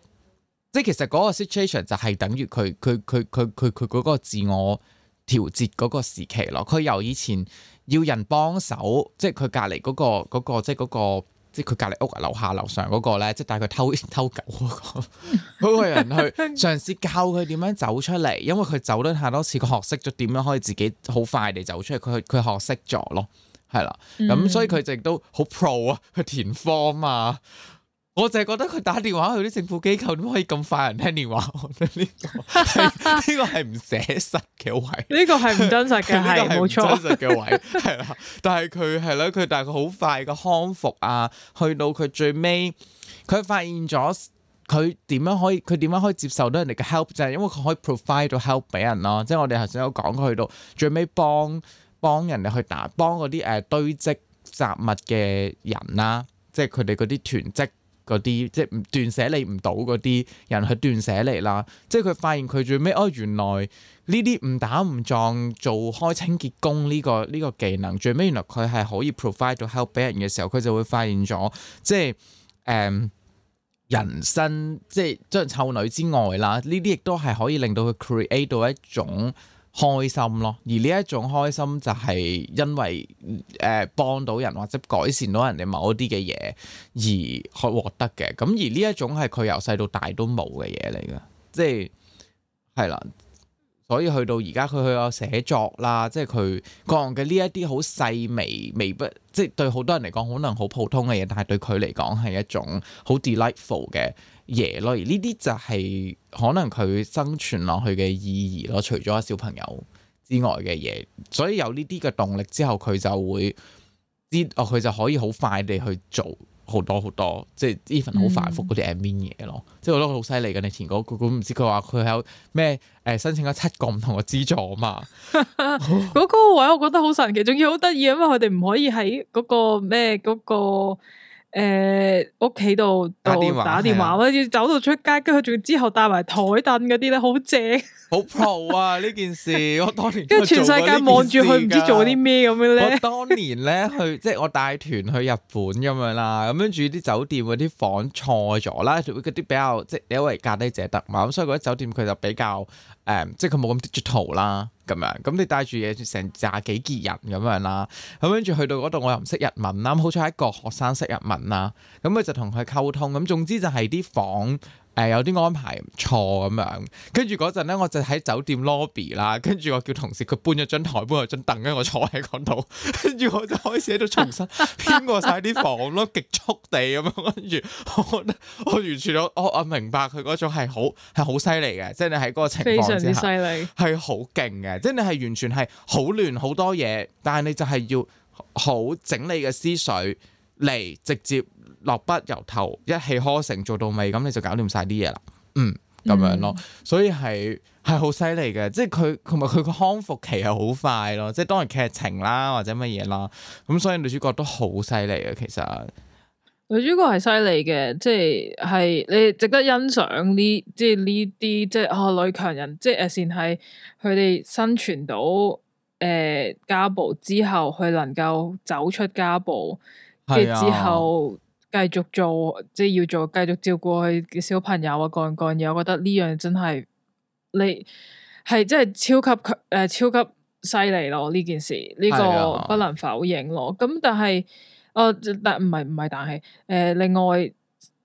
即係其實嗰個 situation 就係等於佢佢佢佢佢佢嗰個自我調節嗰個時期咯。佢由以前要人幫手，即係佢隔離嗰個嗰個即係嗰個。那個知佢隔籬屋啊，樓下樓上嗰、那個咧，即係帶佢偷偷狗嗰、那個，嗰 個人去嘗試教佢點樣走出嚟，因為佢走咗好多次，佢學識咗點樣可以自己好快地走出嚟，佢佢學識咗咯，係啦，咁、嗯、所以佢直都好 pro 啊，去填方啊。我就係覺得佢打電話去啲政府機構都可以咁快人聽電話？我覺得呢、這個呢、這個係唔、這個、寫實嘅位，呢 個係唔真實嘅，冇錯。 真實嘅位係啦，但係佢係啦，佢但係佢好快嘅康復啊！去到佢最尾，佢發現咗佢點樣可以，佢點樣可以接受到人哋嘅 help，就係因為佢可以 provide 到 help 俾人咯。即係我哋頭先有講，佢去到最尾幫幫人哋去打幫嗰啲誒堆積雜物嘅人啦、啊，即係佢哋嗰啲囤積。嗰啲即係唔斷捨離唔到嗰啲人去斷捨離啦，即係佢發現佢最尾哦，原來呢啲誤打誤撞做開清潔工呢、呢個呢、呢個技能，最尾原來佢係可以 provide 到 help 俾人嘅時候，佢就會發現咗即係誒、嗯、人生即係將湊女之外啦，呢啲亦都係可以令到佢 create 到一種。開心咯，而呢一種開心就係因為誒、呃、幫到人或者改善到人哋某一啲嘅嘢而獲得嘅。咁而呢一種係佢由細到大都冇嘅嘢嚟嘅，即係係啦。所以去到而家佢去咗寫作啦，即係佢講嘅呢一啲好細微、微不即係對好多人嚟講可能好普通嘅嘢，但係對佢嚟講係一種好 delightful 嘅。嘢咯，而呢啲就係可能佢生存落去嘅意義咯，除咗小朋友之外嘅嘢，所以有呢啲嘅動力之後，佢就會知道、哦、佢就可以好快地去做好多好多，即係 Even 好繁複嗰啲 admin 嘢咯、嗯。即係我覺得好犀利嘅，你填嗰、那個，唔知佢話佢有咩誒申請咗七個唔同嘅資助嘛？嗰 個位我覺得好神奇，仲要好得意啊！因為佢哋唔可以喺嗰個咩嗰個。誒，屋企度打電話打電話啦，要的走到出街，跟住佢仲要之後帶埋台凳嗰啲咧，好正， 好 pro 啊！呢件事 我當年跟住全世界望住佢唔知做啲咩咁樣咧。 我當年咧去即係我帶團去日本咁樣啦，咁樣住啲酒店嗰啲房錯咗啦，會嗰啲比較即係因為價低者得嘛，咁所以嗰啲酒店佢就比較。誒，即係佢冇咁 digital 啦，咁樣，咁你帶住嘢成廿幾件人咁樣啦，咁跟住去到嗰度，我又唔識日文啦，好彩係一個學生識日文啦，咁佢就同佢溝通，咁總之就係啲房。誒、呃、有啲安排唔錯咁樣，跟住嗰陣咧，我就喺酒店 lobby 啦，跟住我叫同事佢搬咗張台，搬咗張凳，跟住我坐喺嗰度，跟住我就開始喺度重新編過晒啲房咯， 極速地咁樣，跟住我我，我完全我我明白佢嗰種係好係好犀利嘅，即係、就是、你喺嗰個情況之下非常之犀利，係好勁嘅，即、就、係、是、你係完全係好亂好多嘢，但係你就係要好整理嘅思緒嚟直接。落筆由頭一氣呵成做到尾，咁你就搞掂晒啲嘢啦。嗯，咁樣咯，嗯、所以係係好犀利嘅，即係佢同埋佢個康復期係好快咯。即係當然劇情啦，或者乜嘢啦，咁所以女主角都好犀利嘅。其實女主角係犀利嘅，即係係你值得欣賞呢，即係呢啲即係啊、呃、女強人，即係先係佢哋生存到誒、呃、家暴之後，佢能夠走出家暴、啊、之後。繼續做即係要做繼續照顧佢嘅小朋友啊，各樣嘢，我覺得呢樣真係你係真係超級誒、呃、超級犀利咯呢件事呢、呢個不能否認咯。咁的但係哦，但唔係唔係，但係誒、呃，另外。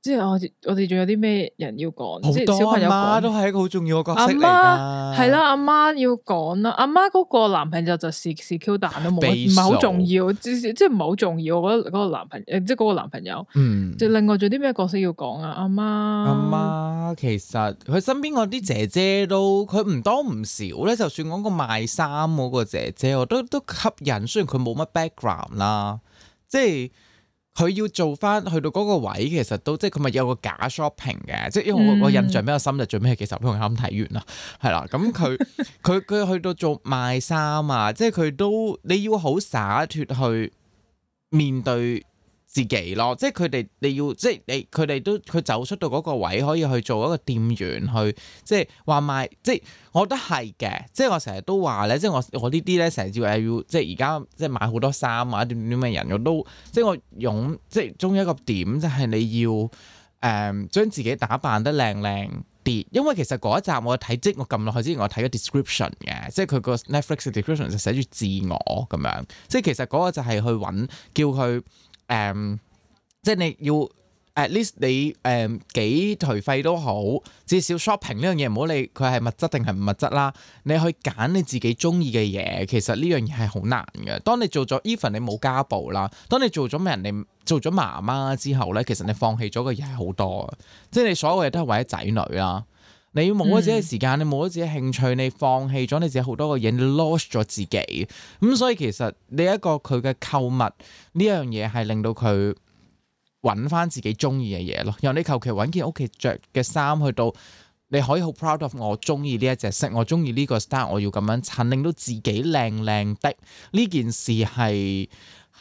即係我我哋仲有啲咩人要講？多即係小朋友講，媽都係一個好重要嘅角色嚟㗎。係啦，阿媽要講啦，阿媽嗰個男朋友就係是 Q 彈都冇，唔係好重要，即係唔係好重要。我覺得嗰個男朋友，即係嗰個男朋友，就、嗯、另外仲有啲咩角色要講啊？阿媽，阿媽其實佢身邊嗰啲姐姐都，佢唔多唔少咧。就算講個賣衫嗰個姐姐，我都都吸引。雖然佢冇乜 background 啦，即係。佢要做翻去到嗰個位，其實都即係佢咪有個假 shopping 嘅，即係因為我我印象比較深就最尾，其實我唔啱睇完啦，係啦，咁佢佢佢去到做賣衫啊，即係佢都你要好灑脫去面對自己咯，即係佢哋你要，即係你佢哋都佢走出到嗰個位，可以去做一個店員去，即係話賣，即係我覺得係嘅。即係我成日都話咧，即係我我呢啲咧成日叫 I U，即係而家即係買好多衫啊，一啲咩人我都，即係我用即係中一個點就係、是、你要誒、呃、將自己打扮得靚靚啲，因為其實嗰一集我睇即我撳落去之前，我睇咗 description 嘅，即係佢個 Netflix description 就寫住自我咁樣，即係其實嗰個就係去揾叫佢。誒，um, 即係你要，at least 你誒、um, 幾頹廢都好，至少 shopping 呢樣嘢唔好理，佢係物質定係唔物質啦。你去揀你自己中意嘅嘢，其實呢樣嘢係好難嘅。當你做咗 even 你冇家暴啦，當你做咗咩人你做咗媽媽之後咧，其實你放棄咗嘅嘢係好多，即係你所有嘢都係為咗仔女啦。你要冇咗自己嘅時間，你冇咗自己嘅興趣，你放棄咗你自己好多個嘢，你 lost 咗自己。咁所以其實你一個佢嘅購物呢一樣嘢，係令到佢搵返自己中意嘅嘢咯。由你求其搵件屋企着嘅衫去到你可以好 proud of 我中意呢一隻色，我中意呢個 style，我要咁樣襯，令到自己靚靚啲。呢件事係。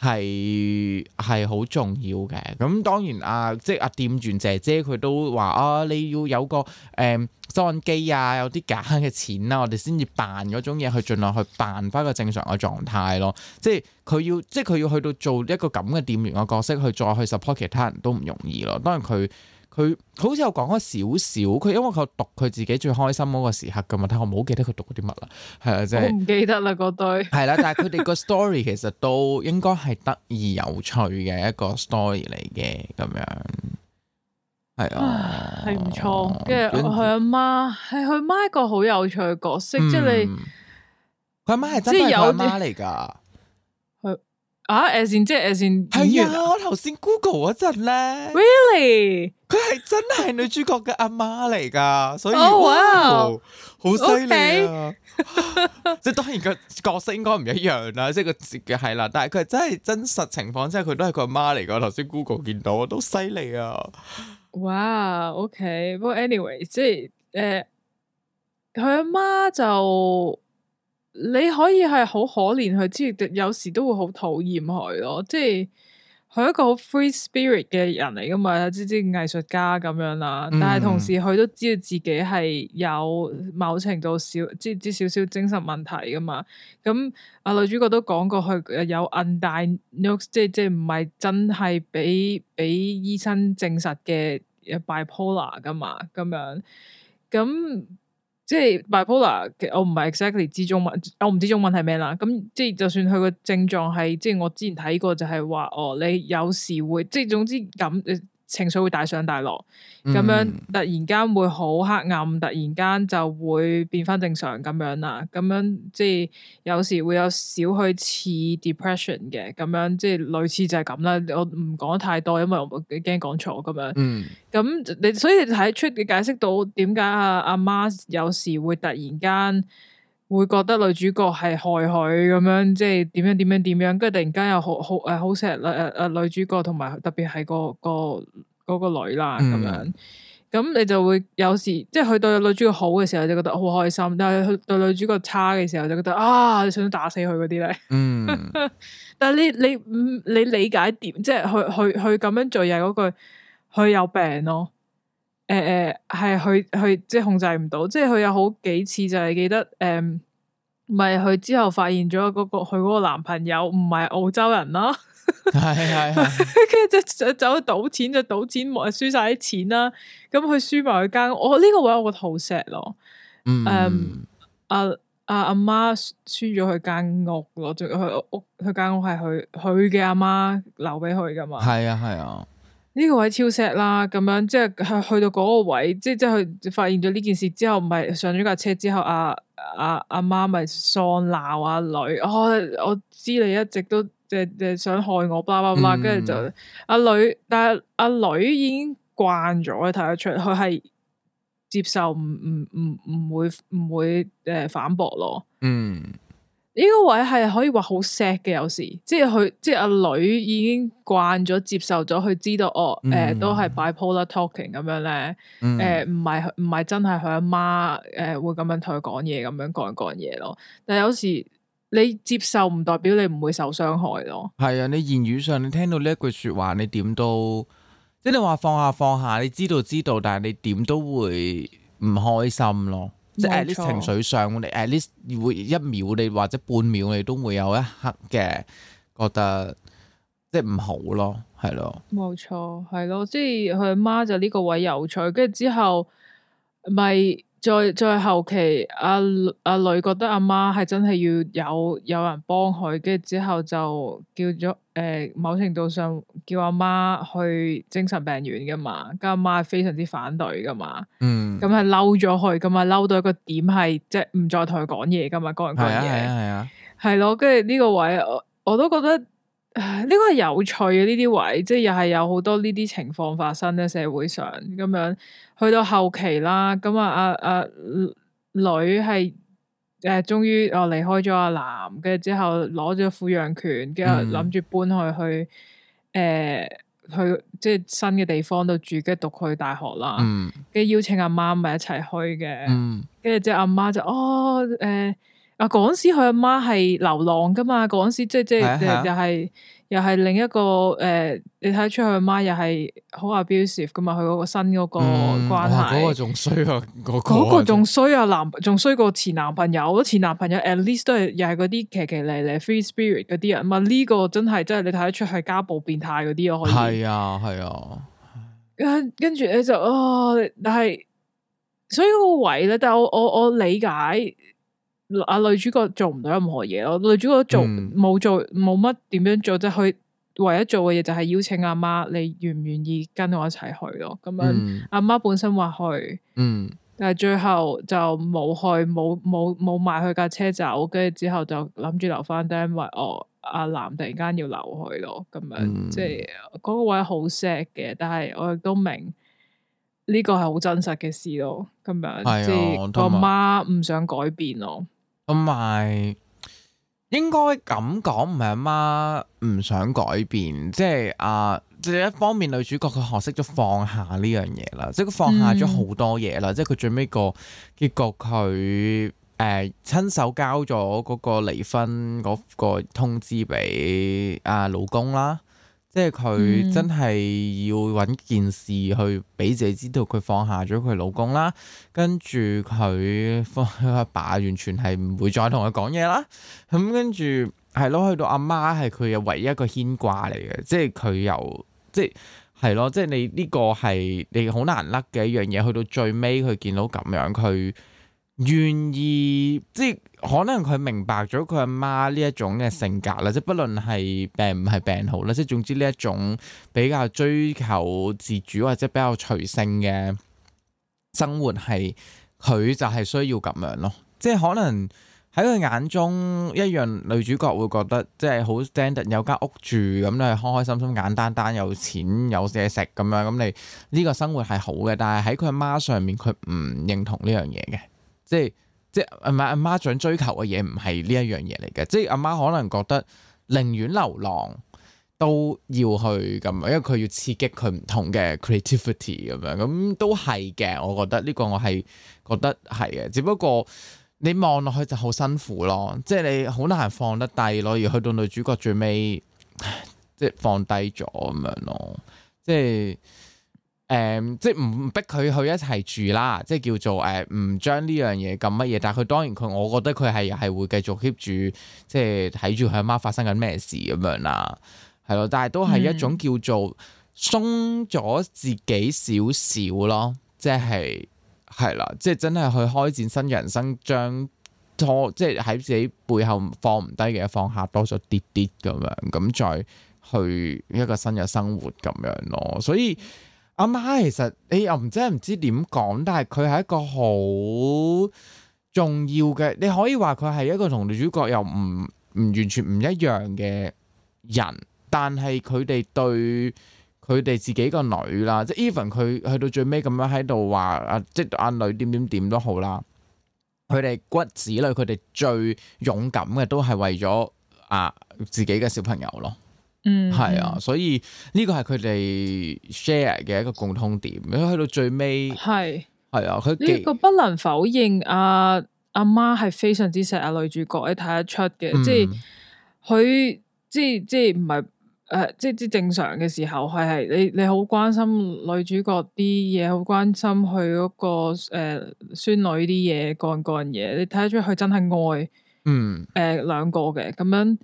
係係好重要嘅，咁當然啊，即係阿、啊、店員姐姐佢都話啊，你要有個誒、嗯、收銀機啊，有啲假嘅錢啊。我我哋先至扮嗰種嘢去，盡量去扮返個正常嘅狀態咯。即係佢要，即係佢要去到做一個咁嘅店員嘅角色，去再去 support 其他人都唔容易咯。當然佢。佢好似有講咗少少，佢因為佢讀佢自己最開心嗰個時刻嘅嘛，但係我唔好記得佢讀咗啲乜啦，係啊即係。就是、我唔記得啦，嗰堆。係 啦、啊，但係佢哋個 story 其實都應該係得意有趣嘅一個 story 嚟嘅。咁樣係啊，係唔、啊、錯。跟住佢阿媽係佢阿媽一個好有趣嘅角色，嗯、即係你佢阿媽係真係有阿媽嚟噶。啊，as in 即係 as in 係啊！我頭先 Google 嗰陣咧，really 佢係真係女主角嘅阿媽嚟噶，所以哇，好犀利啊！即係當然個角色應該唔一樣啦，即係個係啦，但係佢真係真實情況即係佢都係佢阿媽嚟噶。我頭先 Google 見到，都犀利啊！哇，OK，不過 anyway，即係誒，佢阿媽就。你可以係好可憐佢，之有時都會好討厭佢咯。即係佢一個好 free spirit 嘅人嚟噶嘛，即係藝術家咁樣啦。嗯、但係同時佢都知道自己係有某程度少，即係少少精神問題噶嘛。咁啊，女主角都講過佢有 undiagnosed 即係即係唔係真係俾俾醫生證實嘅 bipolar 噶嘛，咁樣咁。即係 bipolar，我唔係 exactly 知中文，我唔知中文係咩啦。咁即係就算佢個症狀係，即係我之前睇過就係話，哦，你有時會即係總之咁情緒會大上大落，咁樣突然間會好黑暗，突然間就會變翻正常咁樣啦。咁樣即係有時會有少去似 depression 嘅，咁樣即係類似就係咁啦。我唔講太多，因為我驚講錯咁樣。嗯，咁你所以睇出你解釋到點解阿阿媽有時會突然間。會覺得女主角係害佢咁樣，即係點樣點樣點樣，跟住突然間又好好，誒好錫女，誒誒女主角同埋特別係個個嗰個女啦咁樣，咁、嗯、你就會有時即係佢對女主角好嘅時候就覺得好開心，但係佢對女主角差嘅時候就覺得啊你想打死佢嗰啲咧。嗯、 但係你你你，你理解點？即係佢佢佢咁樣做最後嗰句，佢有病咯。誒誒，係佢佢即係控制唔到，即係佢有好幾次就係、是、記得，誒、嗯，唔係佢之後發現咗、嗰個佢嗰個男朋友唔係澳洲人啦，係係，跟住就走去賭錢就賭錢，輸晒啲錢啦。咁佢輸埋佢間屋，我呢、哦這個位我個頭石咯。呃、嗯，阿阿阿媽輸咗佢間屋咯，仲有佢屋佢間屋係佢佢嘅阿媽留俾佢噶嘛？係啊係啊。啊媽媽呢個位超 sad 啦，咁樣即係去去到嗰個位，即係即係發現咗呢件事之後，唔係上咗架車之後，阿阿阿媽咪喪鬧阿女，哦、我我知你一直都即係即係想害我，巴拉巴拉跟住就阿、嗯啊、女，但係阿、啊、女已經慣咗，睇得出佢係接受，唔唔唔唔會唔會誒、呃、反駁咯，嗯。呢個位係可以話好 sad 嘅，有時即係佢即係阿女已經慣咗接受咗，佢知道哦，誒、呃、都係 bipolar talking 咁樣咧，誒唔係唔係真係佢阿媽誒、呃、會咁樣同佢講嘢咁樣講講嘢咯。但係有時你接受唔代表你唔會受傷害咯。係啊，你言語上你聽到呢一句說話，你點都即係你話放下放下，你知道知道，但係你點都會唔開心咯。即係 at least 情緒上，冇錯，你 at least 會一秒你或者半秒你都會有一刻嘅覺得即係唔好咯，係咯。冇錯，係咯，即係佢媽媽就呢個位有趣，跟住之後咪。再再後期，阿、啊、阿、啊、女覺得阿媽係真係要有有人幫佢，跟住之後就叫咗誒、呃，某程度上叫阿媽，媽去精神病院噶嘛，跟阿媽係非常之反對噶嘛，嗯，咁係嬲咗佢，咁啊嬲到一個點，係即係唔再同佢講嘢噶嘛，講唔講嘢？係啊係啊，係咯、啊，跟住呢個位我我都覺得。誒，呢、這個係有趣嘅呢啲位，即係又係有好多呢啲情況發生咧，社會上咁樣去到後期啦，咁啊阿阿、啊、女係誒、呃，終於哦離開咗阿男，嘅之後攞咗撫養權，跟住諗住搬去去誒、呃、去即係新嘅地方度住，跟住讀去大學啦，跟住、嗯、邀請阿媽咪一齊去嘅，跟住之後阿媽，媽就哦誒。呃啊！嗰時佢阿媽係流浪噶嘛，嗰時即係即係又係又係另一個誒、呃，你睇得出佢阿媽又係好 abusive 噶嘛，佢嗰個新嗰個關係，嗰、嗯、那個仲衰啊，嗰、那個，個、啊，個仲衰啊，男仲衰過前男朋友，前男朋友 at least 都係又係嗰啲奇奇嚟嚟 free spirit 嗰啲人，唔、這、呢個真係真係你睇得出係家暴變態嗰啲啊，係啊係啊，跟跟住咧就啊、哦，但係所以個位咧，但係我我我，我理解。阿女主角做唔到任何嘢咯，女主角做冇做冇乜點樣做，即係佢唯一做嘅嘢就係邀請阿媽，你願唔願意跟我一齊去咯？咁樣阿媽、嗯、本身話去，嗯、但係最後就冇去，冇冇冇買佢架車走，跟住之後就諗住留翻。但係我阿男突然間要留去咯，咁樣、嗯、即係嗰、那個位好 sad 嘅，但係我亦都明呢個係好真實嘅事咯。咁樣、哎、呦即係個媽唔想改變咯。嗯同埋應該咁講，唔係阿媽唔想改變，即係啊，即、呃、係一方面女主角佢學識咗放下呢樣嘢啦，即係佢放下咗好多嘢啦，嗯、即係佢最尾個結局，佢誒親手交咗嗰個離婚嗰個通知俾阿、呃、老公啦。即係佢真係要揾件事去俾自己知道佢放下咗佢老公啦，跟住佢放佢阿爸完全係唔會再同佢講嘢啦。咁跟住係咯，去到阿媽係佢嘅唯一一個牽掛嚟嘅，即係佢由即係係咯，即係你呢個係你好難甩嘅一樣嘢，去到最尾佢見到咁樣佢。願意即係可能佢明白咗佢阿媽呢一種嘅性格啦，嗯，即係不論係病唔係病好啦，即係總之呢一種比較追求自主或者比較隨性嘅生活係佢就係需要咁樣咯。即係可能喺佢眼中，一樣女主角會覺得即係好 standard 有間屋住咁咧，開開心心、簡單單單、有錢、有嘢食咁樣咁，樣你呢、這個生活係好嘅。但係喺佢阿媽上面，佢唔認同呢樣嘢嘅。即係即係阿媽阿媽想追求嘅嘢唔係呢一樣嘢嚟嘅，即係阿媽可能覺得寧願流浪都要去咁，因為佢要刺激佢唔同嘅 creativity 咁樣，咁都係嘅。我覺得呢個我係覺得係嘅，只不過你望落去就好辛苦咯，即係你好難放得低咯，而去到女主角最尾即係放低咗咁樣咯，即係。誒、嗯，即係唔逼佢去一齊住啦，即係叫做誒，唔將呢樣嘢咁乜嘢。但係佢當然佢，我覺得佢係係會繼續 keep 住，即係睇住佢阿媽發生緊咩事咁樣啦，係咯。但係都係一種叫做鬆咗自己少少咯，嗯、即係係啦，即係真係去開展新人生，將拖即係喺自己背後放唔低嘅放下多咗啲啲咁樣，咁再去一個新嘅生活咁樣咯，所以。阿媽其實你又唔知係唔知點講，但係佢係一個好重要嘅，你可以話佢係一個同女主角又唔唔完全唔一樣嘅人，但係佢哋對佢哋自己個女啦，即係 Even 佢去到最尾咁樣喺度話啊，即係阿女點點點都好啦，佢哋骨子裏，佢哋最勇敢嘅都係為咗啊自己嘅小朋友咯。嗯，係啊，所以呢個係佢哋 share 嘅一個共通點。佢去到最尾，係係啊，佢呢個不能否認阿阿媽係非常之錫阿女主角，你睇得出嘅、嗯。即係佢，即係即係唔係誒，即係即係正常嘅時候，係係你你好關心女主角啲嘢，好關心佢嗰個誒孫女啲嘢，幹幹嘢，你睇得出佢真係愛，嗯，誒兩個嘅咁樣，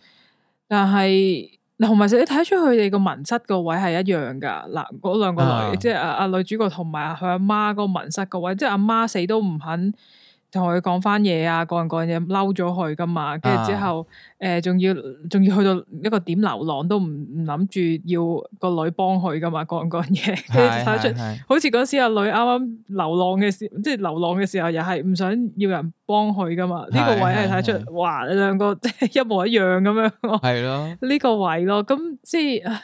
但係。同埋實，你睇出佢哋個文室個位係一樣㗎。嗱，嗰兩個女，啊、即係阿阿女主角同埋佢阿媽個文室個位，即係阿媽死都唔肯，同佢講翻嘢啊，各樣嘢嬲咗佢噶嘛，跟住之後，誒、呃，仲要仲要去到一個點流浪都唔唔諗住要個女幫佢噶嘛，各樣嘢，睇得出，是是是是好似嗰時阿女啱啱流浪嘅時，即係流浪嘅時候，又係唔想要人幫佢噶嘛，呢是個位係睇出，是是是哇，你兩個即係一模一樣咁樣，係、嗯、是的 咯，呢個位咯，咁即係，唉，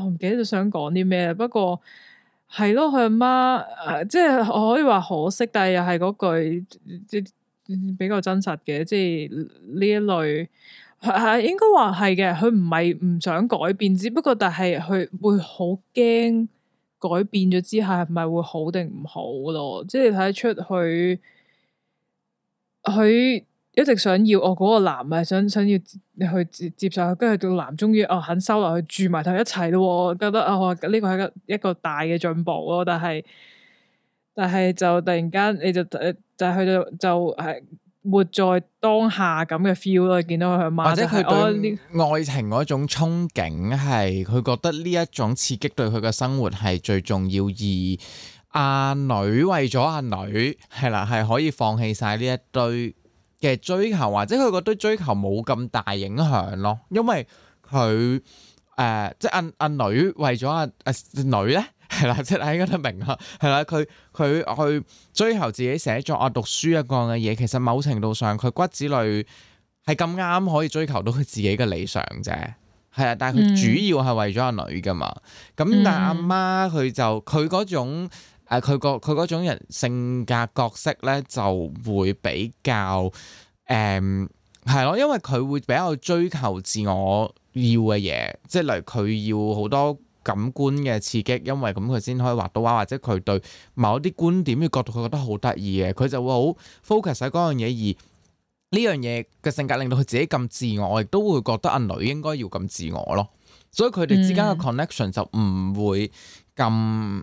我唔記得想講啲咩，不過。係咯，佢阿媽，即係可以話可惜，但係又係嗰句，即比較真實嘅，即係呢一類，係、啊、係應該話係嘅。佢唔係唔想改變，只不過但係佢會，會好驚改變咗之後係咪會好定唔好咯？即係你睇得出佢佢。一直想要我嗰、哦嗰個男啊，想想要去接接受佢，跟住到男終於哦肯收留去住埋同佢一齊咯，我覺得啊呢、哦這個係一,一個大嘅進步咯。但係但係就突然間你就誒就去到就係活在當下咁嘅 feel 咯。見到佢媽或者佢對愛情嗰種憧憬係佢覺得呢一種刺激對佢嘅生活係最重要，而阿、啊、女為咗阿、啊、女係啦，係可以放棄晒呢一堆。嘅追求，或者佢嗰堆追求冇咁大影響咯，因為佢誒、呃，即係阿阿女為咗阿阿女咧，係啦，即係大家都明啦，係啦，佢佢去追求自己寫作啊、讀書一個嘅嘢，其實某程度上佢骨子裏係咁啱可以追求到佢自己嘅理想啫，係啊，但係佢主要係為咗阿女㗎嘛，咁但係阿媽佢就佢嗰種。誒佢、啊、個佢嗰種人性格角色咧，就會比較誒係咯，因為佢會比較追求自我要嘅嘢，即係例如佢要好多感官嘅刺激，因為咁佢先可以畫到畫，或者佢對某一啲觀點嘅角度佢覺得好得意嘅，佢就會好 focus 喺嗰樣嘢。而呢樣嘢嘅性格令到佢自己咁自我，亦都會覺得阿女應該要咁自我咯，所以佢哋之間嘅 connection 就唔會咁嗯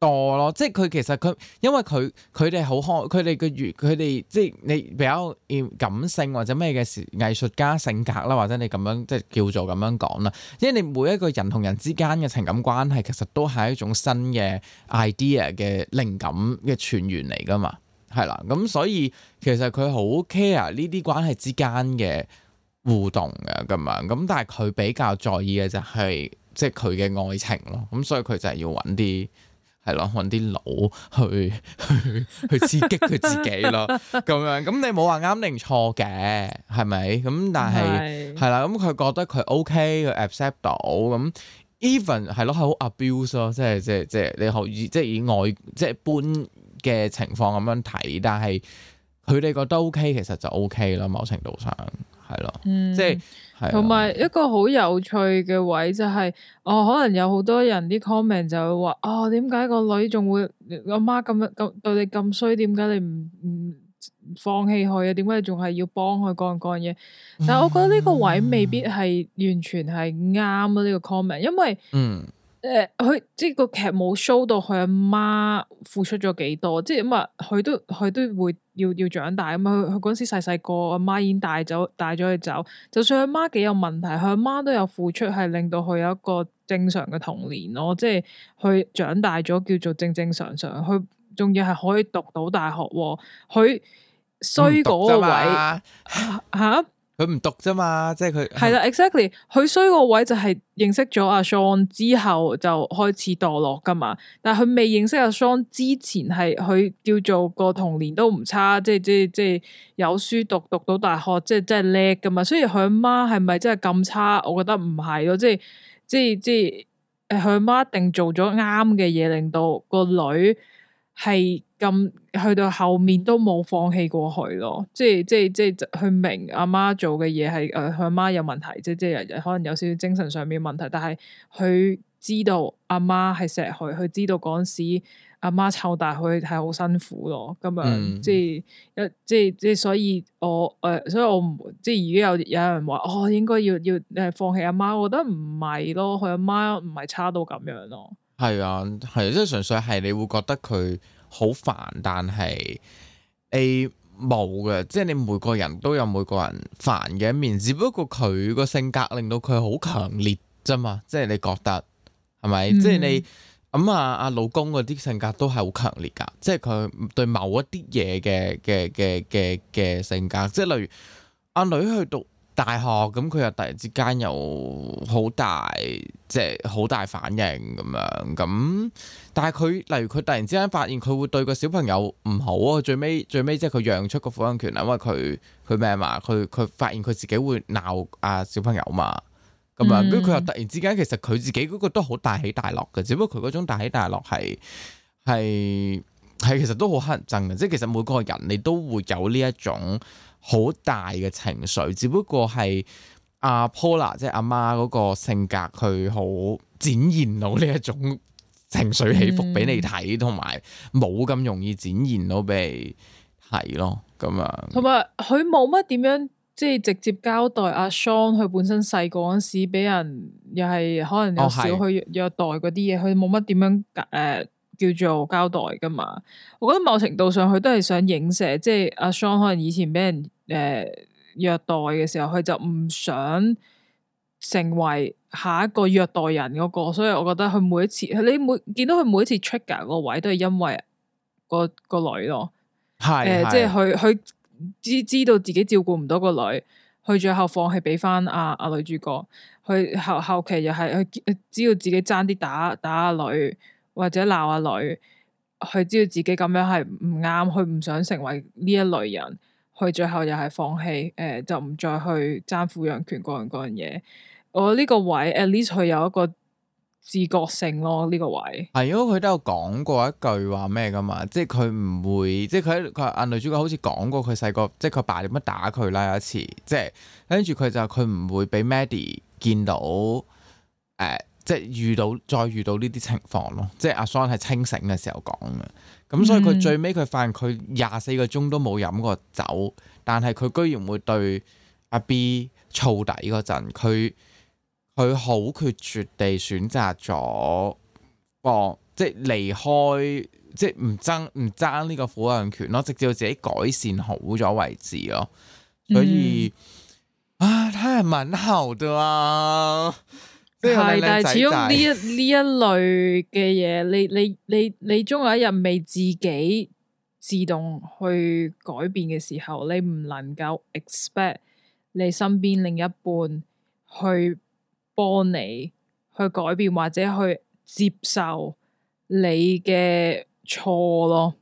多咯，即係佢其實佢，因為佢佢哋好開，佢哋嘅月，佢哋即係你比較要感性或者咩嘅時，藝術家性格啦，或者你咁樣即係叫做咁樣講啦。因為你每一個人同人之間嘅情感關係，其實都係一種新嘅 idea 嘅靈感嘅泉源嚟噶嘛，係啦。咁、嗯、所以其實佢好 care 呢啲關係之間嘅互動嘅咁樣，咁但係佢比較在意嘅就係、是、即係佢嘅愛情咯。咁、嗯、所以佢就係要搵啲。係咯，搵啲腦去去去刺激佢自己咯，咁 樣，咁你冇話啱定錯嘅，係咪？咁但係係啦，咁佢 覺得佢 OK，佢 accept 到咁，even 係咯，係好 abuse 咯，即係即係即係你可以即係以外即係一般嘅情況咁樣睇，但係佢哋覺得 OK，其實就 OK 啦，某程度上。係咯，即係同埋一個好有趣嘅位就係、是，哦，可能有好多人啲 comment 就會話，哦，點解個女仲會阿媽咁樣咁對你咁衰，點解你唔唔放棄佢啊？點解你仲係要幫佢幹干嘢？嗯、但係我覺得呢個位未必係完全係啱咯，呢、呢個 comment，因為嗯。誒，佢、呃、即係個劇冇 show 到佢阿媽付出咗幾多，即係咁啊，佢都佢都會要要長大咁啊，佢佢嗰時細細個，阿媽已經帶走帶咗佢走，就算阿媽幾有問題，佢阿媽都有付出，係令到佢有一個正常嘅童年咯，即係佢長大咗叫做正正常常，佢仲要係可以讀到大學，佢衰嗰個位吓。 佢唔讀啫嘛，即係佢係啦，exactly。佢衰個位就係認識咗阿 Sean 之後就開始墮落噶嘛。但係佢未認識阿 Sean 之前，係佢叫做個童年都唔差，即係即係即係有書讀，讀到大學，即係真係叻噶嘛。所以佢阿媽係咪真係咁差？我覺得唔係咯，即係即係即係佢阿媽一定做咗啱嘅嘢，令到個女係咁。去到後面都冇放棄過佢咯，即係即係即係佢明阿媽做嘅嘢係誒，佢、呃、阿媽有問題，即係即係日日可能有少少精神上面問題，但係佢知道阿媽係錫佢，佢知道嗰時阿媽湊大佢係好辛苦咯，咁樣、嗯，即係一即係即係所以我誒，所以我唔、呃，即係而家有有人話哦，應該要要誒放棄阿媽，我覺得唔係咯，佢阿媽唔係差到咁樣咯。係啊，係即係純粹係你會覺得佢。好煩，但係誒冇嘅，即係你每個人都有每個人煩嘅一面，只不過佢個性格令到佢好強烈啫嘛，即係你覺得係咪？嗯嗯，啊，即係你咁啊，阿老公嗰啲性格都係好強烈噶，即係佢對某一啲嘢嘅嘅嘅嘅嘅性格，即係例如阿女去讀。大學咁佢又突然之間有好大，即係好大反應咁樣。咁但係佢，例如佢突然之間發現佢會對個小朋友唔好啊！最尾最尾即係佢讓出個撫養權啊，因為佢佢咩啊嘛？佢佢發現佢自己會鬧啊小朋友嘛咁啊！跟住佢又突然之間，其實佢自己嗰個都好大起大落嘅，只不過佢嗰種大起大落係係係其實都好乞人憎嘅，即係其實每個人你都會有呢一種。好大嘅情緒，只不過係阿、啊、Paula 即係阿、啊、媽嗰個性格，佢好展現到呢一種情緒起伏俾你睇，同埋冇咁容易展現到俾你睇咯，咁樣。同埋佢冇乜點樣，即係直接交代阿、啊、Sean 佢本身細個嗰時，俾人又係可能有少許虐待嗰啲嘢，佢冇乜點樣誒。呃叫做交代噶嘛。我覺得某程度上佢都係想影射，即係阿 Sean 可能以前俾人誒、呃、虐待嘅時候，佢就唔想成為下一個虐待人嗰、那個，所以我覺得佢每一次你每見到佢每一次 trigger 個位都係因為個個女咯，係誒是，即係佢佢知知道自己照顧唔到個女，佢最後放棄俾翻阿阿女主角，佢後後期又係佢知道自己爭啲打打女。或者鬧阿女，佢知道自己咁樣係唔啱，佢唔想成為呢一類人，佢最後又係放棄，誒、呃、就唔再去爭撫養權嗰樣嗰樣嘢。我覺得呢個位 at least 佢有一個自覺性咯，呢、這個位係，因為佢都有講過一句話咩噶嘛，即係佢唔會，即係佢佢阿女主角好似講過佢細個，即係佢爸點樣打佢啦，有一次，即係跟住佢就佢唔會俾 Maddy 見到，誒、呃。即係遇到再遇到呢啲情況咯，即係阿 son 係清醒嘅時候講嘅，咁、嗯、所以佢最尾佢發現佢廿四個鐘都冇飲過酒，但係佢居然會對阿 B 燥底嗰陣，佢佢好決絕地選擇咗個即係離開，即係唔爭唔爭呢個撫養權咯，直至到自己改善好咗為止咯，所以、嗯、啊，佢係蠻好的啊。係，是俊但係始終呢一呢 一類嘅嘢，你你你你終有一日未自己自動去改變嘅時候，你唔能夠 expect 你身邊另一半去幫你去改變或者去接受你嘅錯咯。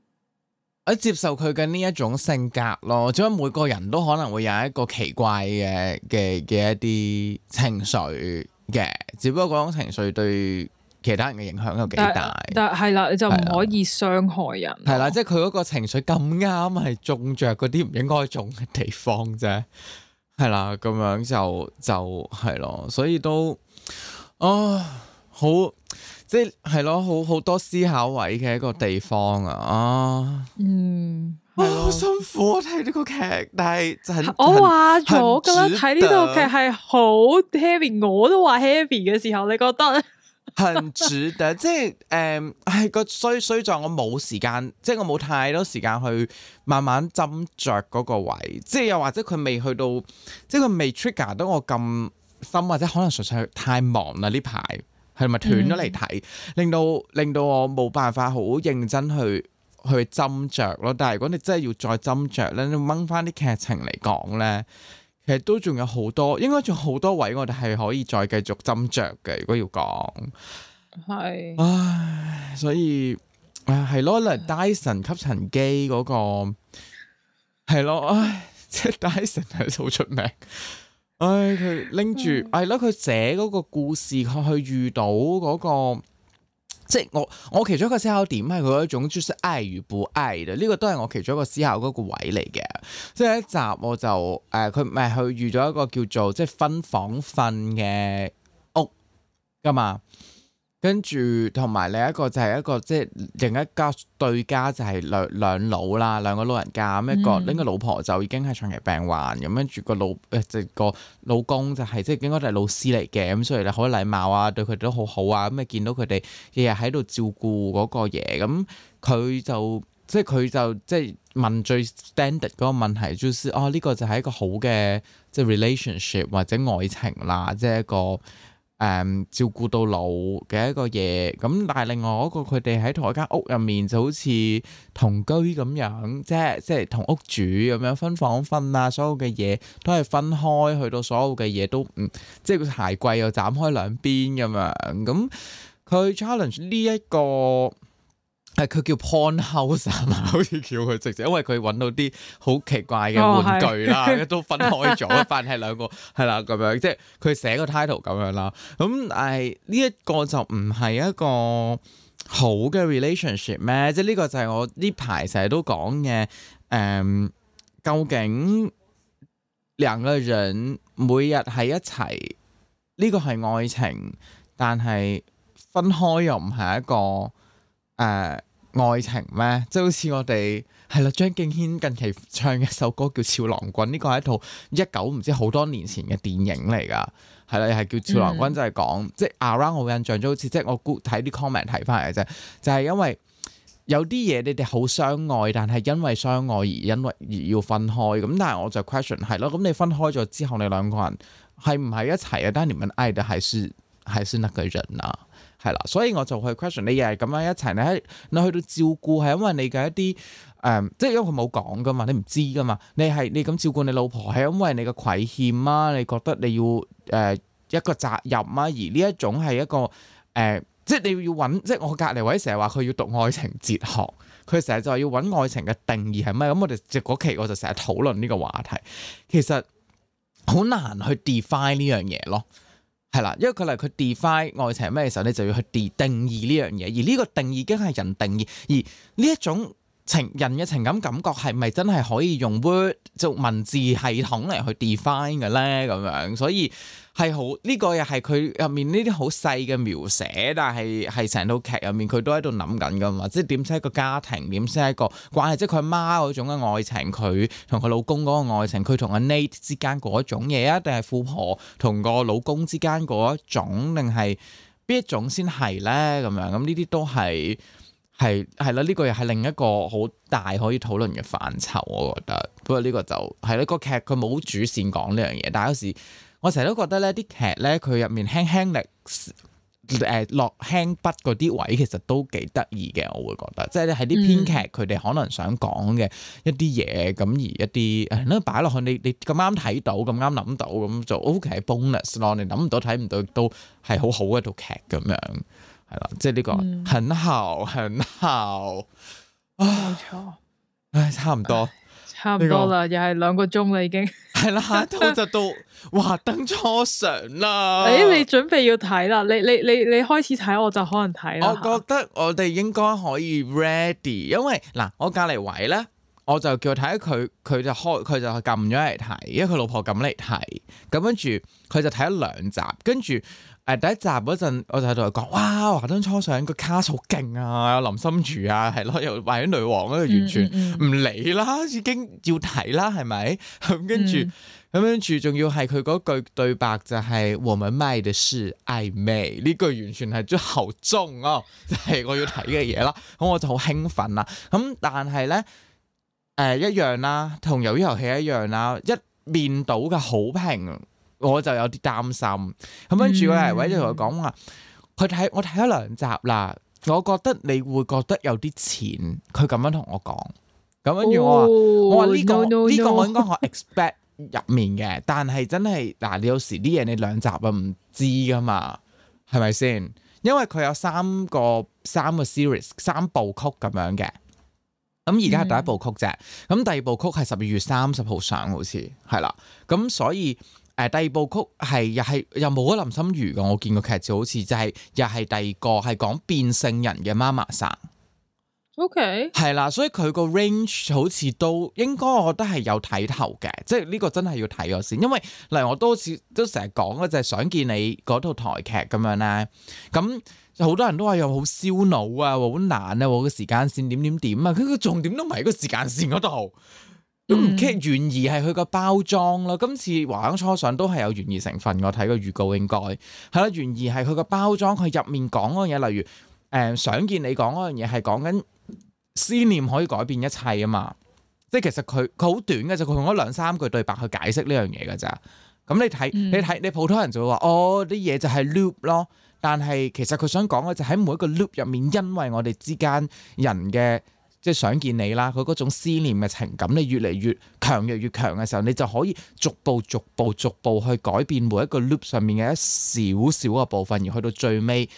我接受佢嘅呢一種性格咯，因為每個人都可能會有一個奇怪嘅嘅嘅一啲情緒。嘅，yeah, 只不過嗰種情緒對其他人嘅影響有幾大，但係啦，你就唔可以傷害人。係啦，即係佢嗰個情緒咁啱係中着嗰啲唔應該種嘅地方啫。係啦，咁樣就就係咯，所以都啊，好即係係咯，好好多思考位嘅一個地方啊。啊嗯。哇，好、哦、辛苦！我睇呢個劇，但係我話咗，覺得睇呢套劇係好 heavy，我都話 heavy 嘅時候，你覺得？係唔值得、 嗯，即係誒，係個衰衰在我冇時間，即係我冇太多時間去慢慢斟酌嗰個位，即係又或者佢未去到，即係佢未 trigger 到我咁深，或者可能純粹太忙啦呢排，係咪斷咗嚟睇，令到令到我冇辦法好認真去。去斟酌咯，但係如果你真係要再斟酌咧，你掹翻啲劇情嚟講咧，其實都仲有好多，應該仲好多位我哋係可以再繼續斟酌嘅。如果要講，係是，唉，所以，唉，係咯，嗱，Dyson 吸塵機嗰個，係咯，唉，即係 Dyson 係好出名，唉，佢拎住，係咯是，佢寫嗰個故事，佢去遇到嗰個。即係我我其中一個思考點係佢一種著實嗌與不嗌啦，呢個都係我其中一個思考嗰個位嚟嘅。即係一集我就誒佢咪去預咗一個叫做即係分房瞓嘅屋㗎嘛。Oh, 跟住，同埋另一個就係一個即係另一家對家就，就係兩兩老啦，兩個老人家咁、嗯、一個，拎個老婆就已經係長期病患咁跟住個老即係、就是、個老公就係即係應該係老師嚟嘅，咁所以咧好禮貌啊，對佢哋都好好啊，咁咪見到佢哋日日喺度照顧嗰個嘢，咁佢就即係佢就即係問最 standard 嗰個問題，就是就、就是就是、哦呢、呢個就係一個好嘅即係、就是、relationship 或者愛情啦，即、就、係、是、一個。誒、um, 照顧到老嘅一個嘢，咁但係另外一個佢哋喺同一間屋入面就好似同居咁樣，即係即係同屋主咁樣分房瞓啊，所有嘅嘢都係分開，去到所有嘅嘢都唔、嗯、即係個鞋櫃又斬開兩邊咁樣，咁、嗯、佢 challenge 呢、這、一個。係佢叫 pornhouse，好似 叫佢直接，因為佢揾到啲好奇怪嘅玩具啦，哦、 都分開咗，反正係兩個，係啦咁樣，即係佢寫個 title 咁樣啦。咁但呢一個就唔係一個好嘅 relationship 咩？即係呢個就係我呢排成日都講嘅，誒、嗯，究竟兩個人每日喺一齊，呢個係愛情，但係分開又唔係一個誒。呃愛情咩？即係好似我哋係啦，張敬軒近期唱一首歌叫《俏郎君》，呢個係一套一九唔知好多年前嘅電影嚟㗎。係啦，係叫《俏郎君》就係嗯 own，就係講即係 around 我印象，即好似，即係我睇啲 comment 睇翻嚟嘅啫，就係因為有啲嘢你哋好相愛，但係因為相愛而因為而要分開咁。但係我就 question 係咯，咁你分開咗之後，你兩個人係唔係一齊啊？但 a 你們愛的還是還是哪個人啊？係啦，所以我就去 question 你，又係咁樣一齊，你你去到照顧，係因為你嘅一啲誒、呃，即係因為佢冇講噶嘛，你唔知噶嘛，你係你咁照顧你老婆，係因為你嘅愧欠啊，你覺得你要誒、呃、一個責任啊，而呢一種係一個誒、呃，即係你要揾，即係我隔離位成日話佢要讀愛情哲學，佢成日就話要揾愛情嘅定義係咩？咁，嗯、我哋嗰期我就成日討論呢個話題，其實好難去 define 呢樣嘢咯。係啦，因為佢嚟佢 define 愛情係咩時候，你就要去 de 定義呢樣嘢，而呢個定義已經係人定義，而呢一種。情人嘅情感感覺係咪真係可以用 word 做文字系統嚟去 define 嘅咧？咁樣所以係好呢個又係佢入面呢啲好細嘅描寫，但係係成套劇入面佢都喺度諗緊噶嘛？即係點先係一個家庭？點先係一個關係？即係佢阿媽嗰種嘅愛情，佢同佢老公嗰個愛情，佢同阿 Nate 之間嗰種嘢啊？定係富婆同個老公之間嗰一種，定係邊一種先係咧？咁樣咁呢啲都係。係係啦，呢個又係另一個好大可以討論嘅範疇，我覺得。不過呢個就係呢個劇佢冇主線講呢樣嘢，但係有時我成日都覺得咧，啲劇咧佢入面輕輕力誒、呃、落輕筆嗰啲位，其實都幾得意嘅。我會覺得，即係喺啲編劇佢哋可能想講嘅一啲嘢，咁而一啲誒咧擺落去，你你咁啱睇到，咁啱諗到，咁就 OK bonus 咯。你諗唔到睇唔到都係好好一套劇咁樣。係啦，即係呢個很好，很好。冇錯，唉，差唔多，差唔多啦，又係兩個鐘啦，已經係啦，下一套就到華燈初上啦。誒，你準備要睇啦，你你你你開始睇，我就可能睇啦。我覺得我哋應該可以 ready，因為嗱，我隔籬位咧，我就叫睇佢，佢就開，佢就撳咗嚟睇，因為佢老婆咁嚟睇，咁跟住佢就睇咗兩集，跟住。誒第一集嗰陣，我就喺度佢講，哇華燈初上，個卡數勁啊，林心如啊，係咯，又萬嬌女王度，啊、完全唔理啦，已經要睇啦，係咪？咁跟住咁樣住，仲、嗯、要係佢嗰句對白就係、是嗯、我們賣的是曖昧，呢句完全係即後中就係、是、我要睇嘅嘢啦。咁我就好興奮啦。咁但係咧，誒、呃、一樣啦、啊，同遊戲遊戲一樣啦、啊，一面倒嘅好評。我就有啲擔心，咁、mm. 跟住咧，偉就同佢講話，佢睇我睇咗兩集啦，我覺得你會覺得有啲淺，佢咁樣同我講，咁跟住我話，我話呢、呢個呢、oh, no , no, no. 個我應該可 expect 入面嘅。但係真係嗱、啊，你有時啲嘢，你兩集啊唔知噶嘛，係咪先？因為佢有三個三個 series 三部曲咁樣嘅，咁而家係第一部曲啫，咁第二部曲係十二月三十號上，好似係啦，咁所以。誒，第二部曲係又係又冇阿林心如嘅，我見個劇照好似就係、是、又係第二個係講變性人嘅媽媽生。OK。係啦，所以佢個 range 好似都應該，我覺得係有睇頭嘅，即係呢個真係要睇咗先。因為，例如我都似都成日講啦，就係、是、想見你嗰套台劇咁樣咧。咁好多人都話又好燒腦啊，好難啊，個時間線點點點啊，佢個重點都唔係喺個時間線嗰度。咁，其實懸疑係佢個包裝咯。今次華燈初上都係有懸疑成分，我睇個預告應該係啦。懸疑係佢個包裝，佢入面講嗰樣嘢，例如誒，想見你講嗰樣嘢，係講緊思念可以改變一切啊嘛。即係其實佢佢好短嘅，就佢用咗兩三句對白去解釋呢樣嘢㗎啫。咁你睇你睇你普通人就會話哦，啲嘢就係 loop 咯。但係其實佢想講嘅就喺每一個 loop 入面，因為我哋之間人嘅。即係想見你啦，佢嗰種思念嘅情感，你越嚟越強弱越強嘅時候，你就可以逐步逐步逐步去改變每一個 loop 上面嘅一少少嘅部分，而去到最尾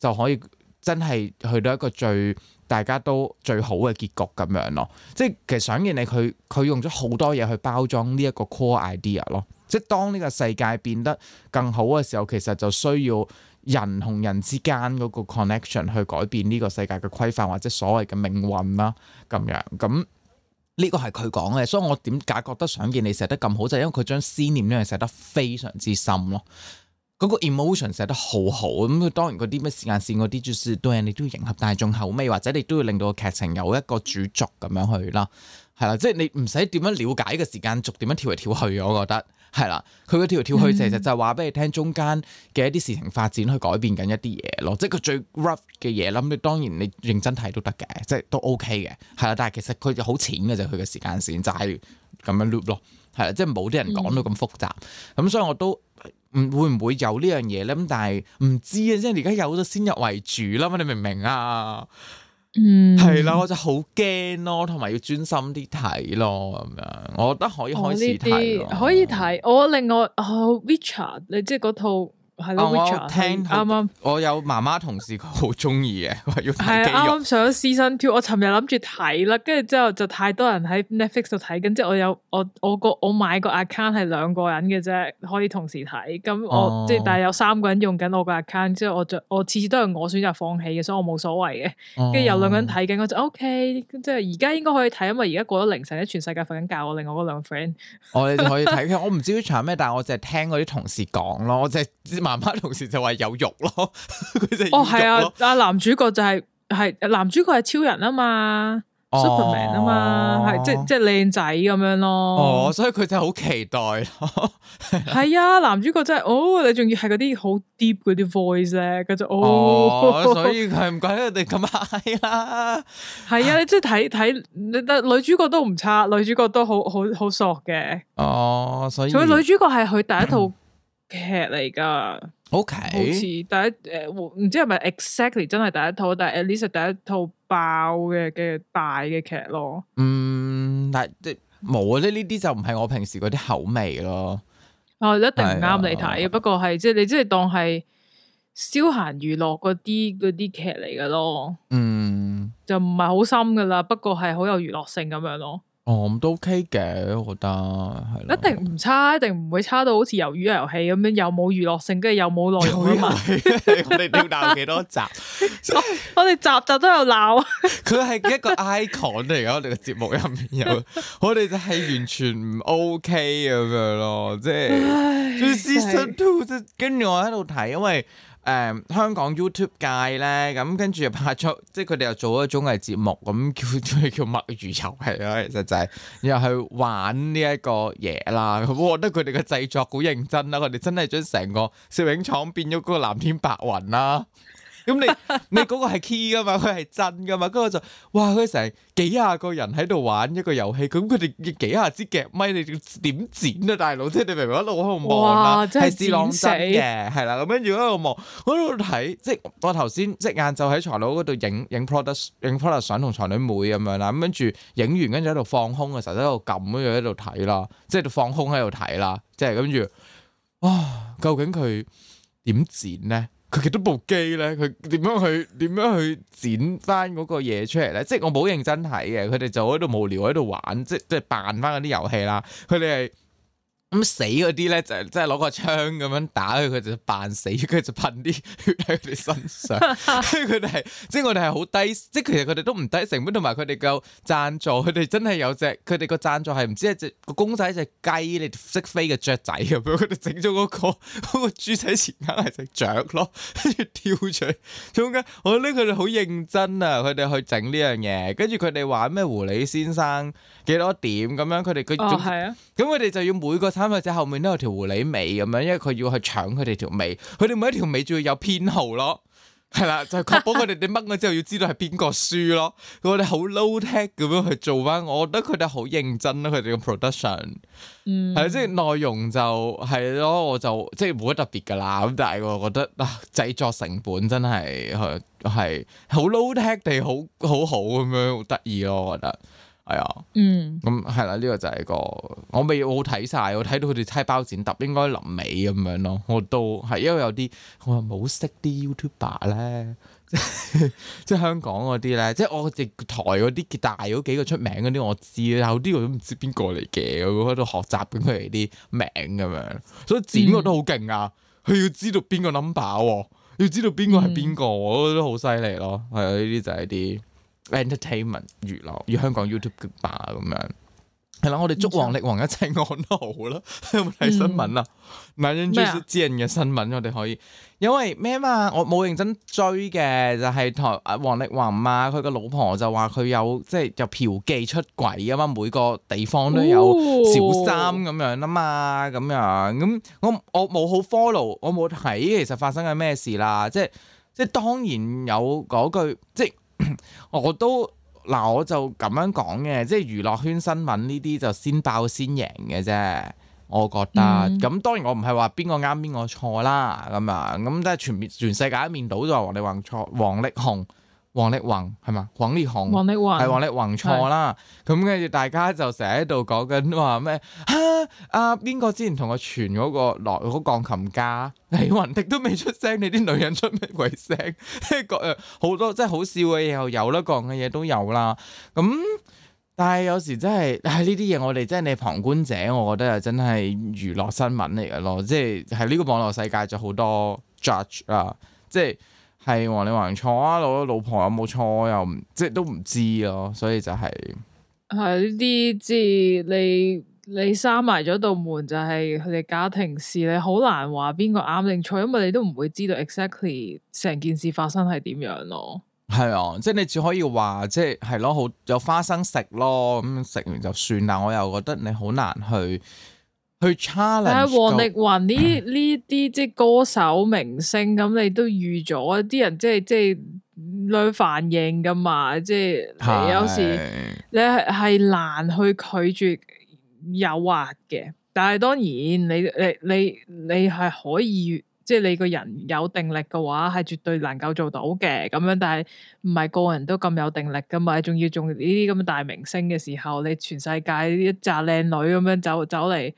就可以真係去到一個最大家都最好嘅結局咁樣咯。即係其實想見你，佢佢用咗好多嘢去包裝呢一個 core idea 咯。即係當呢個世界變得更好嘅時候，其實就需要。人同人之間嗰個 connection 去改變呢個世界嘅規範或者所謂嘅命運啦，咁樣咁呢個係佢講嘅，所以我點解覺得想見你寫得咁好就係因為佢將思念呢樣寫得非常之深咯，嗰個 emotion 寫得好好，咁佢當然嗰啲咩時間線嗰啲，就係對你都要迎合大眾口味，或者你都要令到劇情有一個主軸咁樣去啦，係啦，即係你唔使點樣了解嘅時間軸點樣跳嚟跳去，我覺得。係啦，佢嗰條跳去其實就係話俾你聽中間嘅一啲事情發展去改變緊一啲嘢咯，即係佢最 rough 嘅嘢啦。咁你當然你認真睇都得嘅，即係都 OK 嘅，係啦。但係其實佢就好淺嘅就係佢嘅時間線就係、是、咁樣 loop 咯，係啦，即係冇啲人講到咁複雜。咁、嗯、所以我都唔會唔會有呢樣嘢咧。咁但係唔知啊，即係而家有咗先入為主啦嘛，你明唔明啊？嗯，係啦、mm hmm.，我就好驚咯，同埋要專心啲睇咯，咁樣，我覺得可以開始睇咯，可以睇。我另外啊、oh,，Richard，你即係嗰套。Hello, Richard, 我聽，啱啱，是嗯嗯、我有媽媽同事佢好中意嘅，話要睇，啱啱上咗 season two，我尋日諗住睇啦，跟住之後就太多人喺 Netflix 度睇，跟住我有我我個我買個 account 係兩個人嘅啫，可以同時睇。咁我即係、哦、但係有三個人用緊我個 account，之後我就我次次都係我選擇放棄嘅，所以我冇所謂嘅。跟住有兩個人睇緊，哦、我就 OK。即係而家應該可以睇，因為而家過咗凌晨，啲全世界瞓緊覺。我另外嗰兩 friend，我哋可以睇 我唔知呢場咩，但係我淨係聽嗰啲同事講咯，我淨係。媽媽同時就話有肉咯，佢就哦係啊，阿男主角就係，係男主角係超人啊嘛，Superman 啊嘛，係即即靚仔咁樣咯。哦，所以佢就好期待咯。係啊，男主角真係哦，你仲要係嗰啲好 deep 嗰啲 voice 咧，佢就哦，所以佢唔怪得佢哋咁嗨啦。係啊，你即睇睇，但女主角都唔差，女主角都好好好索嘅。哦，所以。所以女主角係佢第一套。 劇嚟噶，OK，好似、呃 exactly、第一誒，唔知係咪 Exactly 真係第一套，但係 at least 係第一套爆嘅嘅大嘅劇咯。嗯，但係即冇啊，呢啲就唔係我平時嗰啲口味咯。哦，一定唔啱你睇嘅，的不過係即係你即係當係消閒娛樂嗰啲嗰啲劇嚟噶咯。嗯，就唔係好深噶啦，不過係好有娛樂性咁樣咯。哦、嗯，都 OK 嘅，我覺得係啦。一定唔差，一定唔會差到好似魷魚遊戲咁樣，又冇娛樂性，跟住又冇內容。魚 我哋要鬧幾多集？ 我哋集集都有鬧。佢係一個 icon 嚟噶，我哋個節目入面有， 我哋就係完全唔 OK 咁 樣咯，即係跟住我喺度睇，因為。誒、嗯、香港 YouTube 界咧，咁、嗯、跟住拍咗，即係佢哋又做咗綜藝節目，咁叫叫叫魷魚遊戲啦，其實就係、是、又去玩呢一個嘢啦。我覺得佢哋嘅製作好認真啦，佢哋真係將成個攝影廠變咗嗰個藍天白雲啦。咁 你你嗰個係 key 㗎嘛？佢係真㗎嘛？跟住我就哇！佢成幾廿個人喺度玩一個遊戲，咁佢哋幾廿支夾咪，你點剪啊？大佬，即係你明明一路喺度望啦，係視網膜嘅，係啦。咁跟住喺度望，我喺度睇。即係我頭先即係晏晝喺財佬嗰度影影 product 影 product 相同財佬妹咁樣啦。咁跟住影完，跟住喺度放空嘅時候喺度撳，跟住喺度睇啦，即係放空喺度睇啦，即係跟住哇，究竟佢點剪咧？佢幾多部機咧？佢點樣去點樣去剪翻嗰個嘢出嚟咧？即係我冇認真睇嘅，佢哋就喺度無聊喺度玩，即即係扮翻嗰啲遊戲啦。佢哋係。咁死嗰啲咧就即係攞個槍咁樣打佢，佢就扮死，佢就噴啲血喺佢哋身上。跟住佢哋係即係我哋係好低，即係其實佢哋都唔低成本，同埋佢哋夠贊助。佢哋真係有隻，佢哋個贊助係唔知一隻個公仔隻雞，你識飛嘅雀仔咁樣。佢哋整咗嗰個嗰、嗰個豬仔前額係隻雀咯，跟 住跳咗。點解？我覺得佢哋好認真啊，佢哋去整呢樣嘢。跟住佢哋話咩狐狸先生幾多點咁樣？佢哋佢咁，佢哋、哦啊、就要每個。參與者後面都有條狐狸尾咁樣，因為佢要去搶佢哋條尾，佢哋每一條尾仲要有編號咯，係啦，就係確保佢哋你掹咗之後要知道係邊個輸咯。佢哋好 low tech 咁樣去做翻，我覺得佢哋好認真咯，佢哋嘅 production，嗯，係即係內容就係咯，我就即係冇乜特別噶啦。咁但係我覺得啊，呃、製作成本真係係、呃、好 low tech 地好好好咁樣，好得意咯，我覺得。係啊，嗯，咁係啦，呢、這個就係個，我未好睇晒，我睇到佢哋猜包剪揼，應該臨尾咁樣咯。我都係因為有啲我唔好識啲 YouTuber 咧，即係香港嗰啲咧，即係我直台嗰啲大嗰幾個出名嗰啲我知，有啲我都唔知邊個嚟嘅，我喺度學習緊佢哋啲名咁樣，所以剪我都好勁啊，佢、嗯、要知道邊個 number，要知道邊個係邊個，嗯、我覺得好犀利咯，係啊，呢啲就係啲。entertainment 娛樂與香港 YouTube 嘅霸咁樣，係啦，我哋祝王力宏一切安好啦。有冇睇新聞啊？男人最知人嘅新聞，麼我哋可以，因為咩嘛？我冇認真追嘅，就係台啊王力宏啊，佢個老婆就話佢有即係就嫖妓出軌啊嘛，每個地方都有小三咁樣啊嘛，咁樣咁、嗯、我我冇好 follow，我冇睇其實發生緊咩事啦，即係即係當然有嗰句即係。 我都嗱，我就咁樣講嘅，即係娛樂圈新聞呢啲就先爆先贏嘅啫，我覺得。咁、嗯、當然我唔係話邊個啱邊個錯啦，咁啊，咁即係全全世界一面倒就話你話錯王力宏。王力宏係嘛？王力宏，係王，王力宏錯啦。咁跟住大家就成日喺度講緊話咩？啊，阿邊個之前同我傳嗰個落嗰鋼琴家李雲迪都未出聲，你啲女人出咩鬼聲？即係講誒，好多即係好笑嘅嘢又有啦，講嘅嘢都有啦。咁但係有時真係喺呢啲嘢，我哋真係你旁觀者，我覺得又真係娛樂新聞嚟噶咯。即係喺呢個網絡世界，就好多 judge 啊，即係。係話、啊、你話人錯啊，我老婆有冇錯又唔，即係都唔知咯，所以就係係呢啲，即係、啊、你你閂埋咗道門，就係佢哋家庭事，你好難話邊個啱定錯，因為你都唔會知道 exactly 成件事發生係點樣咯。係啊，即係你只可以話即係係咯，好、啊、有花生食咯，咁食完就算啦。我又覺得你好難去。去差，h a 但係王力宏呢呢啲即係歌手明星咁，就是就是就是就是，你都預咗啲人即係即係女反應噶嘛，即係有時你係係難去拒絕誘惑嘅，但係當然你你你你係可以即係、就是、你個人有定力嘅話，係絕對能夠做到嘅咁樣。但係唔係個人都咁有定力噶嘛？仲要仲呢啲咁大明星嘅時候，你全世界一紮靚女咁樣走走嚟。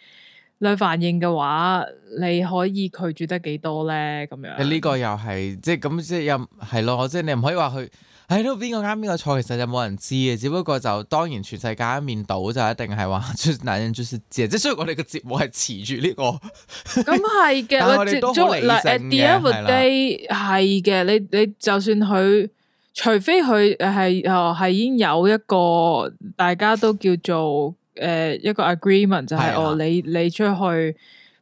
你反應嘅話，你可以拒絕得幾多咧？咁樣，樣？呢個又係即係咁，即係又係咯，即係你唔可以話佢，誒，喺度邊個啱邊個錯，其實就冇人知嘅。只不過就當然全世界一面倒就一定係話男人難事知，即係所以我哋嘅節目係持住呢、這個，咁係嘅， 我接住、like、的啦，at the end of the day 係嘅，你你就算佢，除非佢係哦係已經有一個大家都叫做。 誒、呃，一個 agreement 就係、是、的哦，你你出去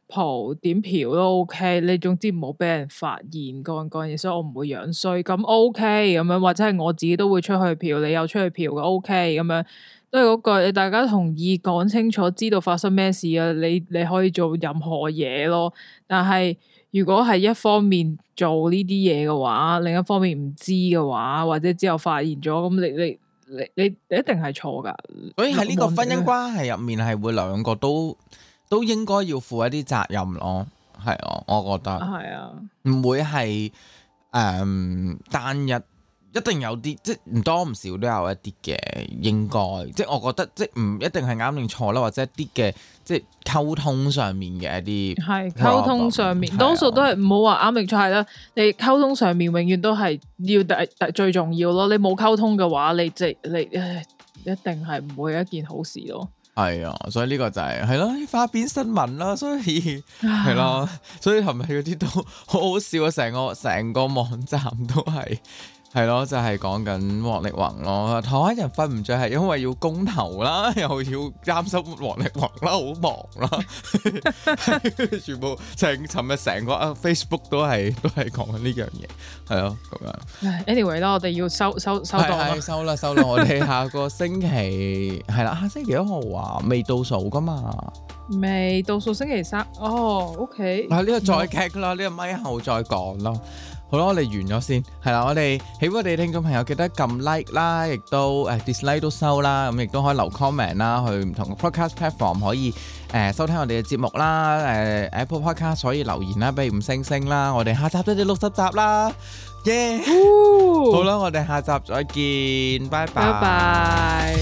嫖點嫖都 OK，你總之唔好俾人發現嗰樣嘢，所以我唔會樣衰。咁 OK 咁樣，或者係我自己都會出去嫖，你又出去嫖嘅 OK 咁樣，都係嗰句大家同意講清楚，知道發生咩事啊，你你可以做任何嘢咯。但係如果係一方面做呢啲嘢嘅話，另一方面唔知嘅話，或者之後發現咗咁，你你。你你你一定係錯㗎，所以喺呢個婚姻關係入面係會兩個都都應該要負一啲責任咯，係啊，我覺得係啊，唔會係誒、呃、單一。一定有啲，即係唔多唔少都有一啲嘅，應該即係我覺得即係唔一定係啱定錯啦，或者一啲嘅即係溝通上面嘅一啲，係溝通上面多數都係唔好話啱定錯啦。你溝通上面永遠都係要最重要咯。你冇溝通嘅話，你即係你，你一定係唔會一件好事咯。係啊，所以呢個就係係咯，花邊新聞咯，啊，所以係咯，啊、 所以頭咪嗰啲都好好笑啊！成個成個，個網站都係。係咯，就係講緊王力宏咯。台灣人瞓唔着係因為要公投啦，又要擔心王力宏啦，好忙啦。 全部就係尋日成個 Facebook 都係都係講緊呢樣嘢，係咯咁樣。Anyway 啦，我哋要收收收檔啦，收啦收啦。我哋下個星期係啦， 下星期一號話未到數噶嘛？未到數，星期三哦。Oh, OK，嗱、啊，呢、這個再 cut 啦，呢我個咪後再講咯。好啦，我哋完咗先，係啦，我哋喜歡我哋聽眾朋友記得撳 like 啦，亦都誒 dislike 都收啦，咁亦都可以留 comment 啦，去唔同嘅 podcast platform 可以誒收聽我哋嘅節目啦，誒 Apple Podcast 可以留言啦，畀五星星啦，我哋下集都係六十集啦，耶！好啦，我哋下集再見，拜拜。